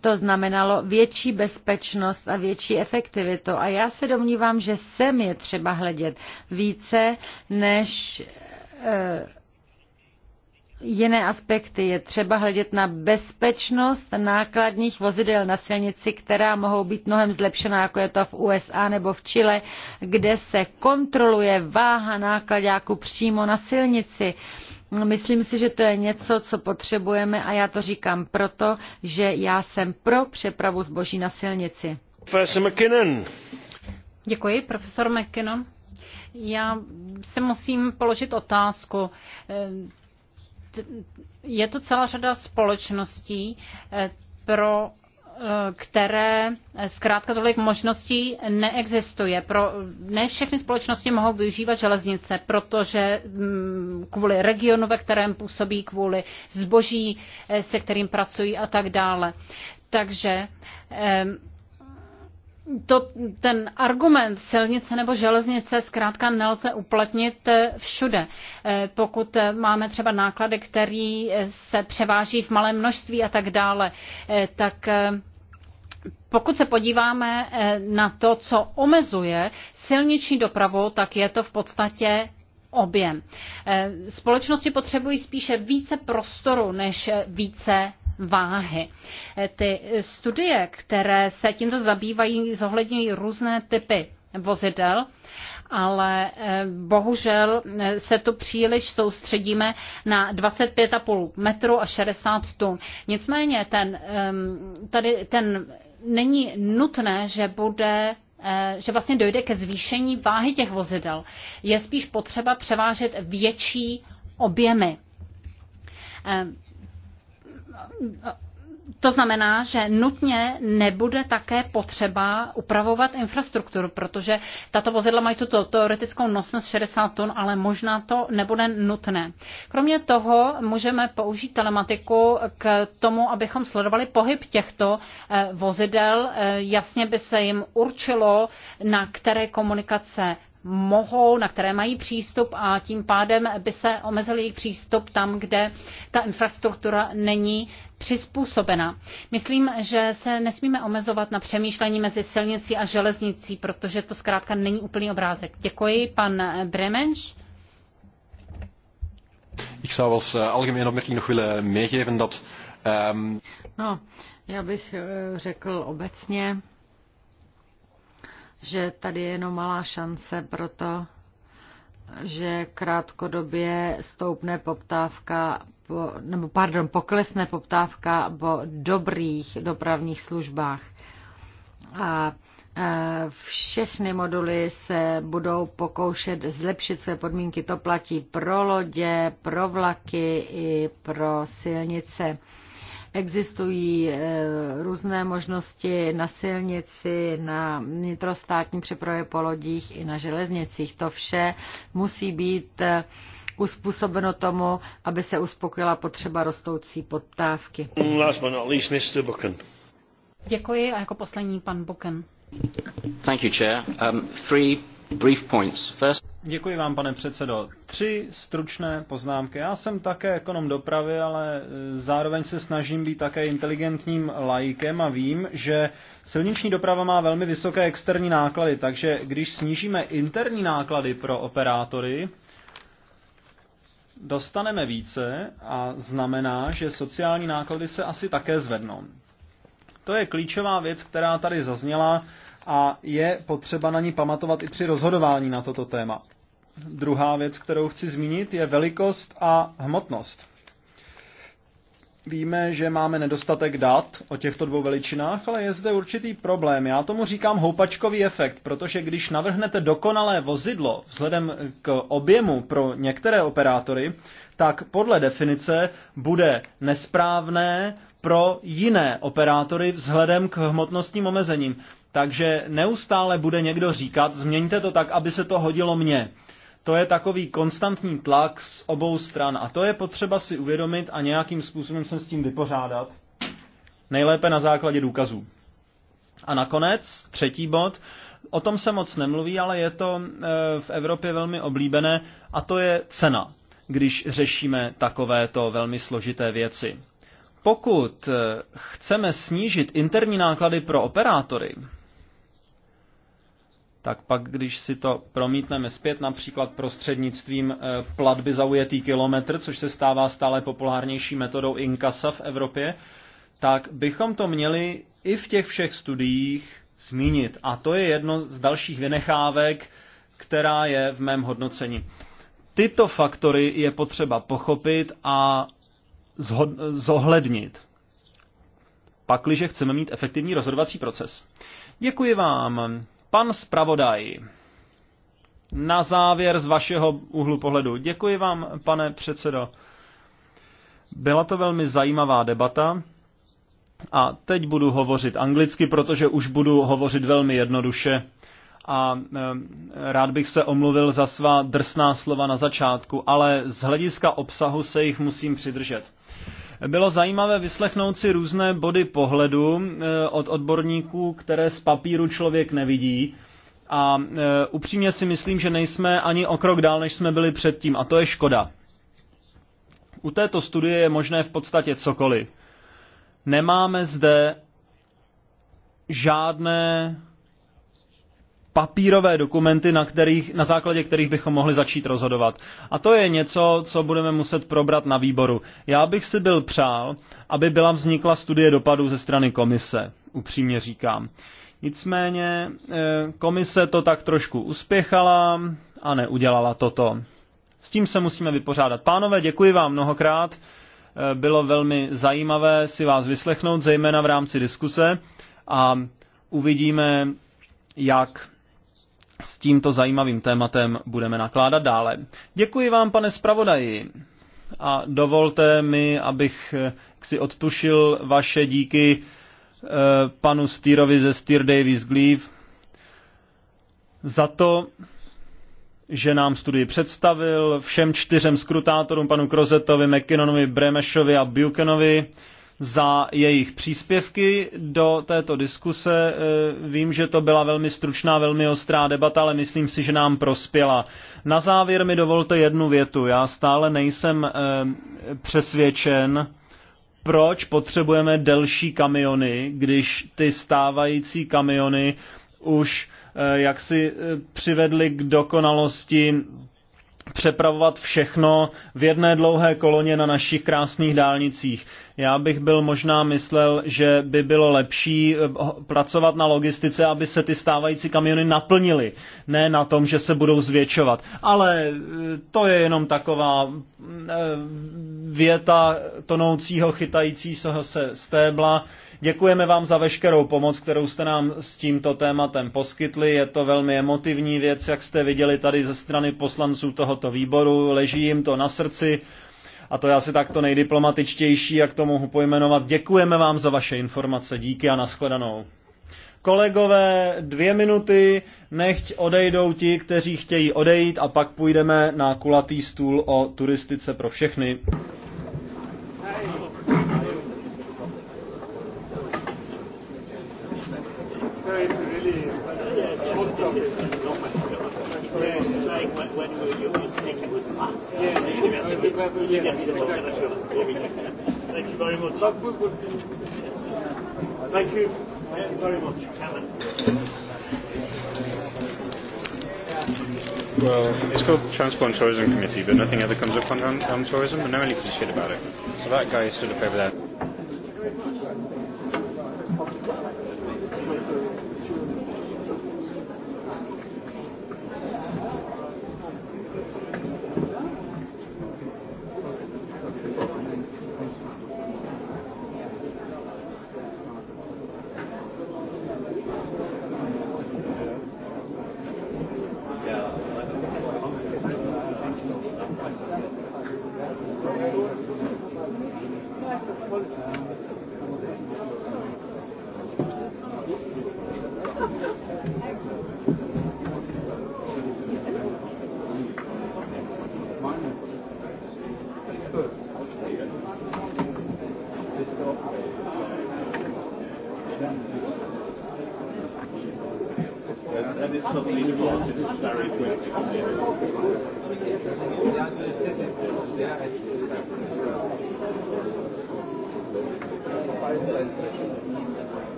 to znamenalo větší bezpečnost a větší efektivitu. A já se domnívám, že sem je třeba hledět více než eh, jiné aspekty. Je třeba hledět na bezpečnost nákladních vozidel na silnici, která mohou být mnohem zlepšená, jako je to v USA nebo v Chile, kde se kontroluje váha nákladáku přímo na silnici. E, Myslím si, že to je něco, co potřebujeme a já to říkám proto, že já jsem pro přepravu zboží na silnici. Profesor McKinnon. Děkuji, profesor McKinnon. Já se musím položit otázku. Eh, je tu celá řada společností, eh, pro Eh, které eh, zkrátka tolik možností neexistuje. Pro, ne všechny společnosti mohou využívat železnice, protože mm, kvůli regionu, ve kterém působí, kvůli zboží, eh, se kterým pracují a tak dále. Takže to, ten argument silnice nebo železnice zkrátka nelze uplatnit eh, všude. Eh, pokud eh, máme třeba náklady, který se převáží v malém množství a tak dále, tak pokud se podíváme na to, co omezuje silniční dopravu, tak je to v podstatě objem. Společnosti potřebují spíše více prostoru než více váhy. Eh, ty studie, které se tímto zabývají, zohledňují různé typy vozidel, ale eh, bohužel eh, se tu příliš soustředíme na 25,5 metru a 60 tun. Nicméně ten, ehm, tady ten není nutné, že bude že vlastně dojde ke zvýšení váhy těch vozidel. Je spíš potřeba převážet větší objemy. Ehm, to znamená, že nutně nebude také potřeba upravovat infrastrukturu, protože tato vozidla mají tuto teoretickou nosnost 60 tun, ale možná to nebude nutné. Kromě toho můžeme použít telematiku k tomu, abychom sledovali pohyb těchto eh, vozidel. Eh, jasně by se jim určilo, na které komunikace mohou, na které mají přístup a tím pádem by se omezil jejich přístup tam, kde ta infrastruktura není přizpůsobena. Myslím, že se nesmíme omezovat na přemýšlení mezi silnicí a železnicí, protože to zkrátka není úplný obrázek. Děkuji, pan Bremenš. zou als eh, opmerking nog willen eh, meegeven dat... Um... No, já bych eh, řekl obecně, že tady je jenom malá šance pro to, že krátkodobě stoupne poptávka, po, nebo pardon, poklesne poptávka po dobrých dopravních službách. A e, všechny moduly se budou pokoušet zlepšit své podmínky. To platí pro lodě, pro vlaky i pro silnice. Existují eh, různé možnosti na silnici, na nitrostátní přepravě po lodích i na železnicích. To vše musí být eh, uspůsobeno tomu, aby se uspokojila potřeba rostoucí poptávky. Děkuji a jako poslední pan Boken. Thank you, Chair. Um, three brief points. First... Děkuji vám, pane předsedo. Tři stručné poznámky. Já jsem také ekonom dopravy, ale e, zároveň se snažím být také inteligentním lajkem a vím, že silniční doprava má velmi vysoké externí náklady, takže když snížíme interní náklady pro operátory, dostaneme více a znamená, že sociální náklady se asi také zvednou. To je klíčová věc, která tady zazněla a je potřeba na ní pamatovat i při rozhodování na toto téma. Druhá věc, kterou chci zmínit, je velikost a hmotnost. Víme, že máme nedostatek dat o těchto dvou veličinách, ale je zde určitý problém. Já tomu říkám houpačkový efekt, protože když navrhnete dokonalé vozidlo vzhledem k objemu pro některé operátory, tak podle definice bude nesprávné pro jiné operátory vzhledem k hmotnostním omezením. Takže neustále bude někdo říkat, změňte to tak, aby se to hodilo mně. To je takový konstantní tlak z obou stran a to je potřeba si uvědomit a nějakým způsobem se s tím vypořádat. Nejlépe na základě důkazů. A nakonec, třetí bod, o tom se moc nemluví, ale je to eh, v Evropě velmi oblíbené a to je cena, když řešíme takovéto velmi složité věci. Pokud eh, chceme snížit interní náklady pro operátory, tak pak, když si to promítneme zpět, například prostřednictvím eh, platby za ujetý kilometr, což se stává stále populárnější metodou inkasa v Evropě, tak bychom to měli i v těch všech studiích zmínit. A to je jedno z dalších vynechávek, která je v mém hodnocení. Tyto faktory je potřeba pochopit a zohlednit, pakliže chceme mít efektivní rozhodovací proces. Děkuji vám. Pan zpravodaj, na závěr z vašeho úhlu pohledu. Děkuji vám, pane předsedo. Byla to velmi zajímavá debata. A teď budu hovořit anglicky, protože už budu hovořit velmi jednoduše. A eh, rád bych se omluvil za svá drsná slova na začátku, ale z hlediska obsahu se jich musím přidržet. Bylo zajímavé vyslechnout si různé body pohledu eh, od odborníků, které z papíru člověk nevidí. A eh, upřímně si myslím, že nejsme ani o krok dál, než jsme byli předtím. A to je škoda. U této studie je možné v podstatě cokoliv. Nemáme zde žádné papírové dokumenty, na, kterých, na základě kterých bychom mohli začít rozhodovat. A to je něco, co budeme muset probrat na výboru. Já bych si byl přál, aby byla vznikla studie dopadů ze strany komise, upřímně říkám. Nicméně eh, komise to tak trošku uspěchala a neudělala toto. S tím se musíme vypořádat. Pánové, děkuji vám mnohokrát. Eh, bylo velmi zajímavé si vás vyslechnout, zejména v rámci diskuse a uvidíme, jak s tímto zajímavým tématem budeme nakládat dále. Děkuji vám, pane zpravodaji. A dovolte mi, abych eh, si odtušil vaše díky eh, panu Stýrovi ze Stýr Davis Gleave za to, že nám studii představil, všem čtyřem skrutátorům, panu Krozetovi, McKinnonovi, Bremešovi a Buchanovi, za jejich příspěvky do této diskuse. E, vím, že to byla velmi stručná, velmi ostrá debata, ale myslím si, že nám prospěla. Na závěr mi dovolte jednu větu. Já stále nejsem e, přesvědčen, proč potřebujeme delší kamiony, když ty stávající kamiony už e, jaksi přivedly k dokonalosti přepravovat všechno v jedné dlouhé koloně na našich krásných dálnicích. Já bych byl možná myslel, že by bylo lepší eh, pracovat na logistice, aby se ty stávající kamiony naplnily, ne na tom, že se budou zvětšovat. Ale eh, to je jenom taková mm, eh, věta tonoucího chytajícího se stébla. Děkujeme vám za veškerou pomoc, kterou jste nám s tímto tématem poskytli. Je to velmi emotivní věc, jak jste viděli tady ze strany poslanců tohoto tohoto výboru, leží jim to na srdci a to je asi takto nejdiplomatičtější, jak to mohu pojmenovat. Děkujeme vám za vaše informace, díky a nashledanou. Kolegové, dvě minuty, nechť odejdou ti, kteří chtějí odejít a pak půjdeme na kulatý stůl o turistice pro všechny. when, when were you Thank you very much. Thank you. Well, it's called Transport and Tourism Committee, but nothing ever comes up on, on, on tourism, and no one gives a shit about it. So that guy stood up over there.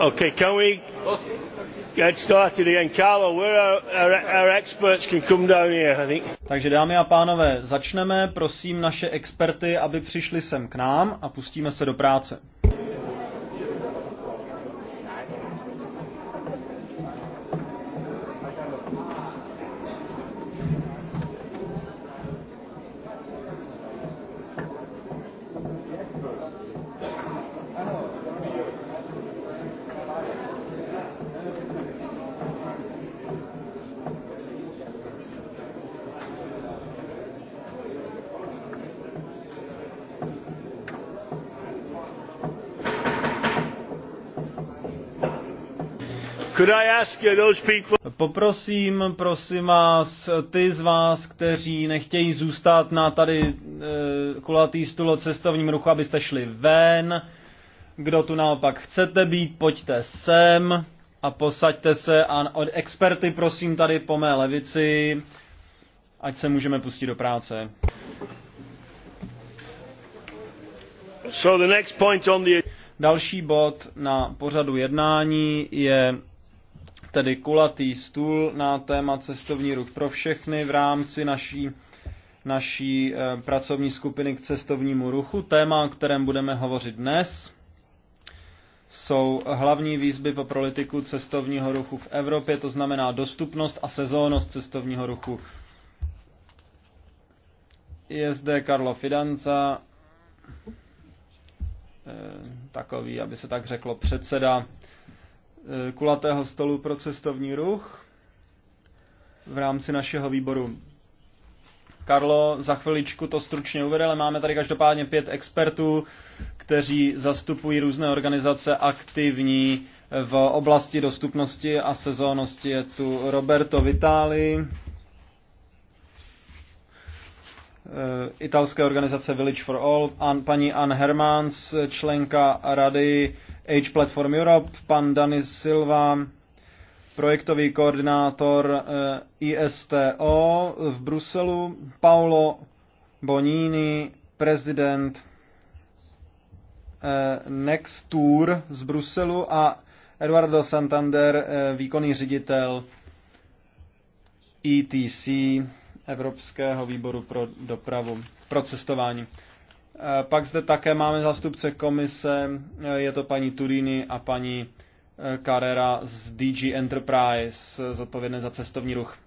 Okay, can we get started again? Carlo, where our, uh, our, our experts can come down here, I think. Takže dámy a pánové, začneme. Prosím naše experty, aby přišli sem k nám a pustíme se do práce. Poprosím, prosím vás, ty z vás, kteří nechtějí zůstat na tady uh, kulatý stůl o cestovním ruchu, abyste šli ven. Kdo tu naopak chcete být, pojďte sem a posaďte se a od experty prosím tady po mé levici, ať se můžeme pustit do práce. So the next point on the... Další bod na pořadu jednání je tedy kulatý stůl na téma cestovní ruch pro všechny v rámci naší, naší eh, pracovní skupiny k cestovnímu ruchu. Téma, o kterém budeme hovořit dnes, jsou hlavní výzvy pro politiku cestovního ruchu v Evropě, to znamená dostupnost a sezónnost cestovního ruchu. Je zde Karlo Fidanza, eh, takový, aby se tak řeklo, předseda Eh, kulatého stolu pro cestovní ruch v rámci našeho výboru. Karlo za chviličku to stručně uvede, ale máme tady každopádně pět expertů, kteří zastupují různé organizace aktivní v oblasti dostupnosti a sezónnosti. Je tu Roberto Vitali, eh, italské organizace Village for All, paní Ann Hermans, členka rady Age Platform Europe, pan Dani Silva, projektový koordinátor eh, ISTO v Bruselu, Paolo Bonini, prezident eh, Next Tour z Bruselu a Eduardo Santander, eh, výkonný ředitel ETC, Evropského výboru pro dopravu, pro cestování. Eh, pak zde také máme zástupce komise, eh, je to paní Turini a paní eh, Carrera z DG Enterprise, zodpovědné za cestovní ruch.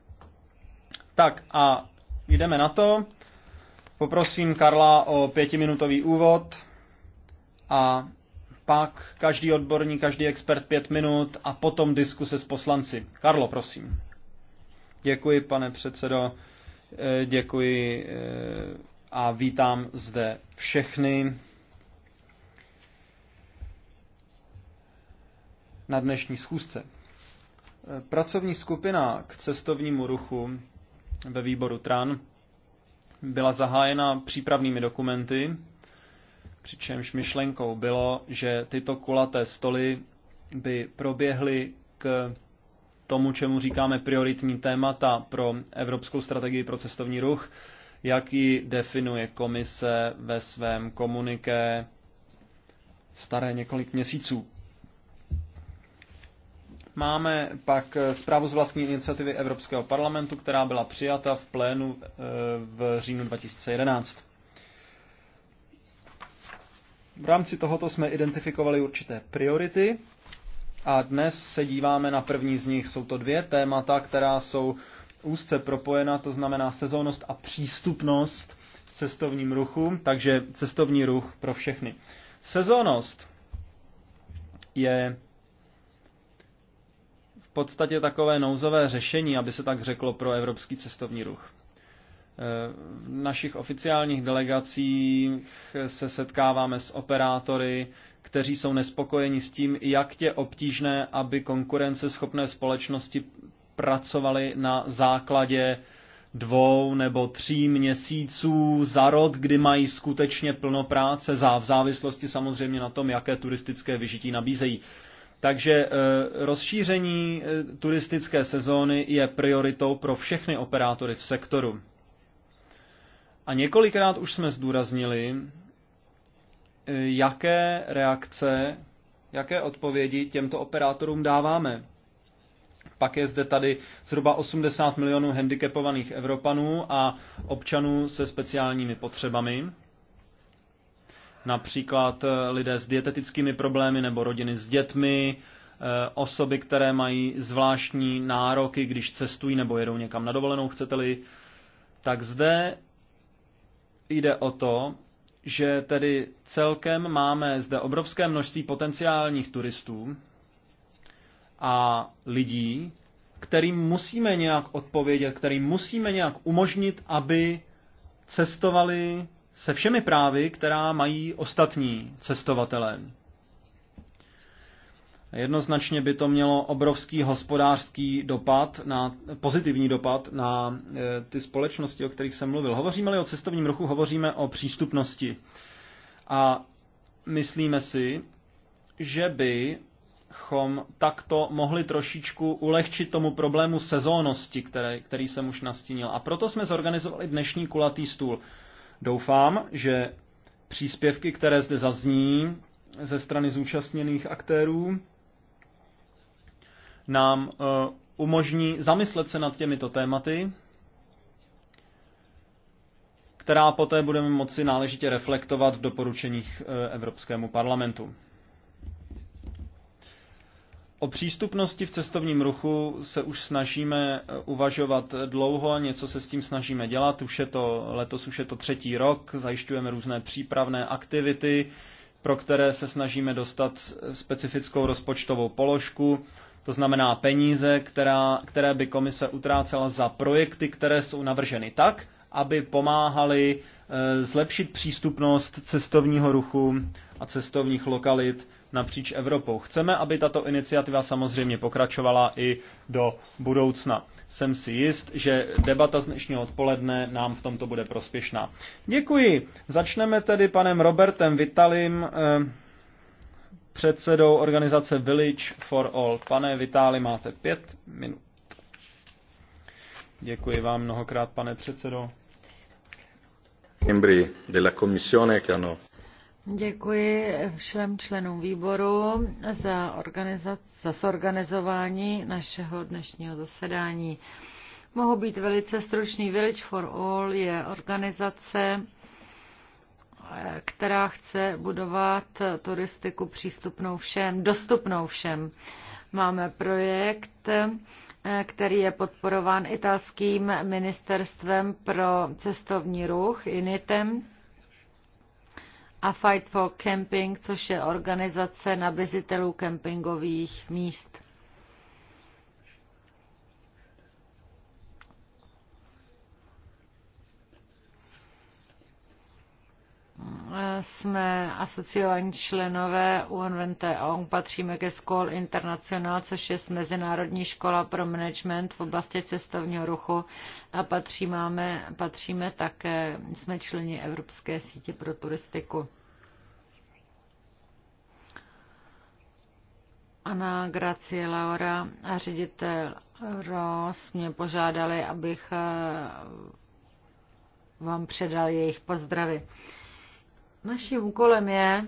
Tak a jdeme na to. Poprosím Karla o pětiminutový úvod a pak každý odborník, každý expert pět minut a potom diskuse s poslanci. Karlo, prosím. Děkuji, pane předsedo. Děkuji a vítám zde všechny na dnešní schůzce. Pracovní skupina k cestovnímu ruchu ve výboru TRAN byla zahájena přípravnými dokumenty, přičemž myšlenkou bylo, že tyto kulaté stoly by proběhly k tomu, čemu říkáme prioritní témata pro Evropskou strategii pro cestovní ruch, jak ji definuje komise ve svém komuniké staré několik měsíců. Máme pak zprávu z vlastní iniciativy Evropského parlamentu, která byla přijata v plénu eh, v říjnu 2011. V rámci tohoto jsme identifikovali určité priority a dnes se díváme na první z nich. Jsou to dvě témata, která jsou úzce propojena, to znamená sezónnost a přístupnost v cestovním ruchu, takže cestovní ruch pro všechny. Sezónnost je v podstatě takové nouzové řešení, aby se tak řeklo, pro evropský cestovní ruch. E, v našich oficiálních delegacích se setkáváme s operátory, kteří jsou nespokojeni s tím, jak je obtížné, aby konkurenceschopné společnosti pracovali na základě dvou nebo tří měsíců za rok, kdy mají skutečně plno práce, za, v závislosti samozřejmě na tom, jaké turistické vyžití nabízejí. Takže eh, rozšíření eh, turistické sezóny je prioritou pro všechny operátory v sektoru. A několikrát už jsme zdůraznili, eh, jaké reakce, jaké odpovědi těmto operátorům dáváme. Pak je zde tady zhruba 80 milionů handicapovaných Evropanů a občanů se speciálními potřebami, například eh, lidé s dietetickými problémy nebo rodiny s dětmi, eh, osoby, které mají zvláštní nároky, když cestují nebo jedou někam na dovolenou, chcete-li, tak zde jde o to, že tedy celkem máme zde obrovské množství potenciálních turistů, a lidí, kterým musíme nějak odpovědět, kterým musíme nějak umožnit, aby cestovali se všemi právy, která mají ostatní cestovatelé. Jednoznačně by to mělo obrovský hospodářský dopad, na, pozitivní dopad na e, ty společnosti, o kterých jsem mluvil. Hovoříme-li o cestovním ruchu, hovoříme o přístupnosti. A myslíme si, že by bychom takto mohli trošičku ulehčit tomu problému sezónnosti, které, který jsem už nastínil. A proto jsme zorganizovali dnešní kulatý stůl. Doufám, že příspěvky, které zde zazní ze strany zúčastněných aktérů, nám eh, umožní zamyslet se nad těmito tématy, která poté budeme moci náležitě reflektovat v doporučeních eh, Evropskému parlamentu. O přístupnosti v cestovním ruchu se už snažíme eh, uvažovat dlouho, něco se s tím snažíme dělat, už je to, letos už je to třetí rok, zajišťujeme různé přípravné aktivity, pro které se snažíme dostat specifickou rozpočtovou položku, to znamená peníze, která, které by komise utrácela za projekty, které jsou navrženy tak, aby pomáhali eh, zlepšit přístupnost cestovního ruchu a cestovních lokalit napříč Evropou. Chceme, aby tato iniciativa samozřejmě pokračovala i do budoucna. Jsem si jist, že debata z dnešního odpoledne nám v tomto bude prospěšná. Děkuji. Začneme tedy panem Robertem Vitalim, eh, předsedou organizace Village for All. Pane Vitali, máte pět minut. Děkuji vám mnohokrát, pane předsedo membri della Commissione che hanno Děkuji všem členům výboru za, za zorganizování našeho dnešního zasedání. Mohu být velice stručný. Village for All je organizace, která chce budovat turistiku přístupnou všem, dostupnou všem. Máme projekt, který je podporován italským ministerstvem pro cestovní ruch, INITem a Fight for Camping, což je organizace nabizitelů kempingových míst. jsme asociovaní členové UNVTO, patříme ke School International, což je Mezinárodní škola pro management v oblasti cestovního ruchu a patříme, patříme také, jsme členi Evropské sítě pro turistiku. Ana Gracie Laura a ředitel Ross mě požádali, abych eh, vám předal jejich pozdravy. Naším úkolem je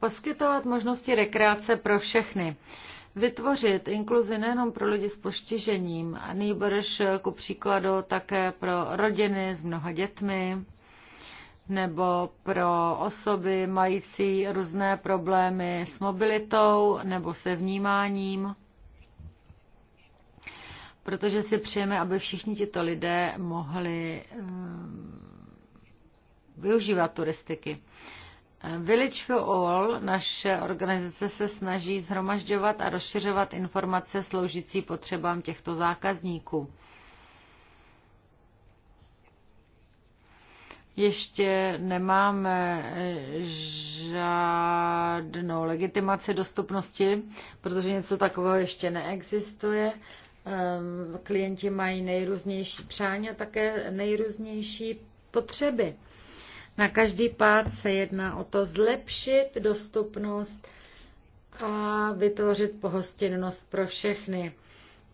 poskytovat možnosti rekreace pro všechny. Vytvořit inkluzi nejenom pro lidi s postižením, a nejbrž ku příkladu také pro rodiny s mnoha dětmi, nebo pro osoby mající různé problémy s mobilitou nebo se vnímáním, protože si přejeme, aby všichni tito lidé mohli ehm, využívat turistiky. Eh, Village for All, naše organizace se snaží zhromažďovat a rozšiřovat informace sloužící potřebám těchto zákazníků. Ještě nemáme eh, žádnou legitimaci dostupnosti, protože něco takového ještě neexistuje. Ehm, klienti mají nejrůznější přání a také nejrůznější potřeby. Na každý pád se jedná o to zlepšit dostupnost a vytvořit pohostinnost pro všechny.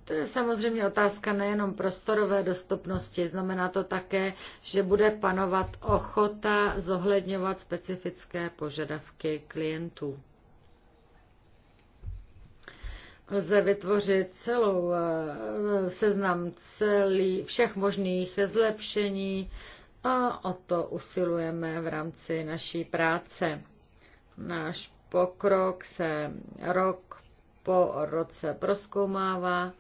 To je samozřejmě otázka nejenom prostorové dostupnosti, znamená to také, že bude panovat ochota zohledňovat specifické požadavky klientů. Lze vytvořit celou eh, seznam celý, všech možných zlepšení, a o to usilujeme v rámci naší práce. Náš pokrok se rok po roce proskoumává,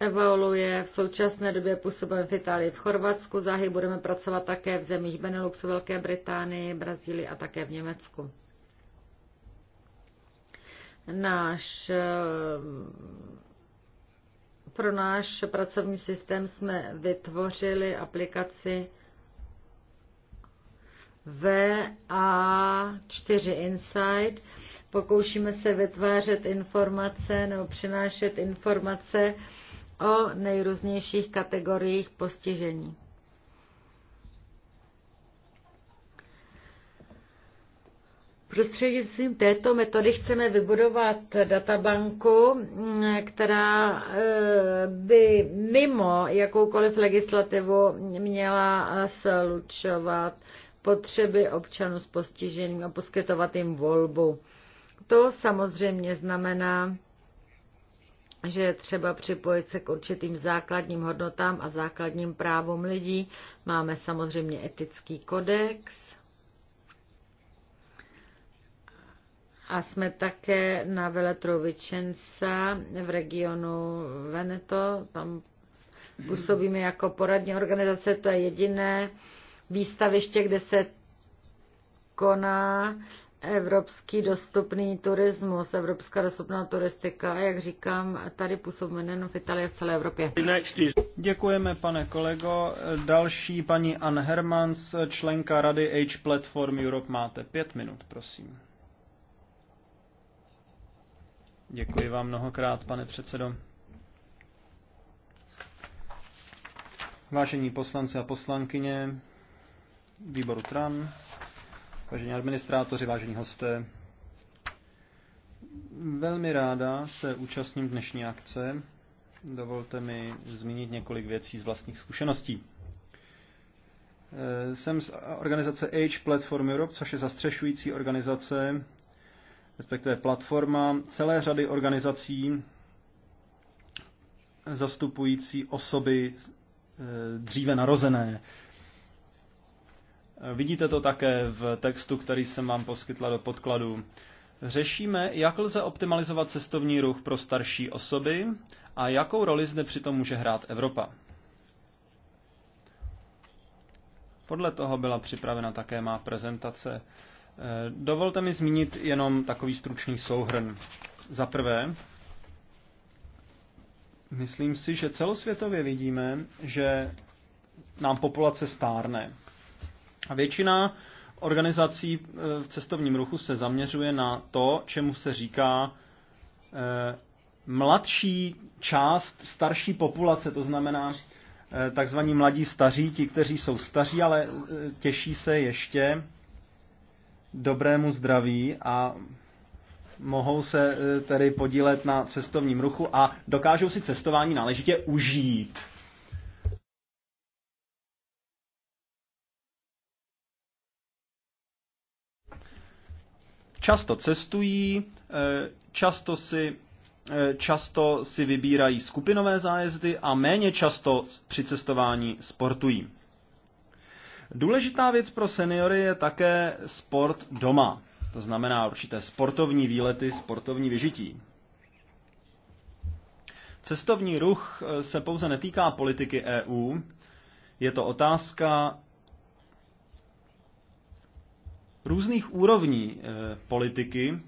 evoluje. V současné době působíme v Itálii, v Chorvatsku, záhy budeme pracovat také v zemích Beneluxu, Velké Británii, Brazílii a také v Německu. Náš eh, pro náš pracovní systém jsme vytvořili aplikaci VA4 Insight. Pokoušíme se vytvářet informace nebo přinášet informace o nejrůznějších kategoriích postižení. Prostřednictvím této metody chceme vybudovat databanku, která eh, by mimo jakoukoliv legislativu měla slučovat potřeby občanů s postižením a poskytovat jim volbu. To samozřejmě znamená, že je třeba připojit se k určitým základním hodnotám a základním právům lidí. Máme samozřejmě etický kodex a jsme také na Veletru Vicenza v regionu Veneto. Tam působíme jako poradní organizace, to je jediné výstaviště, kde se koná evropský dostupný turismus, evropská dostupná turistika a jak říkám, tady působíme nejen v Itálii, v celé Evropě. Děkujeme, pane kolego. Další paní Ann Hermans, členka Rady H Platform Europe. Máte pět minut, prosím. Děkuji vám mnohokrát, pane předsedo. Vážení poslanci a poslankyně, výboru TRAN, vážení administrátoři, vážení hosté. Velmi ráda se účastním dnešní akce. Dovolte mi zmínit několik věcí z vlastních zkušeností. Eh, jsem z organizace Age Platform Europe, což je zastřešující organizace, respektive platforma celé řady organizací zastupující osoby eh, dříve narozené, Vidíte to také v textu, který jsem vám poskytla do podkladu. Řešíme, jak lze optimalizovat cestovní ruch pro starší osoby a jakou roli zde přitom může hrát Evropa. Podle toho byla připravena také má prezentace. Dovolte mi zmínit jenom takový stručný souhrn. Za prvé, myslím si, že celosvětově vidíme, že nám populace stárne. A většina organizací eh, v cestovním ruchu se zaměřuje na to, čemu se říká eh, mladší část starší populace, to znamená eh, takzvaní mladí staří, ti, kteří jsou staří, ale těší se ještě dobrému zdraví a mohou se tedy podílet na cestovním ruchu a dokážou si cestování náležitě užít. Často cestují, eh, často si eh, často si vybírají skupinové zájezdy a méně často při cestování sportují. Důležitá věc pro seniory je také sport doma. To znamená určité sportovní výlety, sportovní vyžití. Cestovní ruch eh, se pouze netýká politiky EU, je to otázka různých úrovní eh, politiky.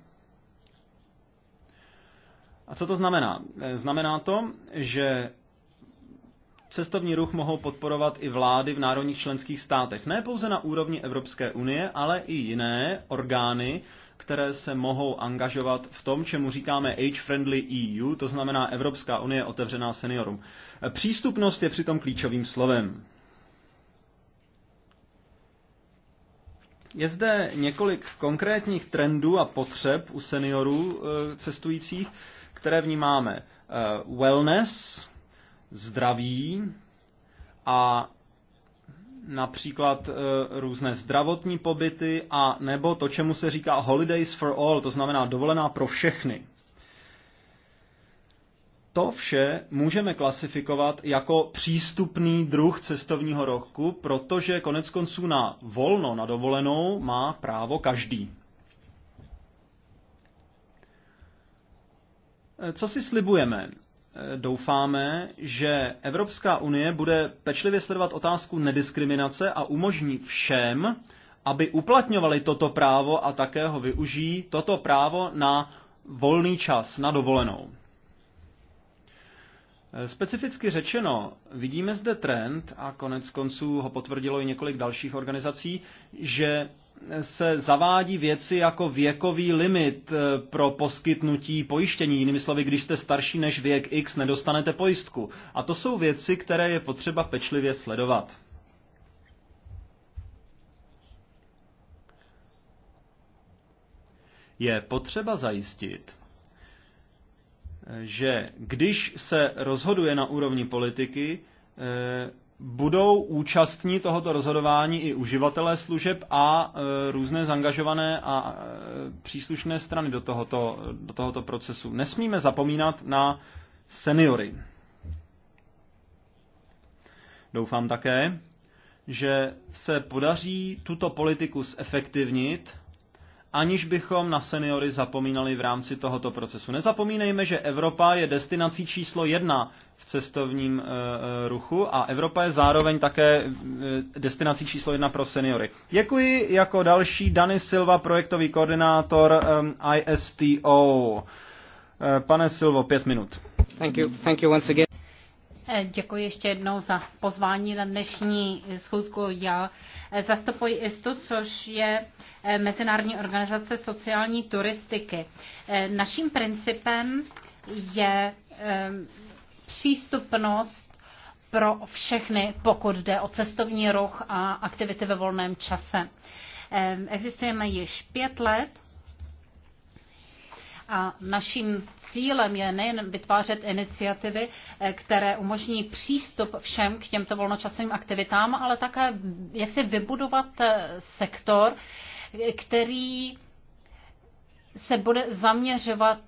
A co to znamená? Eh, znamená to, že cestovní ruch mohou podporovat i vlády v národních členských státech. Ne pouze na úrovni Evropské unie, ale i jiné orgány, které se mohou angažovat v tom, čemu říkáme age-friendly EU, to znamená Evropská unie otevřená seniorům. Eh, přístupnost je přitom klíčovým slovem. Je zde několik konkrétních trendů a potřeb u seniorů e, cestujících, které vnímáme. E, wellness, zdraví a například e, různé zdravotní pobyty a nebo to, čemu se říká holidays for all, to znamená dovolená pro všechny. To vše můžeme klasifikovat jako přístupný druh cestovního roku, protože konec konců na volno, na dovolenou má právo každý. Co si slibujeme? Doufáme, že Evropská unie bude pečlivě sledovat otázku nediskriminace a umožní všem, aby uplatňovali toto právo a také ho využijí, toto právo na volný čas, na dovolenou. Eh, specificky řečeno, vidíme zde trend, a konec konců ho potvrdilo i několik dalších organizací, že se zavádí věci jako věkový limit eh, pro poskytnutí pojištění. Jinými slovy, když jste starší než věk X, nedostanete pojistku. A to jsou věci, které je potřeba pečlivě sledovat. Je potřeba zajistit, že když se rozhoduje na úrovni politiky, eh, budou účastní tohoto rozhodování i uživatelé služeb a eh, různé zangažované a eh, příslušné strany do tohoto, do tohoto procesu. Nesmíme zapomínat na seniory. Doufám také, že se podaří tuto politiku zefektivnit aniž bychom na seniory zapomínali v rámci tohoto procesu. Nezapomínejme, že Evropa je destinací číslo jedna v cestovním eh, eh, ruchu a Evropa je zároveň také eh, destinací číslo jedna pro seniory. Děkuji jako další Dani Silva, projektový koordinátor ISTO. Pane Silvo, pět minut. Thank you. Thank you once again. Děkuji ještě jednou za pozvání na dnešní schůzku. Já Zastupuji ISTU, což je eh, Mezinárodní organizace sociální turistiky. Eh, naším principem je eh, přístupnost pro všechny, pokud jde o cestovní ruch a aktivity ve volném čase. Existujeme již pět let a naším cílem je nejen vytvářet iniciativy, eh, které umožní přístup všem k těmto volnočasovým aktivitám, ale také eh, jak si vybudovat eh, sektor, který se bude zaměřovat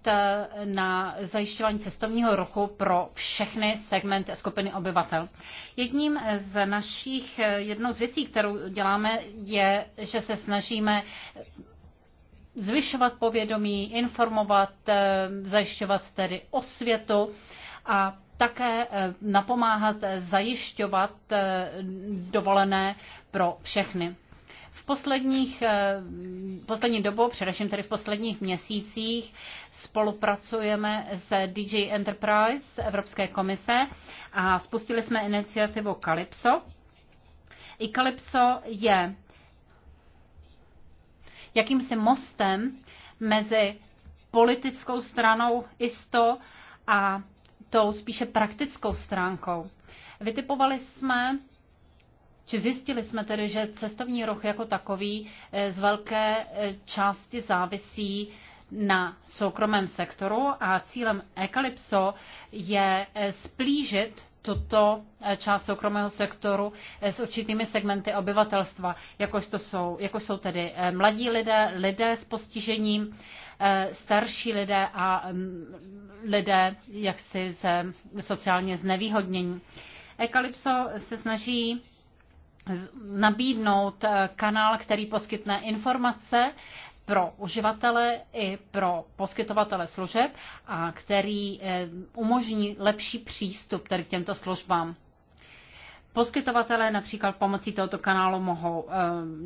na zajišťování cestovního ruchu pro všechny segmenty a skupiny obyvatel. Jedním z našich, jednou z věcí, kterou děláme, je, že se snažíme zvyšovat povědomí, informovat, eh, zajišťovat tedy osvětu a také eh, napomáhat eh, zajišťovat dovolené pro všechny. V posledních, poslední dobou, především tedy v posledních měsících, spolupracujeme s DJ Enterprise Evropské komise a spustili jsme iniciativu Calypso. I Calypso je jakýmsi mostem mezi politickou stranou ISTO a tou spíše praktickou stránkou. Vytipovali jsme, či zjistili jsme tedy, že cestovní roh jako takový eh, z velké eh, části závisí na soukromém sektoru a cílem Ekalypso je eh, splížit tuto eh, část soukromého sektoru eh, s určitými segmenty obyvatelstva, jakož, to jsou, jako jsou tedy eh, mladí lidé, lidé s postižením, starší lidé a mm, lidé jaksi ze sociálně znevýhodnění. Ekalypso se snaží nabídnout kanál, který poskytne informace pro uživatele i pro poskytovatele služeb a který eh, umožní lepší přístup tedy k těmto službám. Poskytovatelé například pomocí tohoto kanálu mohou e,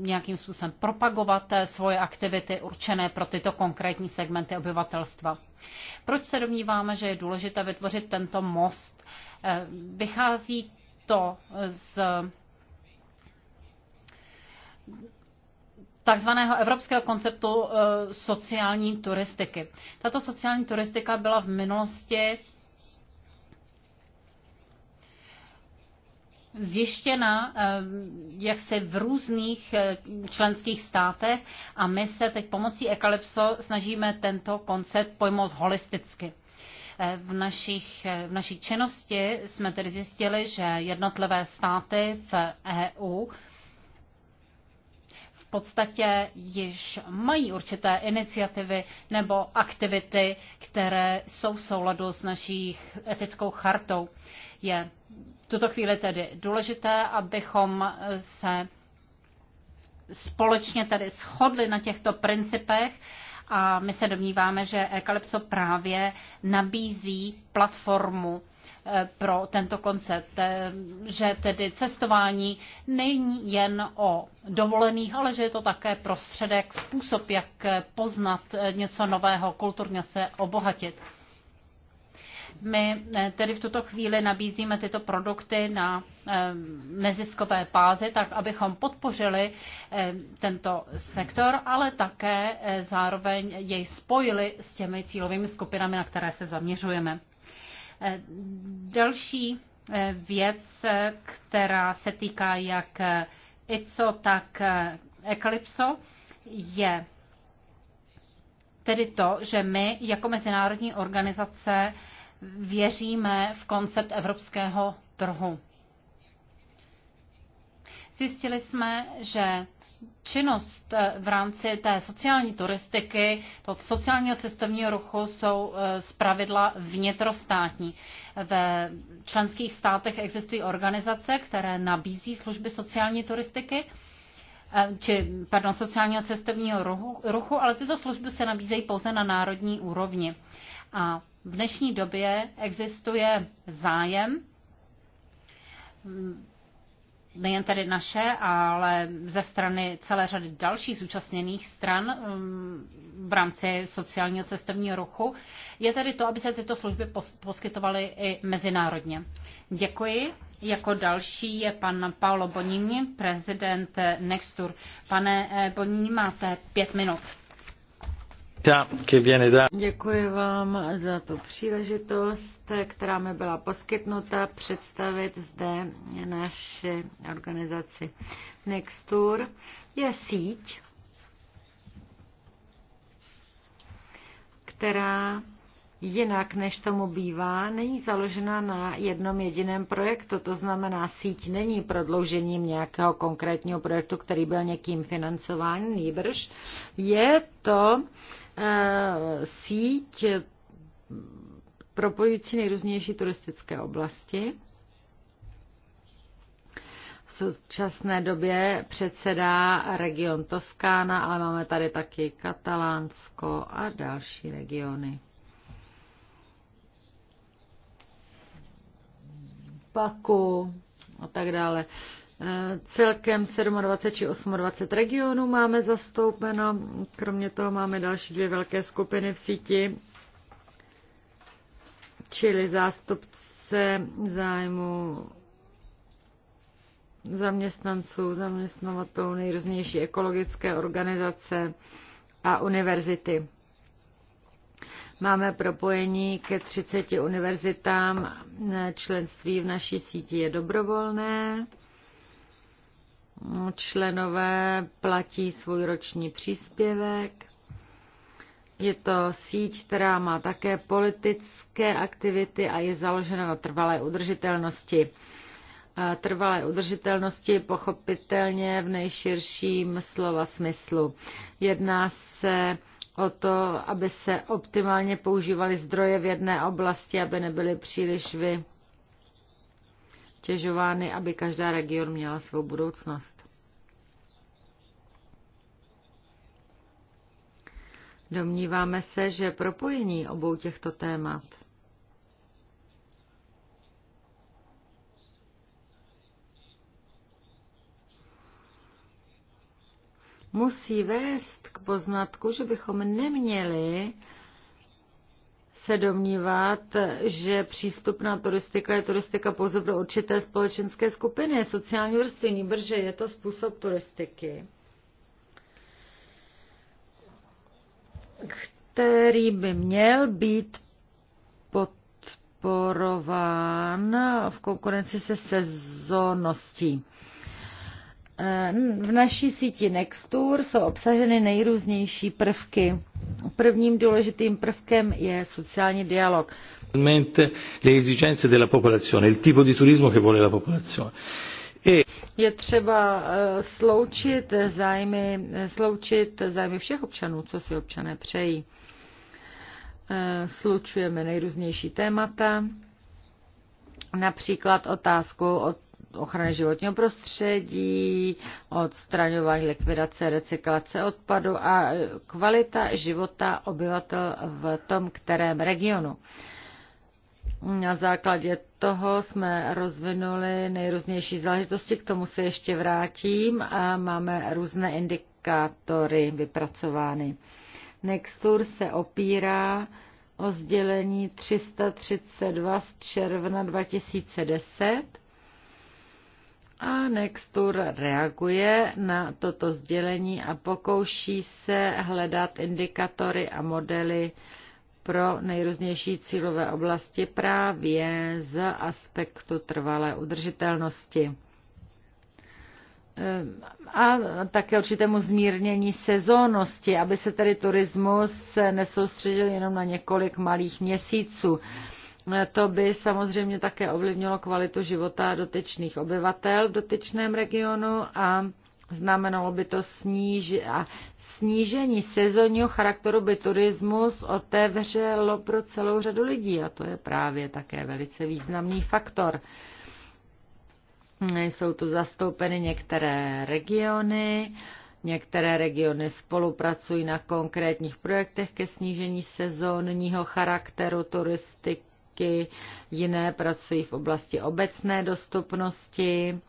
nějakým způsobem propagovat eh, svoje aktivity určené pro tyto konkrétní segmenty obyvatelstva. Proč se domníváme, že je důležité vytvořit tento most? E, vychází to z takzvaného evropského konceptu eh, sociální turistiky. Tato sociální turistika byla v minulosti zjištěna eh, jak se v různých eh, členských státech a my se teď pomocí Ekalypso snažíme tento koncept pojmout holisticky. V, našich, v naší činnosti jsme tedy zjistili, že jednotlivé státy v EU podstatě již mají určité iniciativy nebo aktivity, které jsou v souladu s naší etickou chartou. Je v tuto chvíli tedy důležité, abychom se společně tedy shodli na těchto principech a my se domníváme, že Ekalypso právě nabízí platformu pro tento koncept, eh, že tedy cestování není jen o dovolených, ale že je to také prostředek, způsob, jak poznat eh, něco nového, kulturně se obohatit. My eh, tedy v tuto chvíli nabízíme tyto produkty na neziskové pázy, tak abychom podpořili tento sektor, ale také zároveň jej spojili s těmi cílovými skupinami, na které se zaměřujeme. Eh, další eh, věc, která se týká jak eh, ICO, tak Eclipso, je tedy to, že my jako mezinárodní organizace věříme v koncept evropského trhu. Zjistili jsme, že činnost eh, v rámci té sociální turistiky, toho sociálního cestovního ruchu jsou eh, pravidla vnitrostátní. Ve členských státech existují organizace, které nabízí služby sociální turistiky, eh, či, pardon, sociálního cestovního ruchu, ruchu, ale tyto služby se nabízejí pouze na národní úrovni. A v dnešní době existuje zájem mm, nejen tedy naše, ale ze strany celé řady dalších zúčastněných stran um, v rámci sociálního cestovního ruchu, je tedy to, aby se tyto služby poskytovaly i mezinárodně. Děkuji. Jako další je pan Paolo Bonini, prezident Nextur. Pane eh, Bonini, máte pět minut. Děkuji vám za tu příležitost, která mi byla poskytnuta představit zde naši organizaci Nextur. Je síť, která jinak než tomu bývá, není založena na jednom jediném projektu. To znamená, síť není prodloužením nějakého konkrétního projektu, který byl někým financován, nýbrž je to uh, síť propojující nejrůznější turistické oblasti. V současné době předsedá region Toskána, ale máme tady taky Katalánsko a další regiony. Paku a tak dále. Celkem 27 či 28 regionů máme zastoupeno, kromě toho máme další dvě velké skupiny v síti, čili zástupce zájmu zaměstnanců, zaměstnovatelů, nejrůznější ekologické organizace a univerzity. Máme propojení ke 30 univerzitám, členství v naší síti je dobrovolné členové platí svůj roční příspěvek. Je to síť, která má také politické aktivity a je založena na trvalé udržitelnosti. Trvalé udržitelnosti pochopitelně v nejširším slova smyslu. Jedná se o to, aby se optimálně používaly zdroje v jedné oblasti, aby nebyly příliš vy obtěžovány, aby každá region měla svou budoucnost. Domníváme se, že propojení obou těchto témat musí vést k poznatku, že bychom neměli se domnívat, že přístupná turistika je turistika pouze pro určité společenské skupiny, sociální vrstvy, níbrž, je to způsob turistiky, který by měl být podporován v konkurenci se sezoností. Eh, v naší síti Nextur jsou obsaženy nejrůznější prvky. Prvním důležitým prvkem je sociální dialog. E je třeba eh, sloučit zájmy, eh, sloučit zájmy všech občanů, co si občané přejí. Slučujeme nejrůznější témata, například otázku od ochrany životního prostředí, odstraňování likvidace, recyklace odpadu a kvalita života obyvatel v tom kterém regionu. Na základě toho jsme rozvinuli nejrůznější záležitosti, k tomu se ještě vrátím a máme různé indikátory vypracovány. Nextur se opírá o sdělení 332 z června 2010 a Nextur reaguje na toto sdělení a pokouší se hledat indikatory a modely pro nejrůznější cílové oblasti právě z aspektu trvalé udržitelnosti. Ehm, a také určitému zmírnění sezónnosti, aby se tedy turismus nesoustředil jenom na několik malých měsíců. To by samozřejmě také ovlivnilo kvalitu života dotyčných obyvatel v dotyčném regionu a znamenalo by to sníži a snížení sezónního charakteru by turismus otevřelo pro celou řadu lidí a to je právě také velice významný faktor. Jsou tu zastoupeny některé regiony, Některé regiony spolupracují na konkrétních projektech ke snížení sezónního charakteru turistiky roky, jiné pracují v oblasti obecné dostupnosti.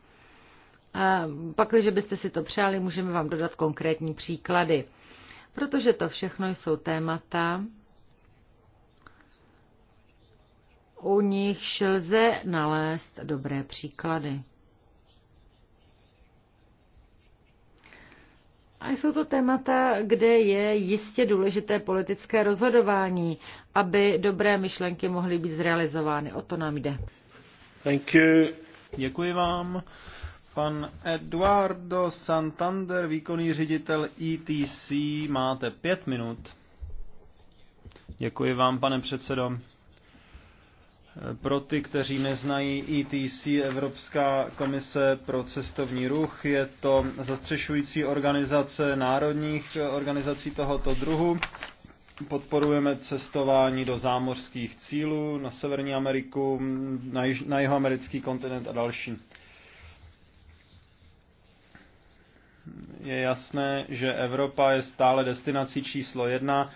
Pak, když byste si to přáli, můžeme vám dodat konkrétní příklady, protože to všechno jsou témata, u nichž lze nalézt dobré příklady. A jsou to témata, kde je jistě důležité politické rozhodování, aby dobré myšlenky mohly být zrealizovány. O to nám jde. Thank you. Děkuji vám. Pan Eduardo Santander, výkonný ředitel ETC, máte pět minut. Děkuji vám, pane předsedo. Pro ty, kteří neznají ETC, Evropská komise pro cestovní ruch, je to zastřešující organizace národních organizací tohoto druhu. Podporujeme cestování do zámořských cílů na Severní Ameriku, na, již, na jihoamerický kontinent a další. Je jasné, že Evropa je stále destinací číslo jedna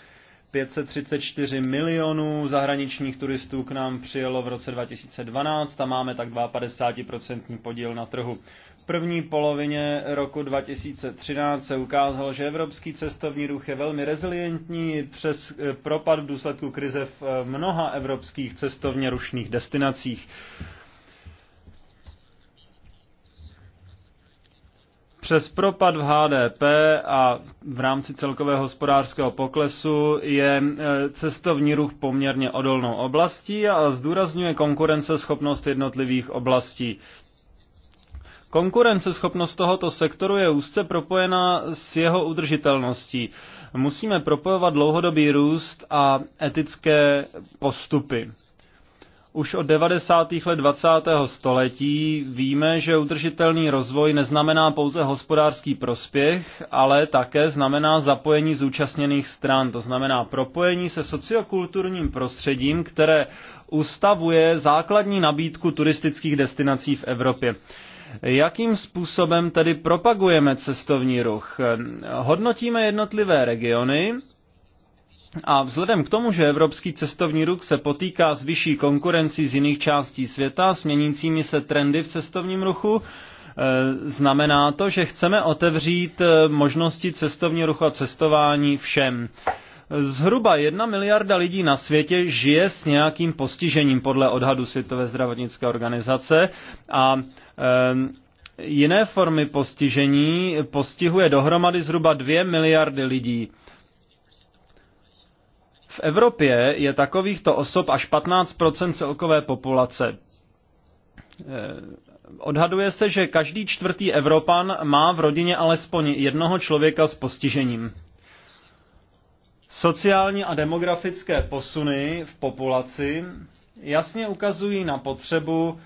534 milionů zahraničních turistů k nám přijelo v roce 2012 a máme tak 52% podíl na trhu. V první polovině roku 2013 se ukázalo, že evropský cestovní ruch je velmi rezilientní přes eh, propad v důsledku krize v eh, mnoha evropských cestovně rušných destinacích. Přes propad v HDP a v rámci celkového hospodářského poklesu je e, cestovní ruch poměrně odolnou oblastí a zdůrazňuje konkurenceschopnost jednotlivých oblastí. Konkurenceschopnost tohoto sektoru je úzce propojena s jeho udržitelností. Musíme propojovat dlouhodobý růst a etické postupy. Už od 90. let 20. století víme, že udržitelný rozvoj neznamená pouze hospodářský prospěch, ale také znamená zapojení zúčastněných stran, to znamená propojení se sociokulturním prostředím, které ustavuje základní nabídku turistických destinací v Evropě. Jakým způsobem tedy propagujeme cestovní ruch? Hodnotíme jednotlivé regiony, a vzhledem k tomu, že evropský cestovní ruch se potýká s vyšší konkurencí z jiných částí světa, s měnícími se trendy v cestovním ruchu, eh, znamená to, že chceme otevřít eh, možnosti cestovního ruchu a cestování všem. Zhruba jedna miliarda lidí na světě žije s nějakým postižením podle odhadu Světové zdravotnické organizace a eh, jiné formy postižení postihuje dohromady zhruba dvě miliardy lidí. V Evropě je takovýchto osob až 15 celkové populace. Eh, odhaduje se, že každý čtvrtý Evropan má v rodině alespoň jednoho člověka s postižením. Sociální a demografické posuny v populaci jasně ukazují na potřebu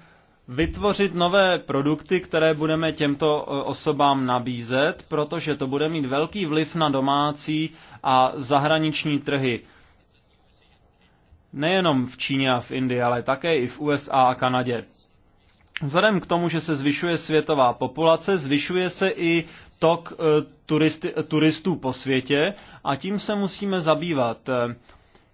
vytvořit nové produkty, které budeme těmto eh, osobám nabízet, protože to bude mít velký vliv na domácí a zahraniční trhy nejenom v Číně a v Indii, ale také i v USA a Kanadě. Vzhledem k tomu, že se zvyšuje světová populace, zvyšuje se i tok eh, turisty, eh, turistů po světě a tím se musíme zabývat.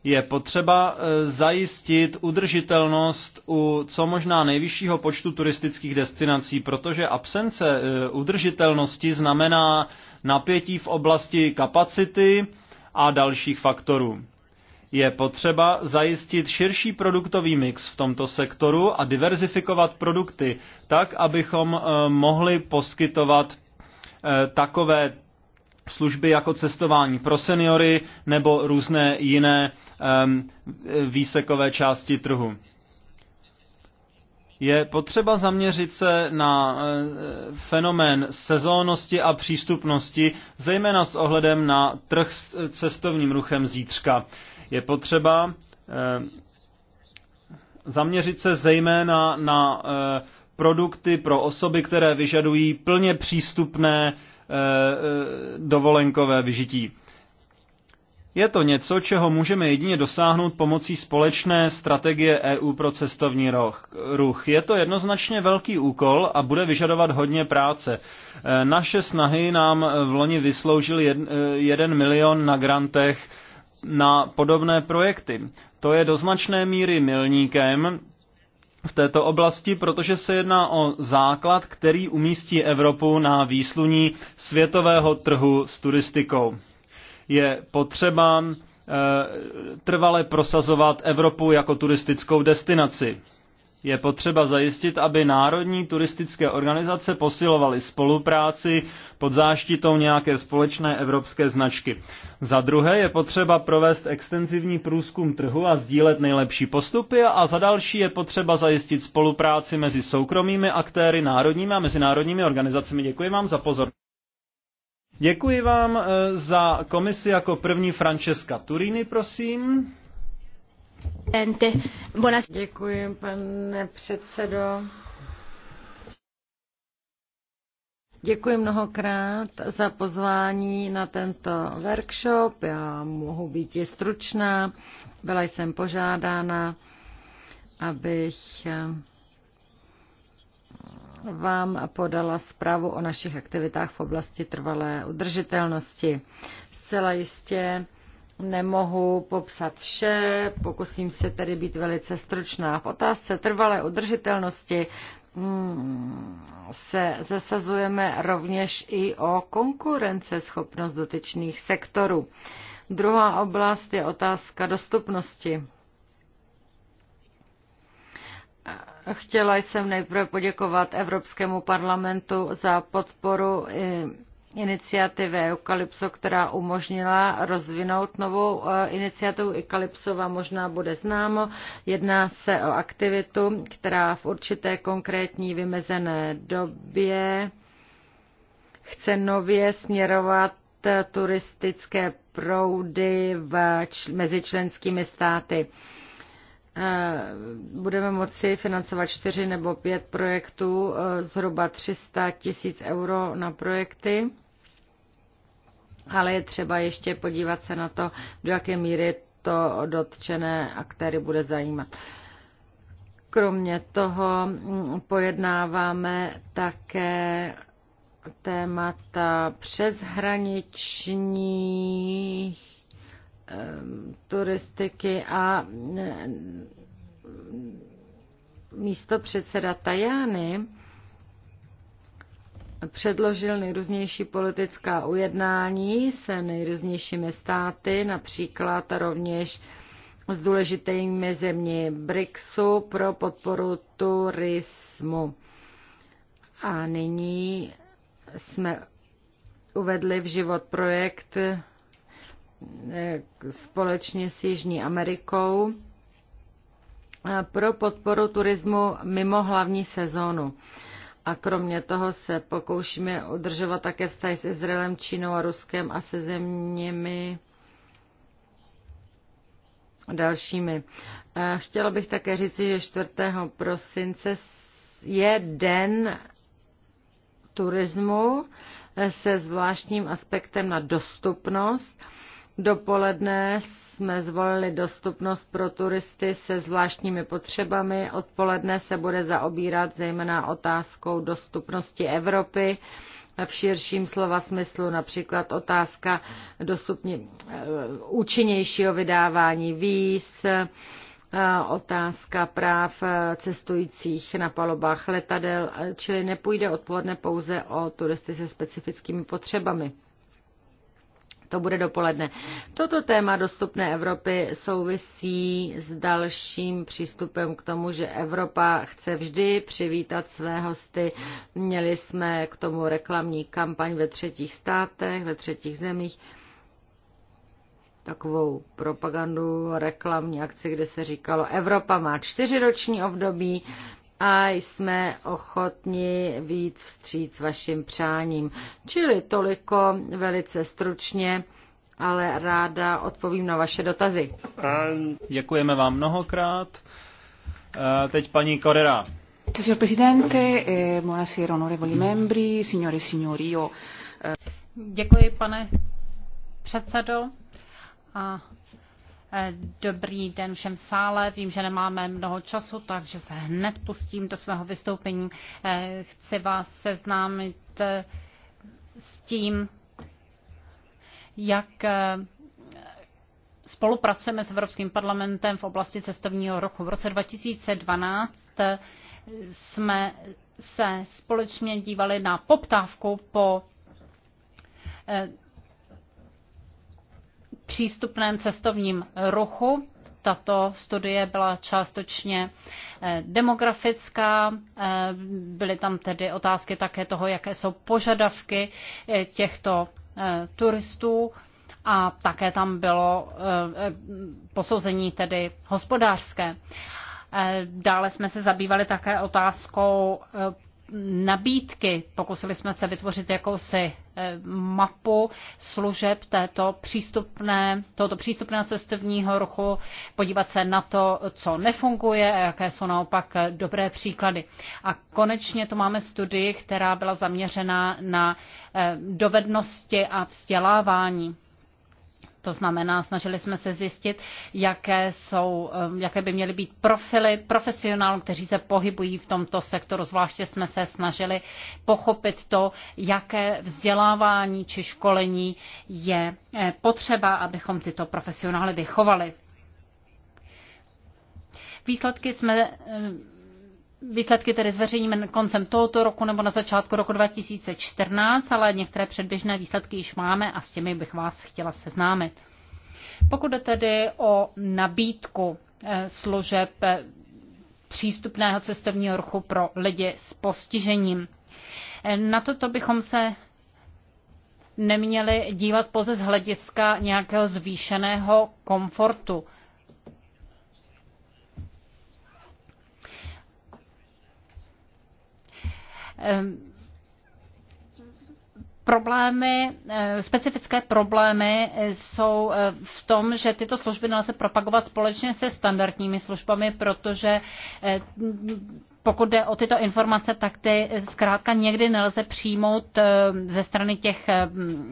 Je potřeba eh, zajistit udržitelnost u co možná nejvyššího počtu turistických destinací, protože absence udržitelnosti znamená napětí v oblasti kapacity a dalších faktorů je potřeba zajistit širší produktový mix v tomto sektoru a diverzifikovat produkty tak, abychom eh, mohli poskytovat eh, takové služby jako cestování pro seniory nebo různé jiné ehm, výsekové části trhu. Je potřeba zaměřit se na eh, fenomén sezónnosti a přístupnosti, zejména s ohledem na trh s cestovním ruchem zítřka. Je potřeba eh, zaměřit se zejména na eh, produkty pro osoby, které vyžadují plně přístupné eh, dovolenkové vyžití. Je to něco, čeho můžeme jedině dosáhnout pomocí společné strategie EU pro cestovní ruch. Je to jednoznačně velký úkol a bude vyžadovat hodně práce. Naše snahy nám v loni vysloužil jeden milion na grantech na podobné projekty. To je do značné míry milníkem v této oblasti, protože se jedná o základ, který umístí Evropu na výsluní světového trhu s turistikou. Je potřeba e, trvale prosazovat Evropu jako turistickou destinaci je potřeba zajistit, aby národní turistické organizace posilovaly spolupráci pod záštitou nějaké společné evropské značky. Za druhé je potřeba provést extenzivní průzkum trhu a sdílet nejlepší postupy a za další je potřeba zajistit spolupráci mezi soukromými aktéry, národními a mezinárodními organizacemi. Děkuji vám za pozornost. Děkuji vám eh, za komisi jako první Francesca Turini, prosím. Děkuji, pane předsedo. Děkuji mnohokrát za pozvání na tento workshop. Já mohu být i stručná. Byla jsem požádána, abych eh, vám podala zprávu o našich aktivitách v oblasti trvalé udržitelnosti. Zcela jistě nemohu popsat vše, pokusím se tedy být velice stručná. V otázce trvalé udržitelnosti mm, se zasazujeme rovněž i o konkurenceschopnost dotyčných sektorů. Druhá oblast je otázka dostupnosti. Chtěla jsem nejprve poděkovat Evropskému parlamentu za podporu iniciativy Eukalypso, která umožnila rozvinout novou eh, iniciativu vám možná bude známo. Jedná se o aktivitu, která v určité konkrétní vymezené době chce nově směrovat eh, turistické proudy v, mezi členskými státy. Eh, budeme moci financovat čtyři nebo pět projektů, eh, zhruba 300 tisíc euro na projekty, ale je třeba ještě podívat se na to, do jaké míry to dotčené aktéry bude zajímat. Kromě toho mm, pojednáváme také témata přeshraničních turistiky a místo předseda Tajány předložil nejrůznější politická ujednání se nejrůznějšími státy, například rovněž s důležitými země BRICSu pro podporu turismu. A nyní jsme uvedli v život projekt společně s Jižní Amerikou pro podporu turismu mimo hlavní sezónu. A kromě toho se pokoušíme udržovat také vztahy s Izraelem, Čínou a Ruskem a se zeměmi dalšími. Chtěla bych také říci, že 4. prosince je den turismu se zvláštním aspektem na dostupnost Dopoledne jsme zvolili dostupnost pro turisty se zvláštními potřebami. Odpoledne se bude zaobírat zejména otázkou dostupnosti Evropy v širším slova smyslu, například otázka dostupně, eh, účinnějšího vydávání víz, eh, otázka práv eh, cestujících na palobách letadel, čili nepůjde odpoledne pouze o turisty se specifickými potřebami. To bude dopoledne. Toto téma dostupné Evropy souvisí s dalším přístupem k tomu, že Evropa chce vždy přivítat své hosty. Měli jsme k tomu reklamní kampaň ve třetích státech, ve třetích zemích takovou propagandu, reklamní akci, kde se říkalo, Evropa má čtyřiroční období, a jsme ochotni víc vstříc vašim přáním. Čili toliko velice stručně, ale ráda odpovím na vaše dotazy. Děkujeme vám mnohokrát. Eh, teď paní Korera. Signor Presidente, eh, buonasera onorevoli membri, signore e signori. Eh, Děkuji, pane předsedo. A Dobrý den všem v sále. Vím, že nemáme mnoho času, takže se hned pustím do svého vystoupení. Eh, chci vás seznámit eh, s tím, jak eh, spolupracujeme s Evropským parlamentem v oblasti cestovního ruchu. V roce 2012 jsme se společně dívali na poptávku po přístupném cestovním ruchu. Tato studie byla částečně eh, demografická, eh, byly tam tedy otázky také toho, jaké jsou požadavky eh, těchto turistů a také tam bylo posouzení tedy hospodářské. Dále jsme se zabývali také otázkou nabídky. Pokusili jsme se vytvořit jakousi Eh, mapu služeb této přístupné, tohoto přístupného cestovního ruchu, podívat se na to, co nefunguje a jaké jsou naopak dobré příklady. A konečně tu máme studii, která byla zaměřena na eh, dovednosti a vzdělávání. To znamená, snažili jsme se zjistit, jaké, jsou, eh, jaké by měly být profily profesionálů, kteří se pohybují v tomto sektoru. Zvláště jsme se snažili pochopit to, jaké vzdělávání či školení je eh, potřeba, abychom tyto profesionály vychovali. Výsledky jsme eh, Výsledky tedy zveřejníme koncem tohoto roku nebo na začátku roku 2014, ale některé předběžné výsledky již máme a s těmi bych vás chtěla seznámit. Pokud jde tedy o nabídku eh, služeb eh, přístupného cestovního ruchu pro lidi s postižením, eh, na toto bychom se neměli dívat pouze z hlediska nějakého zvýšeného komfortu. problémy, eh, specifické problémy jsou eh, v tom, že tyto služby nelze propagovat společně se standardními službami, protože eh, pokud jde o tyto informace, tak ty zkrátka někdy nelze přijmout ze strany těch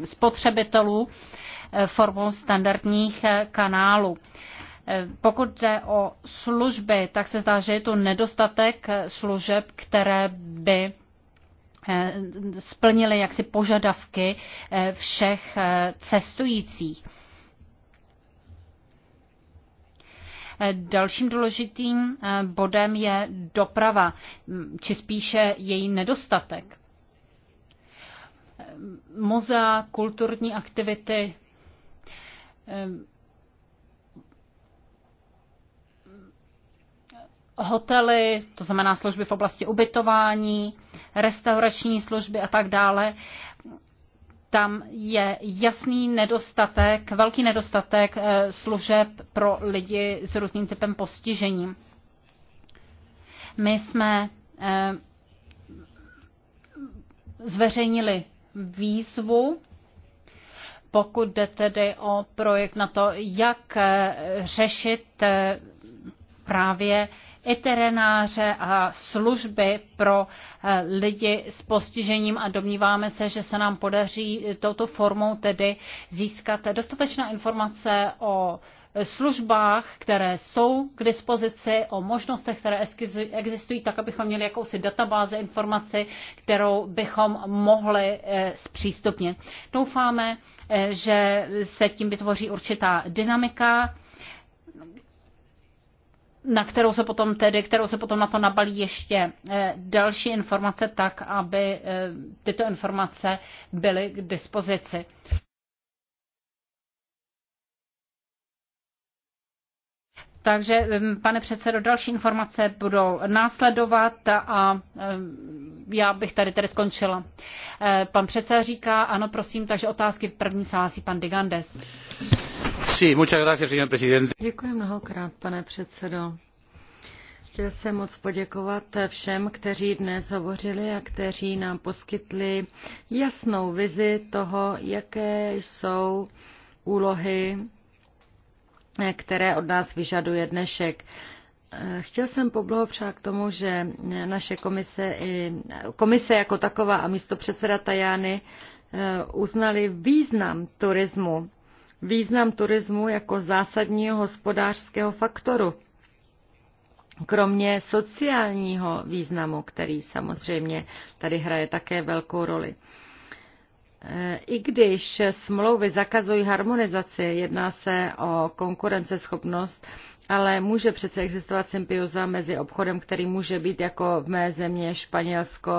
spotřebitelů formou standardních kanálů. Pokud jde o služby, tak se zdá, že je tu nedostatek služeb, které by Eh, splnili jaksi požadavky eh, všech eh, cestujících. Dalším důležitým bodem je doprava, mm, či spíše její nedostatek. Muzea, kulturní aktivity, hotely, to znamená služby v oblasti ubytování, restaurační služby a tak dále, tam je jasný nedostatek, velký nedostatek eh, služeb pro lidi s různým typem postižení. My jsme eh, zveřejnili výzvu, pokud jde tedy o projekt na to, jak eh, řešit právě veterináře a služby pro eh, lidi s postižením a domníváme se, že se nám podaří eh, touto formou tedy získat dostatečné informace o eh, službách, které jsou k dispozici, o možnostech, které existují, tak abychom měli jakousi databáze informaci, kterou bychom mohli zpřístupnit. Doufáme, že se tím vytvoří určitá dynamika na kterou se potom tedy, kterou se potom na to nabalí ještě eh, další informace tak, aby eh, tyto informace byly k dispozici. Takže, pane předsedo, další informace budou následovat a já bych tady tedy skončila. E, pan předseda říká, ano, prosím, takže otázky první hlásí pan Digandes. Děkuji mnohokrát, pane předsedo. Chtěl jsem moc poděkovat všem, kteří dnes hovořili a kteří nám poskytli jasnou vizi toho, jaké jsou úlohy které od nás vyžaduje dnešek. Eh, chtěl jsem poblahopřát k tomu, že naše komise, i, komise jako taková a místo předseda Tajány eh, uznali význam turismu. Význam turismu jako zásadního hospodářského faktoru. Kromě sociálního významu, který samozřejmě tady hraje také velkou roli. I když smlouvy zakazují harmonizaci, jedná se o konkurenceschopnost, ale může přece existovat symbioza mezi obchodem, který může být jako v mé země Španělsko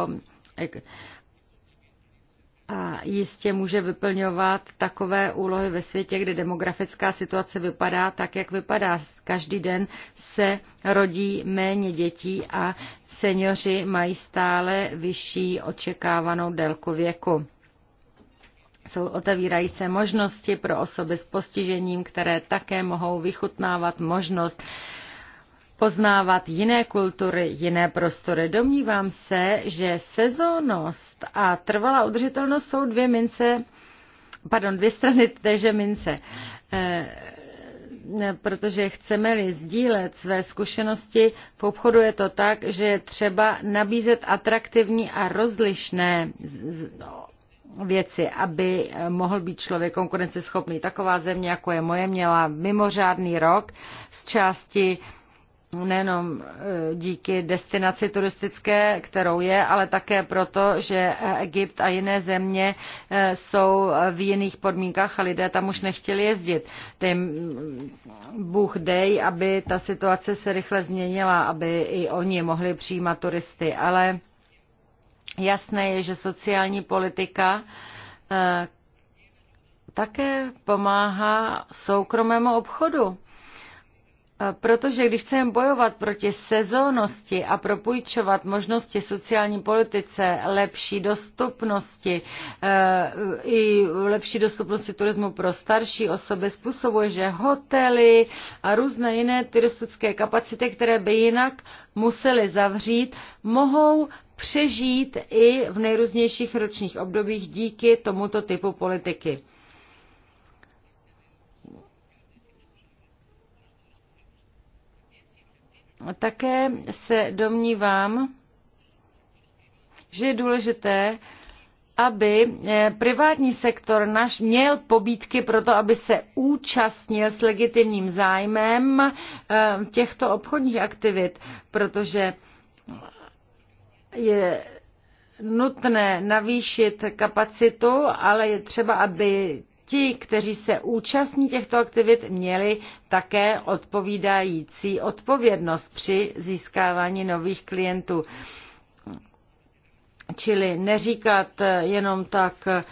a jistě může vyplňovat takové úlohy ve světě, kde demografická situace vypadá tak, jak vypadá. Každý den se rodí méně dětí a seniori mají stále vyšší očekávanou délku věku jsou, otevírají se možnosti pro osoby s postižením, které také mohou vychutnávat možnost poznávat jiné kultury, jiné prostory. Domnívám se, že sezónnost a trvalá udržitelnost jsou dvě mince, pardon, dvě strany téže mince. E, protože chceme-li sdílet své zkušenosti, v obchodu je to tak, že je třeba nabízet atraktivní a rozlišné no, věci, aby mohl být člověk konkurenceschopný. Taková země, jako je moje, měla mimořádný rok z části nejenom e, díky destinaci turistické, kterou je, ale také proto, že Egypt a jiné země e, jsou v jiných podmínkách a lidé tam už nechtěli jezdit. Tým Bůh dej, aby ta situace se rychle změnila, aby i oni mohli přijímat turisty, ale Jasné je, že sociální politika eh, také pomáhá soukromému obchodu Protože když chceme bojovat proti sezónnosti a propůjčovat možnosti sociální politice, lepší dostupnosti eh, i lepší dostupnosti turismu pro starší osoby, způsobuje, že hotely a různé jiné turistické kapacity, které by jinak museli zavřít, mohou přežít i v nejrůznějších ročních obdobích díky tomuto typu politiky. Také se domnívám, že je důležité, aby eh, privátní sektor náš měl pobídky pro to, aby se účastnil s legitimním zájmem eh, těchto obchodních aktivit, protože je nutné navýšit kapacitu, ale je třeba, aby ti, kteří se účastní těchto aktivit, měli také odpovídající odpovědnost při získávání nových klientů. Čili neříkat jenom tak, eh,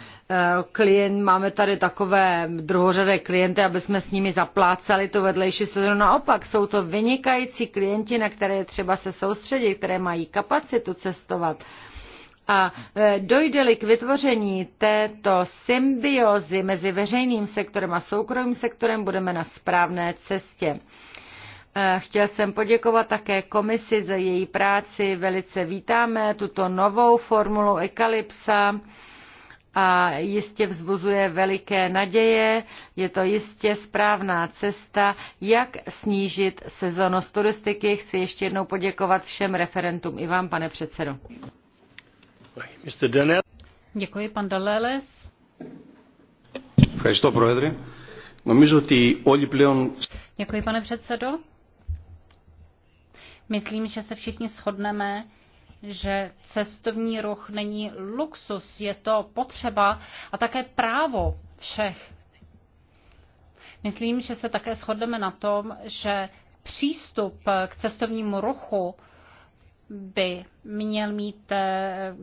klient, máme tady takové druhořadé klienty, aby jsme s nimi zaplácali tu vedlejší sezonu. Naopak jsou to vynikající klienti, na které třeba se soustředit, které mají kapacitu cestovat a e, dojde-li k vytvoření této symbiozy mezi veřejným sektorem a soukromým sektorem, budeme na správné cestě. E, chtěl jsem poděkovat také komisi za její práci. Velice vítáme tuto novou formulu Ekalypsa a jistě vzbuzuje veliké naděje. Je to jistě správná cesta, jak snížit sezonost turistiky. Chci ještě jednou poděkovat všem referentům i vám, pane předsedo. Děkuji, pan Daleles. Děkuji, pane předsedo. Myslím, že se všichni shodneme, že cestovní ruch není luxus, je to potřeba a také právo všech. Myslím, že se také shodneme na tom, že přístup k cestovnímu ruchu by měl mít eh,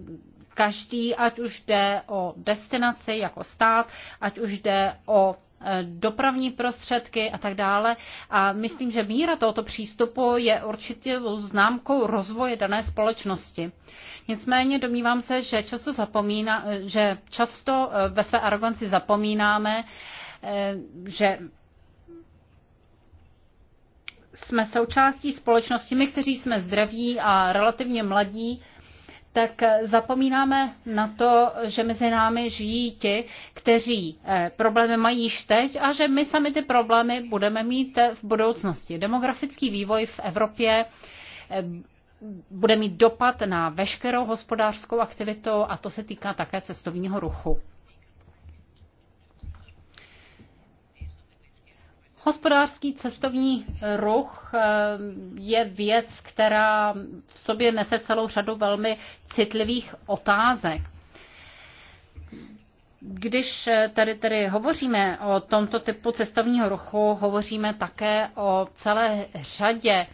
každý, ať už jde o destinaci jako stát, ať už jde o eh, dopravní prostředky a tak dále. A myslím, že míra tohoto přístupu je určitě známkou rozvoje dané společnosti. Nicméně domnívám se, že často, zapomíná, eh, že často ve své aroganci zapomínáme, že jsme součástí společnosti, my, kteří jsme zdraví a relativně mladí, tak zapomínáme na to, že mezi námi žijí ti, kteří eh, problémy mají již teď a že my sami ty problémy budeme mít eh, v budoucnosti. Demografický vývoj v Evropě eh, bude mít dopad na veškerou hospodářskou aktivitu a to se týká také cestovního ruchu. Hospodářský cestovní ruch eh, je věc, která v sobě nese celou řadu velmi citlivých otázek. Když eh, tady, tady hovoříme o tomto typu cestovního ruchu, hovoříme také o celé řadě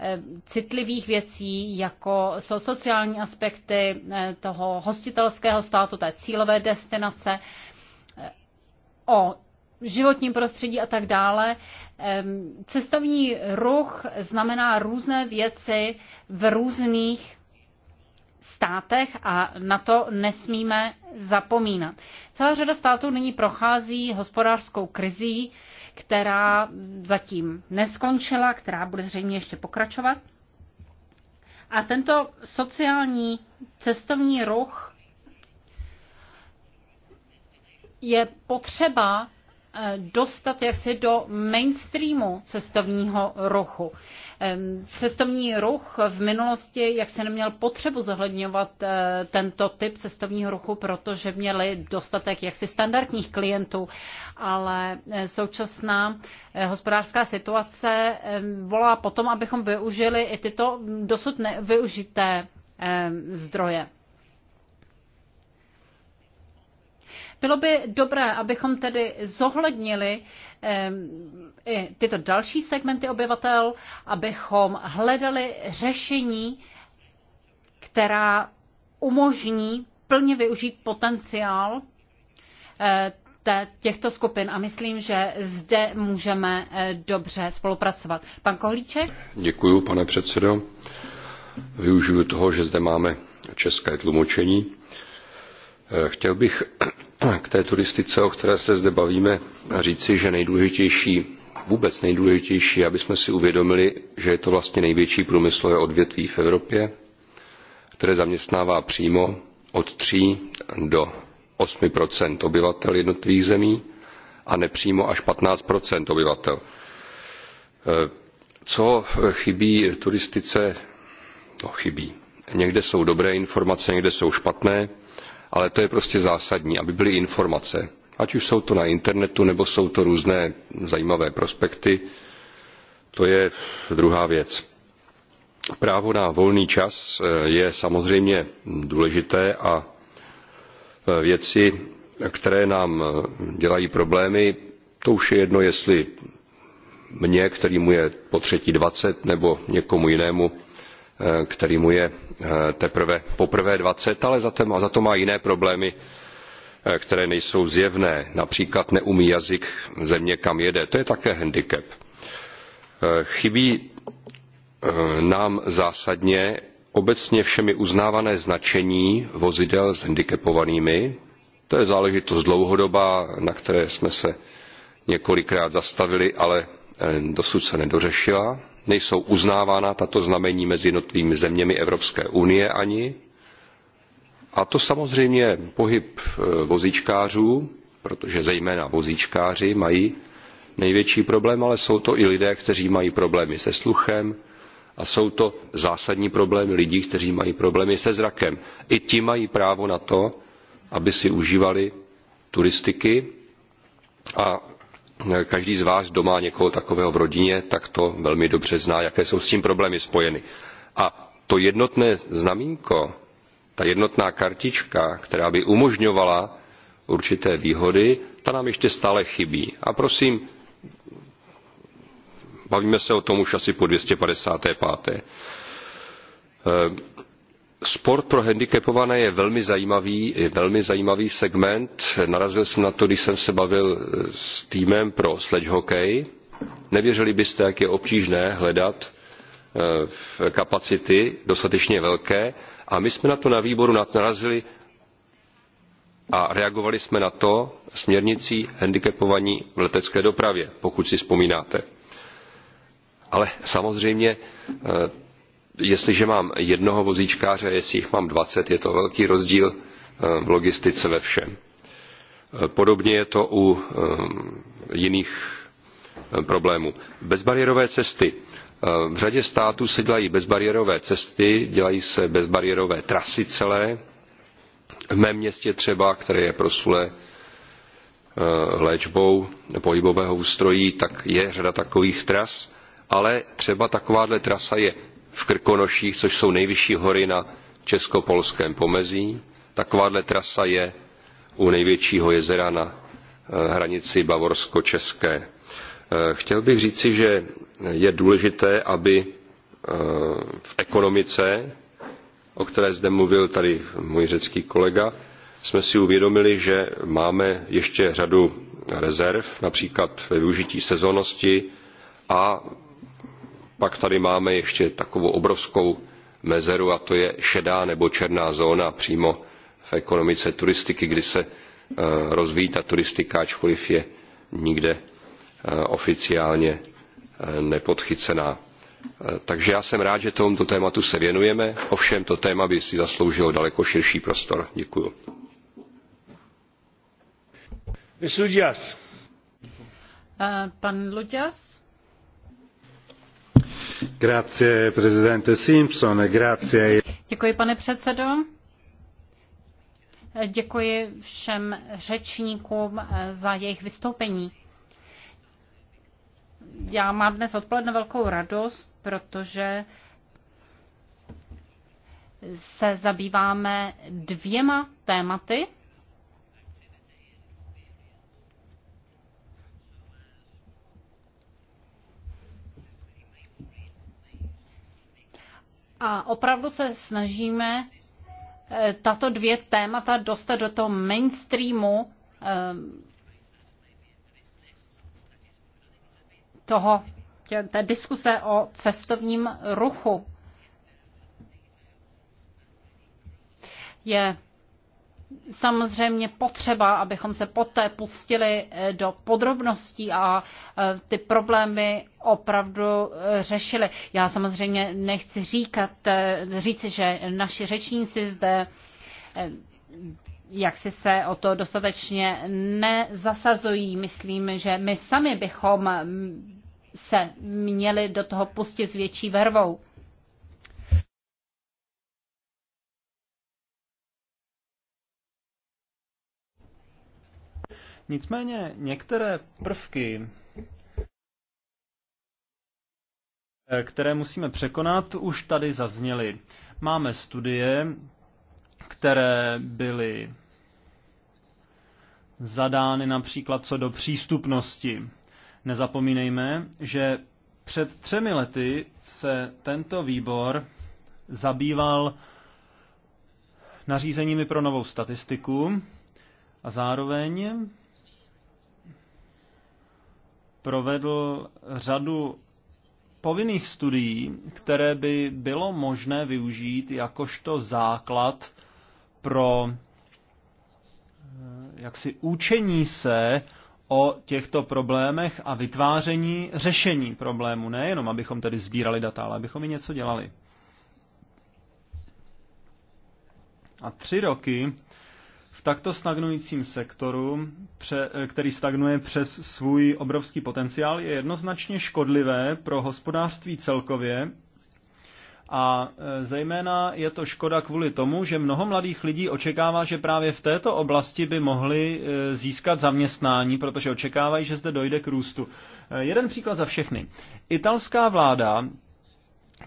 eh, citlivých věcí, jako jsou sociální aspekty toho hostitelského státu, té cílové destinace, o životním prostředí a tak dále. Cestovní ruch znamená různé věci v různých státech a na to nesmíme zapomínat. Celá řada států nyní prochází hospodářskou krizí, která zatím neskončila, která bude zřejmě ještě pokračovat. A tento sociální cestovní ruch je potřeba Eh, dostat jaksi do mainstreamu cestovního ruchu. Cestovní ruch v minulosti jak se neměl potřebu zohledňovat eh, tento typ cestovního ruchu, protože měli dostatek jaksi standardních klientů, ale eh, současná hospodářská situace volá potom, abychom využili i tyto dosud nevyužité zdroje. Bylo by dobré, abychom tedy zohlednili i tyto další segmenty obyvatel, abychom hledali řešení, která umožní plně využít potenciál eh, těchto skupin a myslím, že zde můžeme eh, dobře spolupracovat. Pan Kohlíček? Děkuji, pane předsedo. Využiju toho, že zde máme české tlumočení Eh, chtěl bych k té turistice, o které se zde bavíme, říci, že nejdůležitější, vůbec nejdůležitější, aby jsme si uvědomili, že je to vlastně největší průmyslové odvětví v Evropě, které zaměstnává přímo od 3 do 8 obyvatel jednotlivých zemí a nepřímo až 15 obyvatel. Eh, co chybí turistice? No, chybí. Někde jsou dobré informace, někde jsou špatné ale to je prostě zásadní, aby byly informace. Ať už jsou to na internetu, nebo jsou to různé zajímavé prospekty, to je druhá věc. Právo na volný čas eh, je samozřejmě důležité a eh, věci, které nám eh, dělají problémy, to už je jedno, jestli mně, kterýmu je po třetí dvacet, nebo někomu jinému, kterýmu je Eh, teprve poprvé dvacet ale za to má jiné problémy eh, které nejsou zjevné například neumí jazyk země kam jede to je také handicap. Eh, chybí nám zásadně obecně všemi uznávané značení vozidel s handicapovanými to je záležitost dlouhodobá na které jsme se několikrát zastavili ale dosud se nedořešila nejsou uznávána tato znamení mezi jednotlivými zeměmi Evropské unie ani. A to samozřejmě pohyb e, vozíčkářů, protože zejména vozíčkáři mají největší problém, ale jsou to i lidé, kteří mají problémy se sluchem a jsou to zásadní problémy lidí, kteří mají problémy se zrakem. I ti mají právo na to, aby si užívali turistiky a každý z vás, kdo má někoho takového v rodině, tak to velmi dobře zná, jaké jsou s tím problémy spojeny. A to jednotné znamínko, ta jednotná kartička, která by umožňovala určité výhody, ta nám ještě stále chybí. A prosím, bavíme se o tom už asi po 255 sport pro handicapované je velmi zajímavý, je velmi zajímavý segment. Narazil jsem na to, když jsem se bavil eh, s týmem pro sledge Nevěřili byste, jak je obtížné hledat eh, kapacity dostatečně velké a my jsme na to na výboru narazili a reagovali jsme na to směrnicí handicapovaní v letecké dopravě, pokud si vzpomínáte. Ale samozřejmě eh, jestliže mám jednoho vozíčkáře, jestli jich mám 20, je to velký rozdíl eh, v logistice ve všem. Eh, podobně je to u eh, jiných problémů. Bezbariérové cesty. V řadě států se dělají bezbariérové cesty, dělají se bezbariérové trasy celé. V mém městě třeba, které je prosulé léčbou pohybového ústrojí, tak je řada takových tras, ale třeba takováhle trasa je v Krkonoších, což jsou nejvyšší hory na česko-polském pomezí. Takováhle trasa je u největšího jezera na eh, hranici bavorsko-české. Eh, chtěl bych říci, že je důležité, aby eh, v ekonomice, o které zde mluvil tady můj řecký kolega, jsme si uvědomili, že máme ještě řadu rezerv, například ve využití sezónnosti a pak tady máme ještě takovou obrovskou mezeru a to je šedá nebo černá zóna přímo v ekonomice turistiky, kdy se eh, rozvíjí ta turistika, ačkoliv je nikde eh, oficiálně eh, nepodchycená. Takže já jsem rád, že tomuto tématu se věnujeme, ovšem to téma by si zasloužilo daleko širší prostor. Děkuju. Pan Luďas. Děkuji, pane předsedo. Děkuji všem řečníkům eh, za jejich vystoupení. Já mám dnes odpoledne velkou radost, protože se zabýváme dvěma tématy, A opravdu se snažíme eh, tato dvě témata dostat do toho mainstreamu eh, toho, té diskuse o cestovním ruchu. Je samozřejmě potřeba, abychom se poté pustili eh, do podrobností a eh, ty problémy opravdu eh, řešili. Já samozřejmě nechci říkat, říci, že naši řečníci zde jak si se o to dostatečně nezasazují. Myslím, že my sami bychom mm, se měli do toho pustit s větší vervou. Nicméně některé prvky, eh, které musíme překonat, už tady zazněly. Máme studie, které byly zadány například co do přístupnosti. Nezapomínejme, že před třemi lety se tento výbor zabýval nařízeními pro novou statistiku a zároveň provedl řadu povinných studií, které by bylo možné využít jakožto základ pro eh, jaksi učení se o těchto problémech a vytváření řešení problému. Nejenom, abychom tedy sbírali data, ale abychom i něco dělali. A tři roky v takto stagnujícím sektoru, který stagnuje přes svůj obrovský potenciál, je jednoznačně škodlivé pro hospodářství celkově a e, zejména je to škoda kvůli tomu, že mnoho mladých lidí očekává, že právě v této oblasti by mohli e, získat zaměstnání, protože očekávají, že zde dojde k růstu. E, jeden příklad za všechny. Italská vláda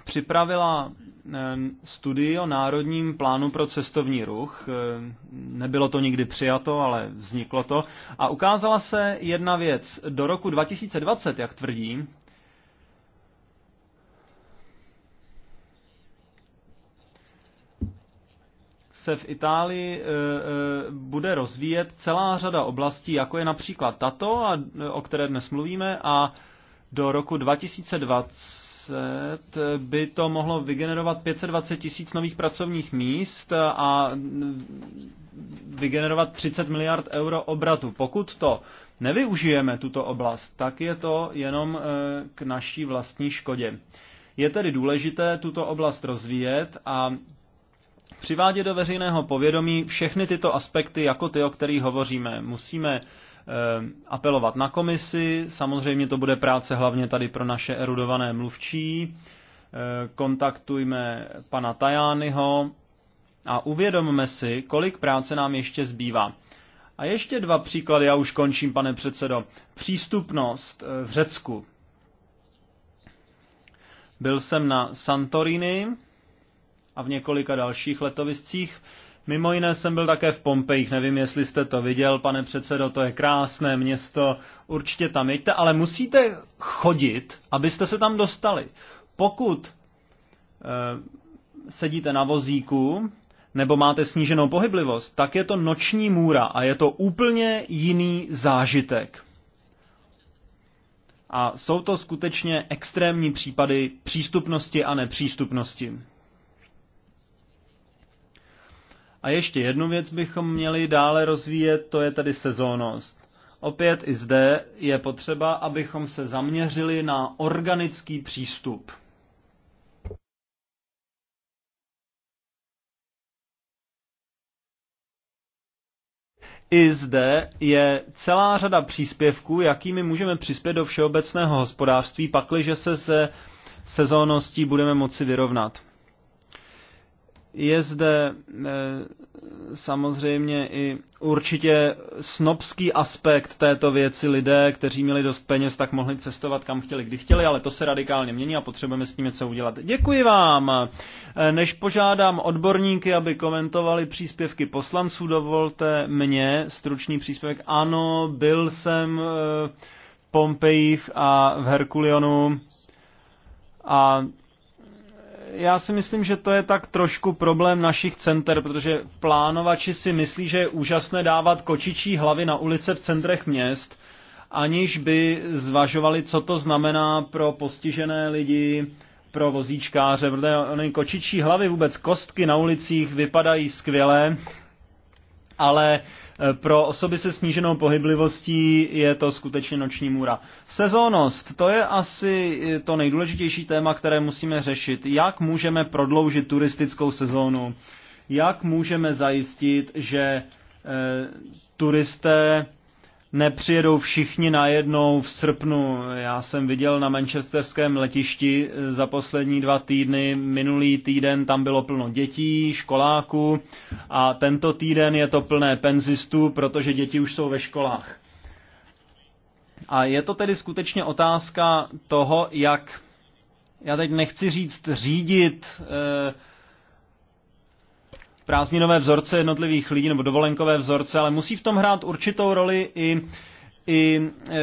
připravila eh, studii o Národním plánu pro cestovní ruch. Eh, nebylo to nikdy přijato, ale vzniklo to. A ukázala se jedna věc. Do roku 2020, jak tvrdí, se v Itálii eh, bude rozvíjet celá řada oblastí, jako je například tato, o které dnes mluvíme, a do roku 2020 2020 by to mohlo vygenerovat 520 tisíc nových pracovních míst a vygenerovat 30 miliard euro obratu. Pokud to nevyužijeme, tuto oblast, tak je to jenom eh, k naší vlastní škodě. Je tedy důležité tuto oblast rozvíjet a přivádět do veřejného povědomí všechny tyto aspekty, jako ty, o kterých hovoříme. Musíme Eh, apelovat na komisi. Samozřejmě to bude práce hlavně tady pro naše erudované mluvčí. Eh, kontaktujme pana Tajányho a uvědomme si, kolik práce nám ještě zbývá. A ještě dva příklady, já už končím, pane předsedo. Přístupnost eh, v Řecku. Byl jsem na Santorini a v několika dalších letoviscích Mimo jiné jsem byl také v Pompejích, nevím, jestli jste to viděl, pane předsedo, to je krásné město, určitě tam jeďte, ale musíte chodit, abyste se tam dostali. Pokud eh, sedíte na vozíku nebo máte sníženou pohyblivost, tak je to noční můra a je to úplně jiný zážitek. A jsou to skutečně extrémní případy přístupnosti a nepřístupnosti. A ještě jednu věc bychom měli dále rozvíjet, to je tedy sezónnost. Opět i zde je potřeba, abychom se zaměřili na organický přístup. I zde je celá řada příspěvků, jakými můžeme přispět do všeobecného hospodářství, pakliže se se sezónností budeme moci vyrovnat. Je zde eh, samozřejmě i určitě snobský aspekt této věci. Lidé, kteří měli dost peněz, tak mohli cestovat kam chtěli, kdy chtěli, ale to se radikálně mění a potřebujeme s tím něco udělat. Děkuji vám. Eh, než požádám odborníky, aby komentovali příspěvky poslanců, dovolte mě stručný příspěvek. Ano, byl jsem eh, v Pompejích a v Herkulionu a já si myslím, že to je tak trošku problém našich center, protože plánovači si myslí, že je úžasné dávat kočičí hlavy na ulice v centrech měst, aniž by zvažovali, co to znamená pro postižené lidi, pro vozíčkáře, protože ony kočičí hlavy, vůbec kostky na ulicích vypadají skvěle, ale e, pro osoby se sníženou pohyblivostí je to skutečně noční můra. Sezónnost, to je asi e, to nejdůležitější téma, které musíme řešit. Jak můžeme prodloužit turistickou sezónu? Jak můžeme zajistit, že e, turisté nepřijedou všichni najednou v srpnu. Já jsem viděl na manchesterském letišti za poslední dva týdny, minulý týden tam bylo plno dětí, školáků a tento týden je to plné penzistů, protože děti už jsou ve školách. A je to tedy skutečně otázka toho, jak, já teď nechci říct řídit, eh, prázdninové vzorce jednotlivých lidí nebo dovolenkové vzorce, ale musí v tom hrát určitou roli i i e,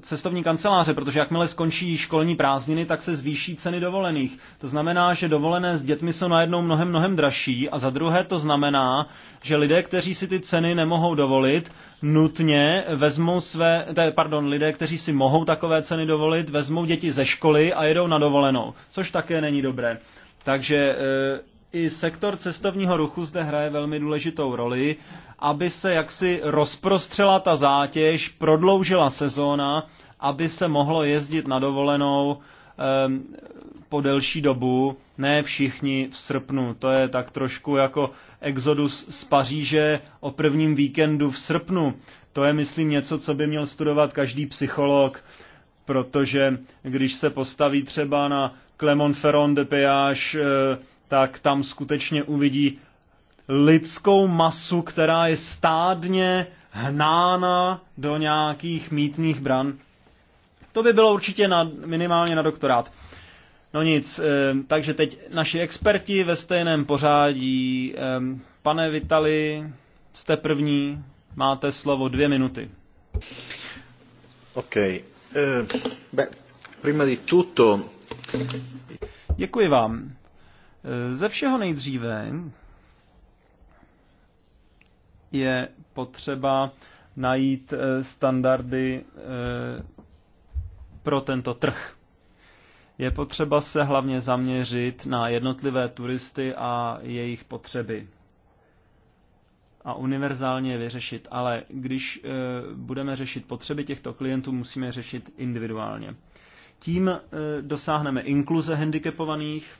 cestovní kanceláře, protože jakmile skončí školní prázdniny, tak se zvýší ceny dovolených. To znamená, že dovolené s dětmi jsou najednou mnohem, mnohem dražší a za druhé to znamená, že lidé, kteří si ty ceny nemohou dovolit, nutně vezmou své, te, pardon, lidé, kteří si mohou takové ceny dovolit, vezmou děti ze školy a jedou na dovolenou, což také není dobré. Takže e, i sektor cestovního ruchu zde hraje velmi důležitou roli, aby se jaksi rozprostřela ta zátěž, prodloužila sezóna, aby se mohlo jezdit na dovolenou um, po delší dobu, ne všichni v srpnu. To je tak trošku jako exodus z Paříže o prvním víkendu v srpnu. To je, myslím, něco, co by měl studovat každý psycholog, protože když se postaví třeba na Clermont-Ferrand de Péage, tak tam skutečně uvidí lidskou masu, která je stádně hnána do nějakých mítných bran. To by bylo určitě na, minimálně na doktorát. No nic, eh, takže teď naši experti ve stejném pořádí. Ehm, pane Vitali, jste první, máte slovo dvě minuty. OK. Eh, beh, prima di tutto... Děkuji vám. Eh, ze všeho nejdříve je potřeba najít eh, standardy eh, pro tento trh. Je potřeba se hlavně zaměřit na jednotlivé turisty a jejich potřeby a univerzálně je vyřešit, ale když budeme řešit potřeby těchto klientů, musíme řešit individuálně. Tím dosáhneme inkluze handicapovaných,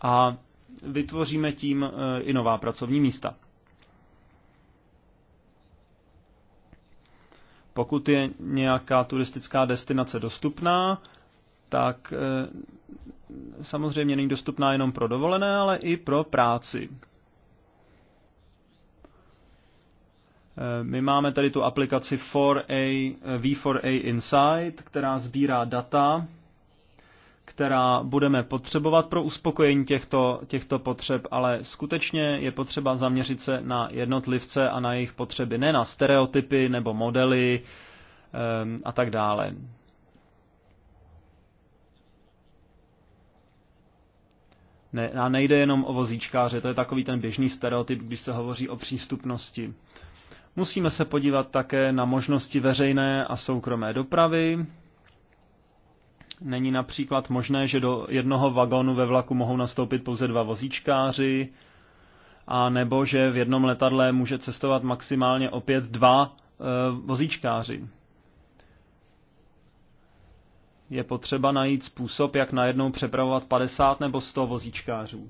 a vytvoříme tím e, i nová pracovní místa. Pokud je nějaká turistická destinace dostupná, tak e, samozřejmě není dostupná jenom pro dovolené, ale i pro práci. E, my máme tady tu aplikaci 4A, V4A Insight, která sbírá data která budeme potřebovat pro uspokojení těchto, těchto potřeb, ale skutečně je potřeba zaměřit se na jednotlivce a na jejich potřeby, ne na stereotypy nebo modely um, a tak dále. Ne, a nejde jenom o vozíčkáře, to je takový ten běžný stereotyp, když se hovoří o přístupnosti. Musíme se podívat také na možnosti veřejné a soukromé dopravy, Není například možné, že do jednoho vagónu ve vlaku mohou nastoupit pouze dva vozíčkáři, a nebo že v jednom letadle může cestovat maximálně opět dva e, vozíčkáři. Je potřeba najít způsob, jak najednou přepravovat 50 nebo 100 vozíčkářů.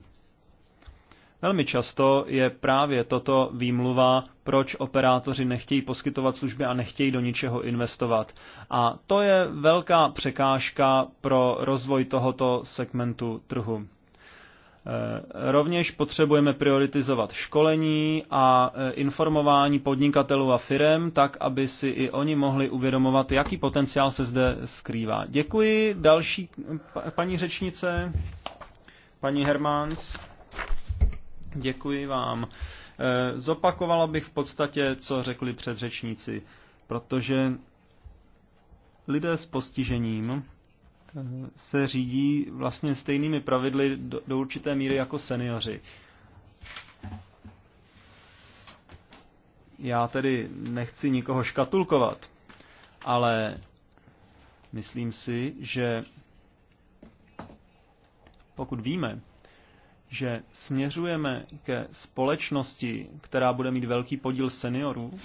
Velmi často je právě toto výmluva, proč operátoři nechtějí poskytovat služby a nechtějí do ničeho investovat. A to je velká překážka pro rozvoj tohoto segmentu trhu. E, rovněž potřebujeme prioritizovat školení a e, informování podnikatelů a firem, tak aby si i oni mohli uvědomovat, jaký potenciál se zde skrývá. Děkuji. Další paní řečnice, paní Hermáns. Děkuji vám. Eh, zopakovala bych v podstatě, co řekli předřečníci, protože lidé s postižením eh, se řídí vlastně stejnými pravidly do, do určité míry jako seniori. Já tedy nechci nikoho škatulkovat, ale myslím si, že pokud víme, že směřujeme ke společnosti, která bude mít velký podíl seniorů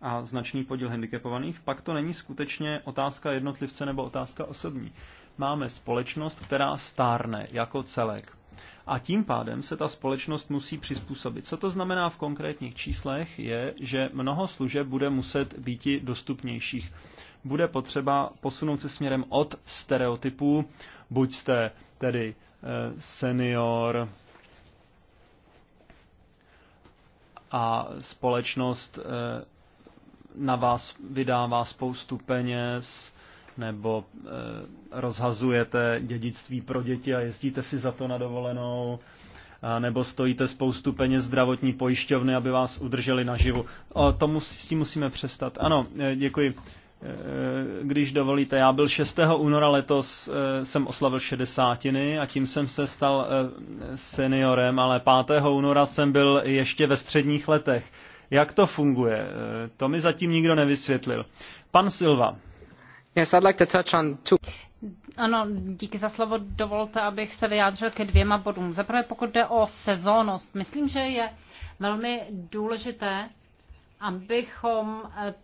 a značný podíl handicapovaných, pak to není skutečně otázka jednotlivce nebo otázka osobní. Máme společnost, která stárne jako celek. A tím pádem se ta společnost musí přizpůsobit. Co to znamená v konkrétních číslech, je, že mnoho služeb bude muset být dostupnějších. Bude potřeba posunout se směrem od stereotypů, buď jste tedy Eh, senior a společnost eh, na vás vydává spoustu peněz nebo eh, rozhazujete dědictví pro děti a jezdíte si za to na dovolenou nebo stojíte spoustu peněz zdravotní pojišťovny, aby vás udrželi naživu. O, to musí, s tím musíme přestat. Ano, děkuji. Eh, když dovolíte. Já byl 6. února letos, eh, jsem oslavil šedesátiny a tím jsem se stal eh, seniorem, ale 5. února jsem byl ještě ve středních letech. Jak to funguje? To mi zatím nikdo nevysvětlil. Pan Silva. Yes, I'd like to touch on two. Ano, díky za slovo. Dovolte, abych se vyjádřil ke dvěma bodům. Zaprvé, pokud jde o sezónnost, myslím, že je velmi důležité abychom eh,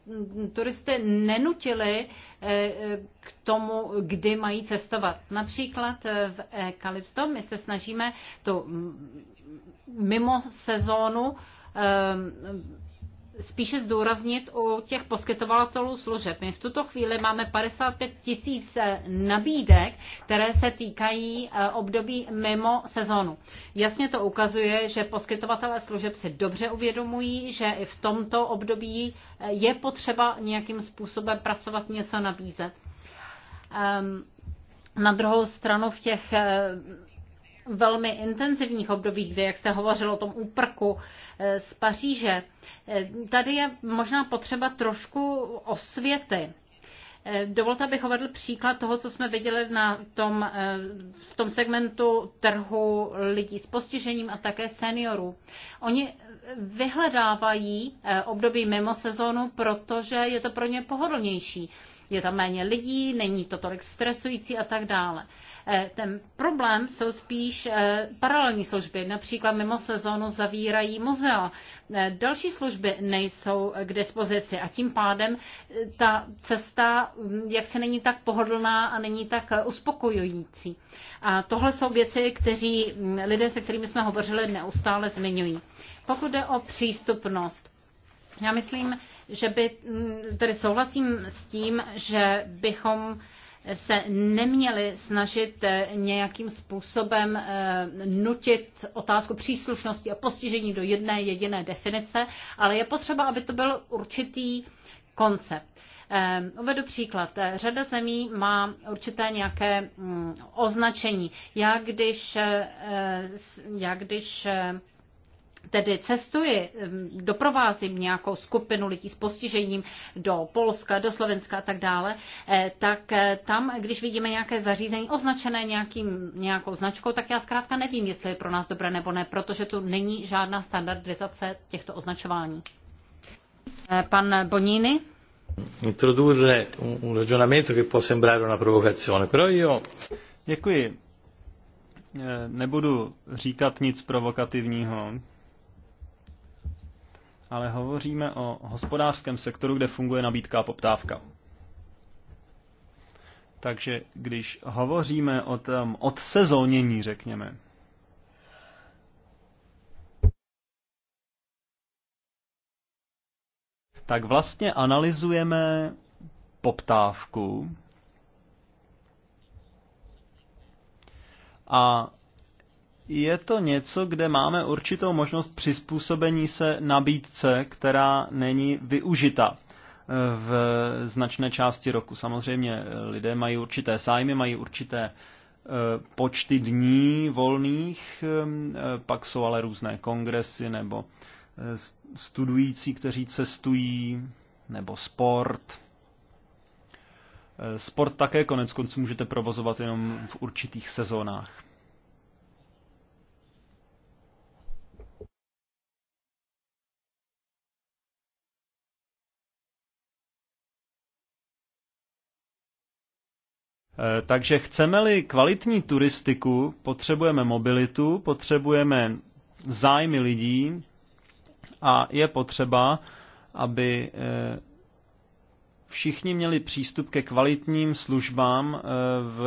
turisty nenutili eh, k tomu, kdy mají cestovat. Například eh, v Kalypso my se snažíme to mm, mimo sezónu spíše zdůraznit u těch poskytovatelů služeb. My v tuto chvíli máme 55 tisíc eh, nabídek, které se týkají eh, období mimo sezonu. Jasně to ukazuje, že poskytovatelé služeb si dobře uvědomují, že i v tomto období eh, je potřeba nějakým způsobem pracovat, něco nabízet. Ehm, na druhou stranu v těch velmi intenzivních obdobích, kdy, jak jste hovořil o tom úprku eh, z Paříže, eh, tady je možná potřeba trošku osvěty. Eh, dovolte, abych uvedl příklad toho, co jsme viděli na tom, v tom segmentu trhu lidí s postižením a také seniorů. Oni vyhledávají období mimo sezónu, protože je to pro ně pohodlnější je tam méně lidí, není to tolik stresující a tak dále. Eh, ten problém jsou spíš eh, paralelní služby, například mimo sezónu zavírají muzea. Eh, další služby nejsou k dispozici a tím pádem ta cesta mm, jak se není tak pohodlná a není tak uspokojující. A tohle jsou věci, kteří mm, lidé, se kterými jsme hovořili, neustále zmiňují. Pokud jde o přístupnost, já myslím, že by, mm, tedy souhlasím s tím, že bychom se neměli snažit eh, nějakým způsobem eh, nutit otázku příslušnosti a postižení do jedné jediné definice, ale je potřeba, aby to byl určitý koncept. Ehm, uvedu příklad. Eh, řada zemí má určité nějaké mm, označení. Já když, já když tedy cestuji, doprovázím nějakou skupinu lidí s postižením do Polska, do Slovenska a tak dále, eh, tak eh, tam, když vidíme nějaké zařízení označené nějakým, nějakou značkou, tak já zkrátka nevím, jestli je pro nás dobré nebo ne, protože tu není žádná standardizace těchto označování. Eh, pan Bonini? Introdurre un ragionamento che può sembrare una provocazione, però io... Děkuji. Nebudu říkat nic provokativního, ale hovoříme o hospodářském sektoru, kde funguje nabídka a poptávka. Takže když hovoříme o tom odsezónění, řekněme, tak vlastně analyzujeme poptávku a je to něco, kde máme určitou možnost přizpůsobení se nabídce, která není využita eh, v značné části roku. Samozřejmě eh, lidé mají určité sájmy, mají určité eh, počty dní volných, ehm, pak jsou ale různé kongresy nebo studující, kteří cestují, nebo sport. Sport také konec konců můžete provozovat jenom v určitých sezónách. Eh, takže chceme-li kvalitní turistiku, potřebujeme mobilitu, potřebujeme zájmy lidí a je potřeba, aby eh, všichni měli přístup ke kvalitním službám eh, v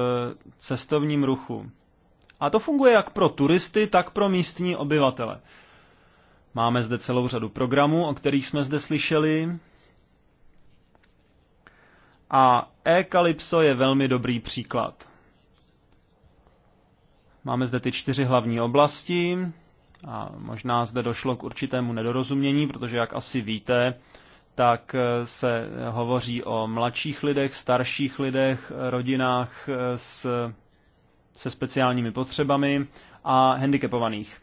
cestovním ruchu. A to funguje jak pro turisty, tak pro místní obyvatele. Máme zde celou řadu programů, o kterých jsme zde slyšeli, a e-kalypso je velmi dobrý příklad. Máme zde ty čtyři hlavní oblasti a možná zde došlo k určitému nedorozumění, protože jak asi víte, tak se hovoří o mladších lidech, starších lidech, rodinách s, se speciálními potřebami a handicapovaných.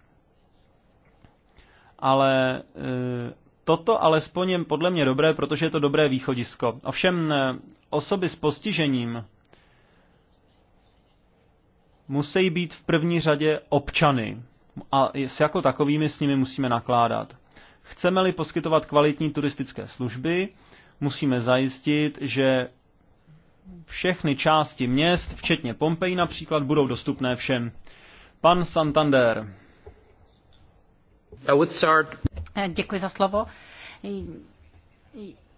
Ale eh, Toto alespoň je podle mě dobré, protože je to dobré východisko. Ovšem eh, osoby s postižením musí být v první řadě občany a s jako takovými s nimi musíme nakládat. Chceme-li poskytovat kvalitní turistické služby, musíme zajistit, že všechny části měst, včetně Pompeji například, budou dostupné všem. Pan Santander. I would start Eh, děkuji za slovo.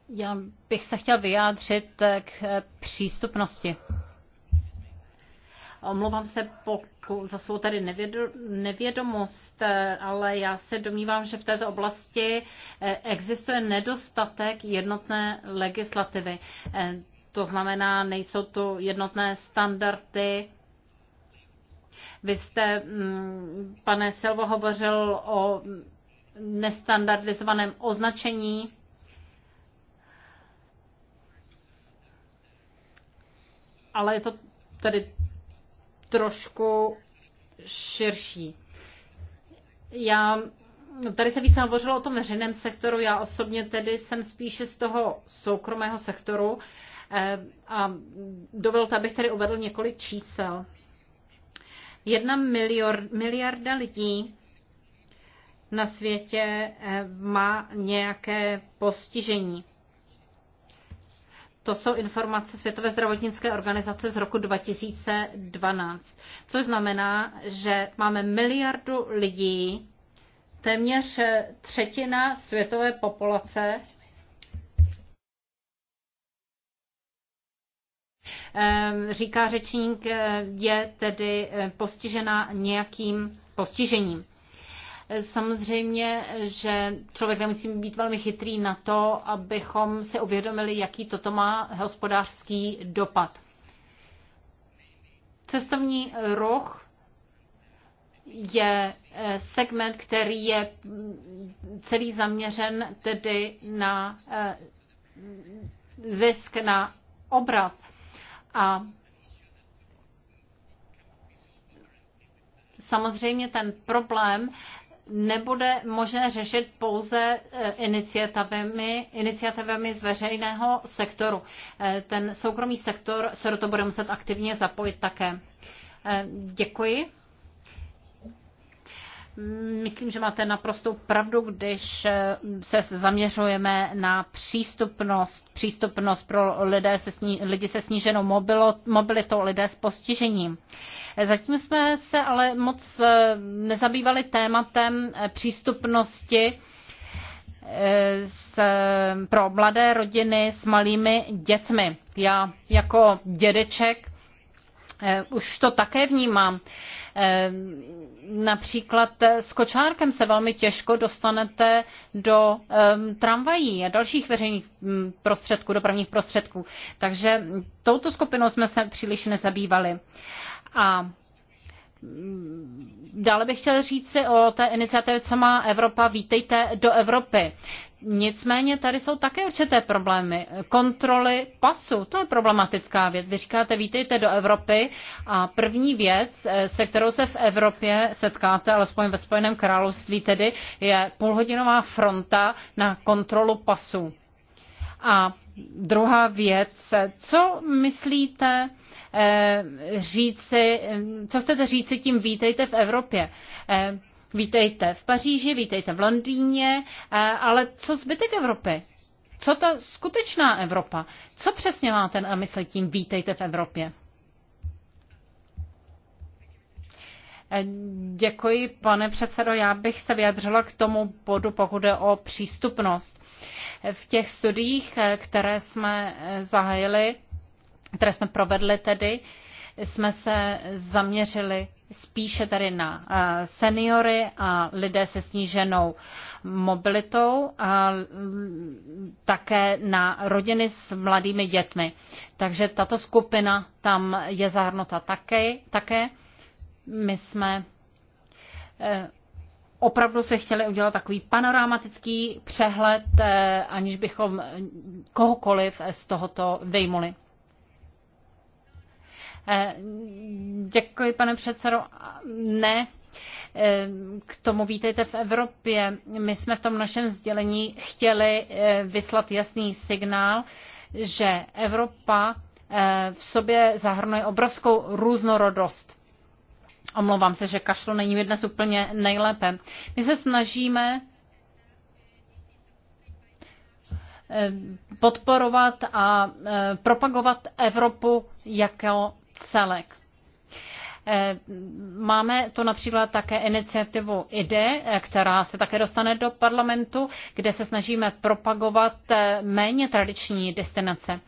Já bych se chtěl vyjádřit eh, k eh, přístupnosti. Omlouvám se za svou tady nevědomost, ale já se domnívám, že v této oblasti existuje nedostatek jednotné legislativy. To znamená, nejsou tu jednotné standardy. Vy jste, mm, pane Silvo, hovořil o nestandardizovaném označení. Ale je to tedy trošku širší. Já tady se více hovořilo o tom veřejném sektoru, já osobně tedy jsem spíše z toho soukromého sektoru eh, a dovolte, abych tady uvedl několik čísel. Jedna miliard, miliarda lidí na světě eh, má nějaké postižení. To jsou informace Světové zdravotnické organizace z roku 2012, což znamená, že máme miliardu lidí, téměř třetina světové populace, eh, říká řečník, eh, je tedy postižena nějakým postižením. Samozřejmě, že člověk nemusí být velmi chytrý na to, abychom si uvědomili, jaký toto má hospodářský dopad. Cestovní ruch je eh, segment, který je mm, celý zaměřen tedy na eh, zisk, na obrat. A samozřejmě ten problém nebude možné řešit pouze eh, iniciativami, iniciativami z veřejného sektoru. Eh, ten soukromý sektor se do toho bude muset aktivně zapojit také. Eh, děkuji. Myslím, že máte naprostou pravdu, když eh, se zaměřujeme na přístupnost, přístupnost pro lidé se sní, lidi se sníženou mobilitou, lidé s postižením. Eh, zatím jsme se ale moc eh, nezabývali tématem přístupnosti s, pro mladé rodiny s malými dětmi. Já jako dědeček Eh, už to také vnímám. Eh, například eh, s kočárkem se velmi těžko dostanete do ehm, tramvají a dalších veřejných mm, prostředků, dopravních prostředků. Takže touto skupinou jsme se příliš nezabývali. A mm, Dále bych chtěl říct si o té iniciativě, co má Evropa, vítejte do Evropy. Nicméně tady jsou také určité problémy. Kontroly pasu, to je problematická věc. Vy říkáte, vítejte do Evropy a první věc, eh, se kterou se v Evropě setkáte, alespoň ve Spojeném království tedy, je půlhodinová fronta na kontrolu pasu. A druhá věc, co myslíte, eh, říci, eh, co chcete říci tím vítejte v Evropě? Vítejte v Paříži, vítejte v Londýně, eh, ale co zbytek Evropy? Co ta skutečná Evropa? Co přesně má ten eh, mysli tím vítejte v Evropě? Eh, děkuji, pane předsedo. Já bych se vyjadřila k tomu bodu, pokud jde o přístupnost. V těch studiích, které jsme zahájili, které jsme provedli tedy, jsme se zaměřili spíše tady na eh, seniory a lidé se sníženou mobilitou a také na rodiny s mladými dětmi. Takže tato skupina tam je zahrnuta také. také. My jsme eh, opravdu se chtěli udělat takový panorámatický přehled, eh, aniž bychom kohokoliv z tohoto vyjmuli. Eh, děkuji, pane předsedo. Ne, eh, k tomu vítejte v Evropě. My jsme v tom našem sdělení chtěli eh, vyslat jasný signál, že Evropa v sobě zahrnuje obrovskou různorodost. Omlouvám se, že kašlo není mi dnes úplně nejlépe. My se snažíme podporovat a propagovat Evropu jako celek. Eh, máme tu například také iniciativu IDE, eh, která se také dostane do parlamentu, kde se snažíme propagovat eh, méně tradiční destinace.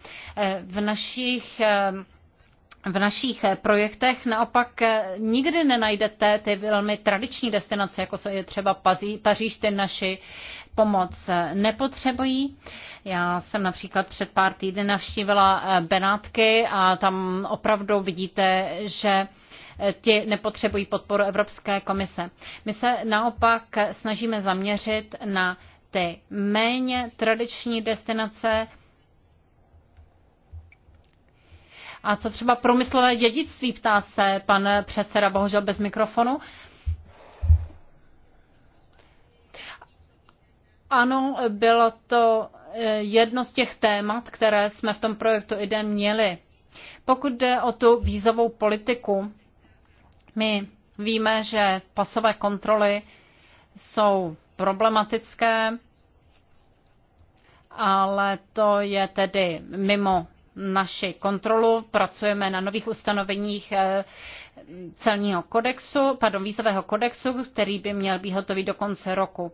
V našich v našich projektech naopak nikdy nenajdete ty velmi tradiční destinace, jako je třeba Paříž, ty naši pomoc nepotřebují. Já jsem například před pár týdny navštívila eh, Benátky a tam opravdu vidíte, že eh, ti nepotřebují podporu Evropské komise. My se naopak snažíme zaměřit na ty méně tradiční destinace, a co třeba průmyslové dědictví, ptá se pan předseda, bohužel bez mikrofonu. Uh, Ano, bylo to eh, jedno z těch témat, které jsme v tom projektu IDE měli. Pokud jde o tu vízovou politiku, my víme, že pasové kontroly jsou problematické, ale to je tedy mimo naši kontrolu. Pracujeme na nových ustanoveních eh, celního kodexu, pardon, vízového kodexu, který by měl být hotový do konce roku.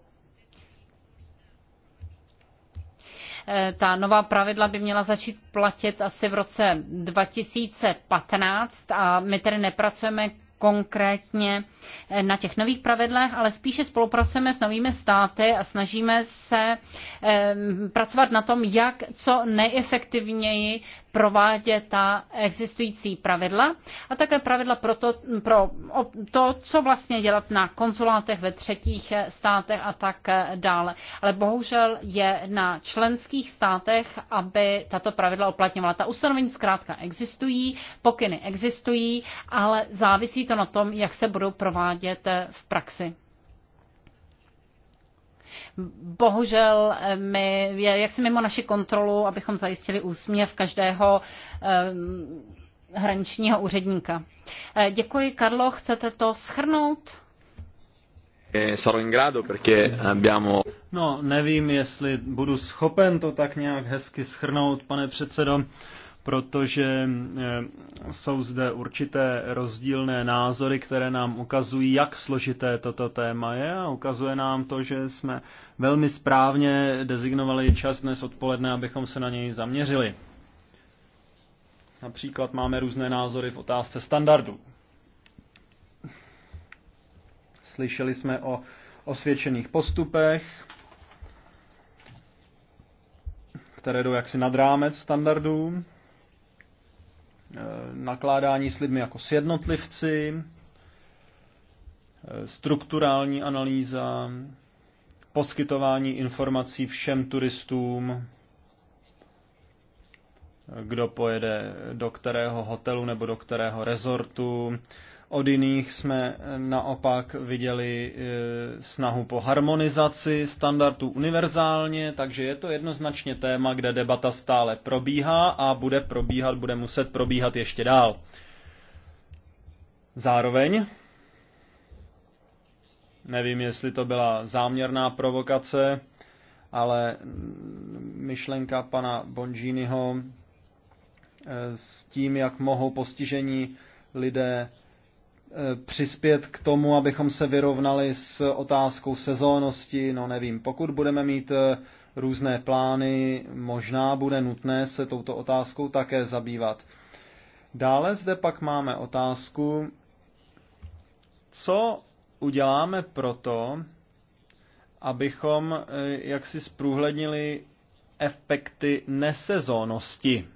Eh, ta nová pravidla by měla začít platit asi v roce 2015 a my tedy nepracujeme konkrétně eh, na těch nových pravidlech, ale spíše spolupracujeme s novými státy a snažíme se eh, pracovat na tom, jak co nejefektivněji provádět ta existující pravidla a také pravidla pro to, pro to, co vlastně dělat na konzulátech ve třetích státech a tak dále. Ale bohužel je na členských státech, aby tato pravidla uplatňovala. Ta ustanovení zkrátka existují, pokyny existují, ale závisí to na tom, jak se budou provádět v praxi. Bohužel eh, my, jak si mimo naši kontrolu, abychom zajistili úsměv každého eh, hraničního úředníka. Eh, děkuji, Karlo, chcete to schrnout? in grado perché abbiamo... No, nevím, jestli budu schopen to tak nějak hezky schrnout, pane předsedo protože eh, jsou zde určité rozdílné názory, které nám ukazují, jak složité toto téma je a ukazuje nám to, že jsme velmi správně dezignovali čas dnes odpoledne, abychom se na něj zaměřili. Například máme různé názory v otázce standardů. Slyšeli jsme o osvědčených postupech, které jdou jaksi nad rámec standardů. Eh, nakládání s lidmi jako s jednotlivci, eh, strukturální analýza, poskytování informací všem turistům, eh, kdo pojede do kterého hotelu nebo do kterého rezortu, od jiných jsme eh, naopak viděli eh, snahu po harmonizaci standardů univerzálně, takže je to jednoznačně téma, kde debata stále probíhá a bude probíhat, bude muset probíhat ještě dál. Zároveň, nevím, jestli to byla záměrná provokace, ale myšlenka pana Bonginiho eh, s tím, jak mohou postižení lidé Eh, přispět k tomu, abychom se vyrovnali s otázkou sezónnosti, no nevím. Pokud budeme mít eh, různé plány, možná bude nutné se touto otázkou také zabývat. Dále zde pak máme otázku, co uděláme proto, abychom eh, jaksi zprůhlednili efekty nesezónnosti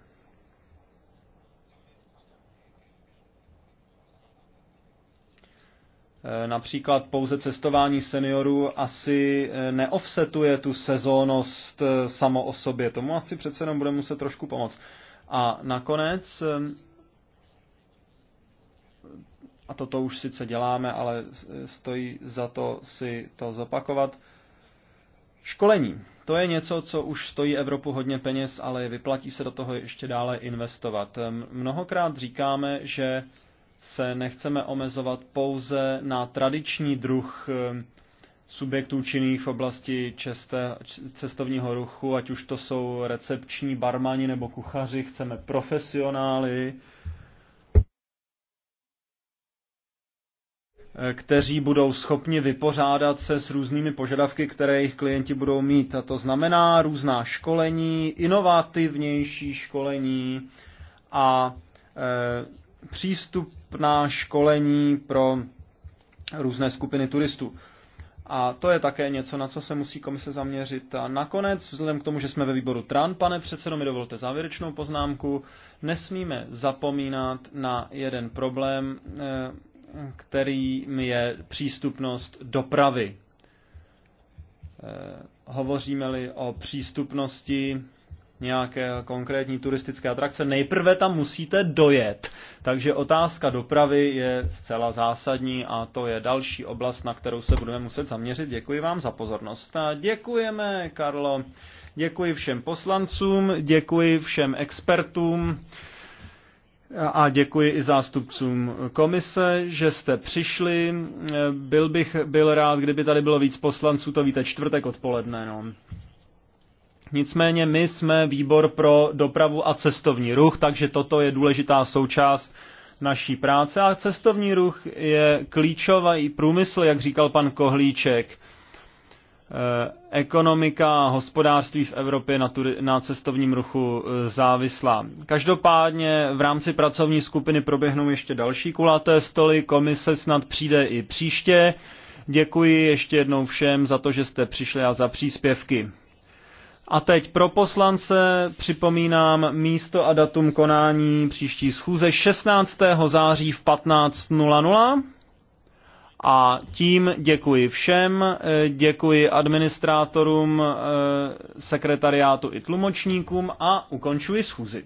Eh, například pouze cestování seniorů asi eh, neoffsetuje tu sezónnost eh, samo o sobě. Tomu asi přece jenom bude muset trošku pomoct. A nakonec, a toto už sice děláme, ale stojí za to si to zopakovat, školení. To je něco, co už stojí Evropu hodně peněz, ale vyplatí se do toho ještě dále investovat. Ehm, mnohokrát říkáme, že se nechceme omezovat pouze na tradiční druh eh, subjektů činných v oblasti česte, cestovního ruchu, ať už to jsou recepční, barmani nebo kuchaři, chceme profesionály, eh, kteří budou schopni vypořádat se s různými požadavky, které jejich klienti budou mít. A to znamená různá školení, inovativnější školení a e, přístup dostupná školení pro různé skupiny turistů. A to je také něco, na co se musí komise zaměřit. A nakonec, vzhledem k tomu, že jsme ve výboru TRAN, pane předsedo, mi dovolte závěrečnou poznámku, nesmíme zapomínat na jeden problém, eh, který je přístupnost dopravy. Eh, hovoříme-li o přístupnosti nějaké konkrétní turistické atrakce, nejprve tam musíte dojet. Takže otázka dopravy je zcela zásadní a to je další oblast, na kterou se budeme muset zaměřit. Děkuji vám za pozornost. A děkujeme, Karlo. Děkuji všem poslancům, děkuji všem expertům. A děkuji i zástupcům komise, že jste přišli. Byl bych byl rád, kdyby tady bylo víc poslanců, to víte, čtvrtek odpoledne. No. Nicméně my jsme výbor pro dopravu a cestovní ruch, takže toto je důležitá součást naší práce. A cestovní ruch je klíčový průmysl, jak říkal pan Kohlíček. E, ekonomika a hospodářství v Evropě na, na cestovním ruchu e, závislá. Každopádně v rámci pracovní skupiny proběhnou ještě další kulaté stoly, komise snad přijde i příště. Děkuji ještě jednou všem za to, že jste přišli a za příspěvky. A teď pro poslance připomínám místo a datum konání příští schůze 16. září v 15.00. A tím děkuji všem, eh, děkuji administrátorům, eh, sekretariátu i tlumočníkům a ukončuji schůzi.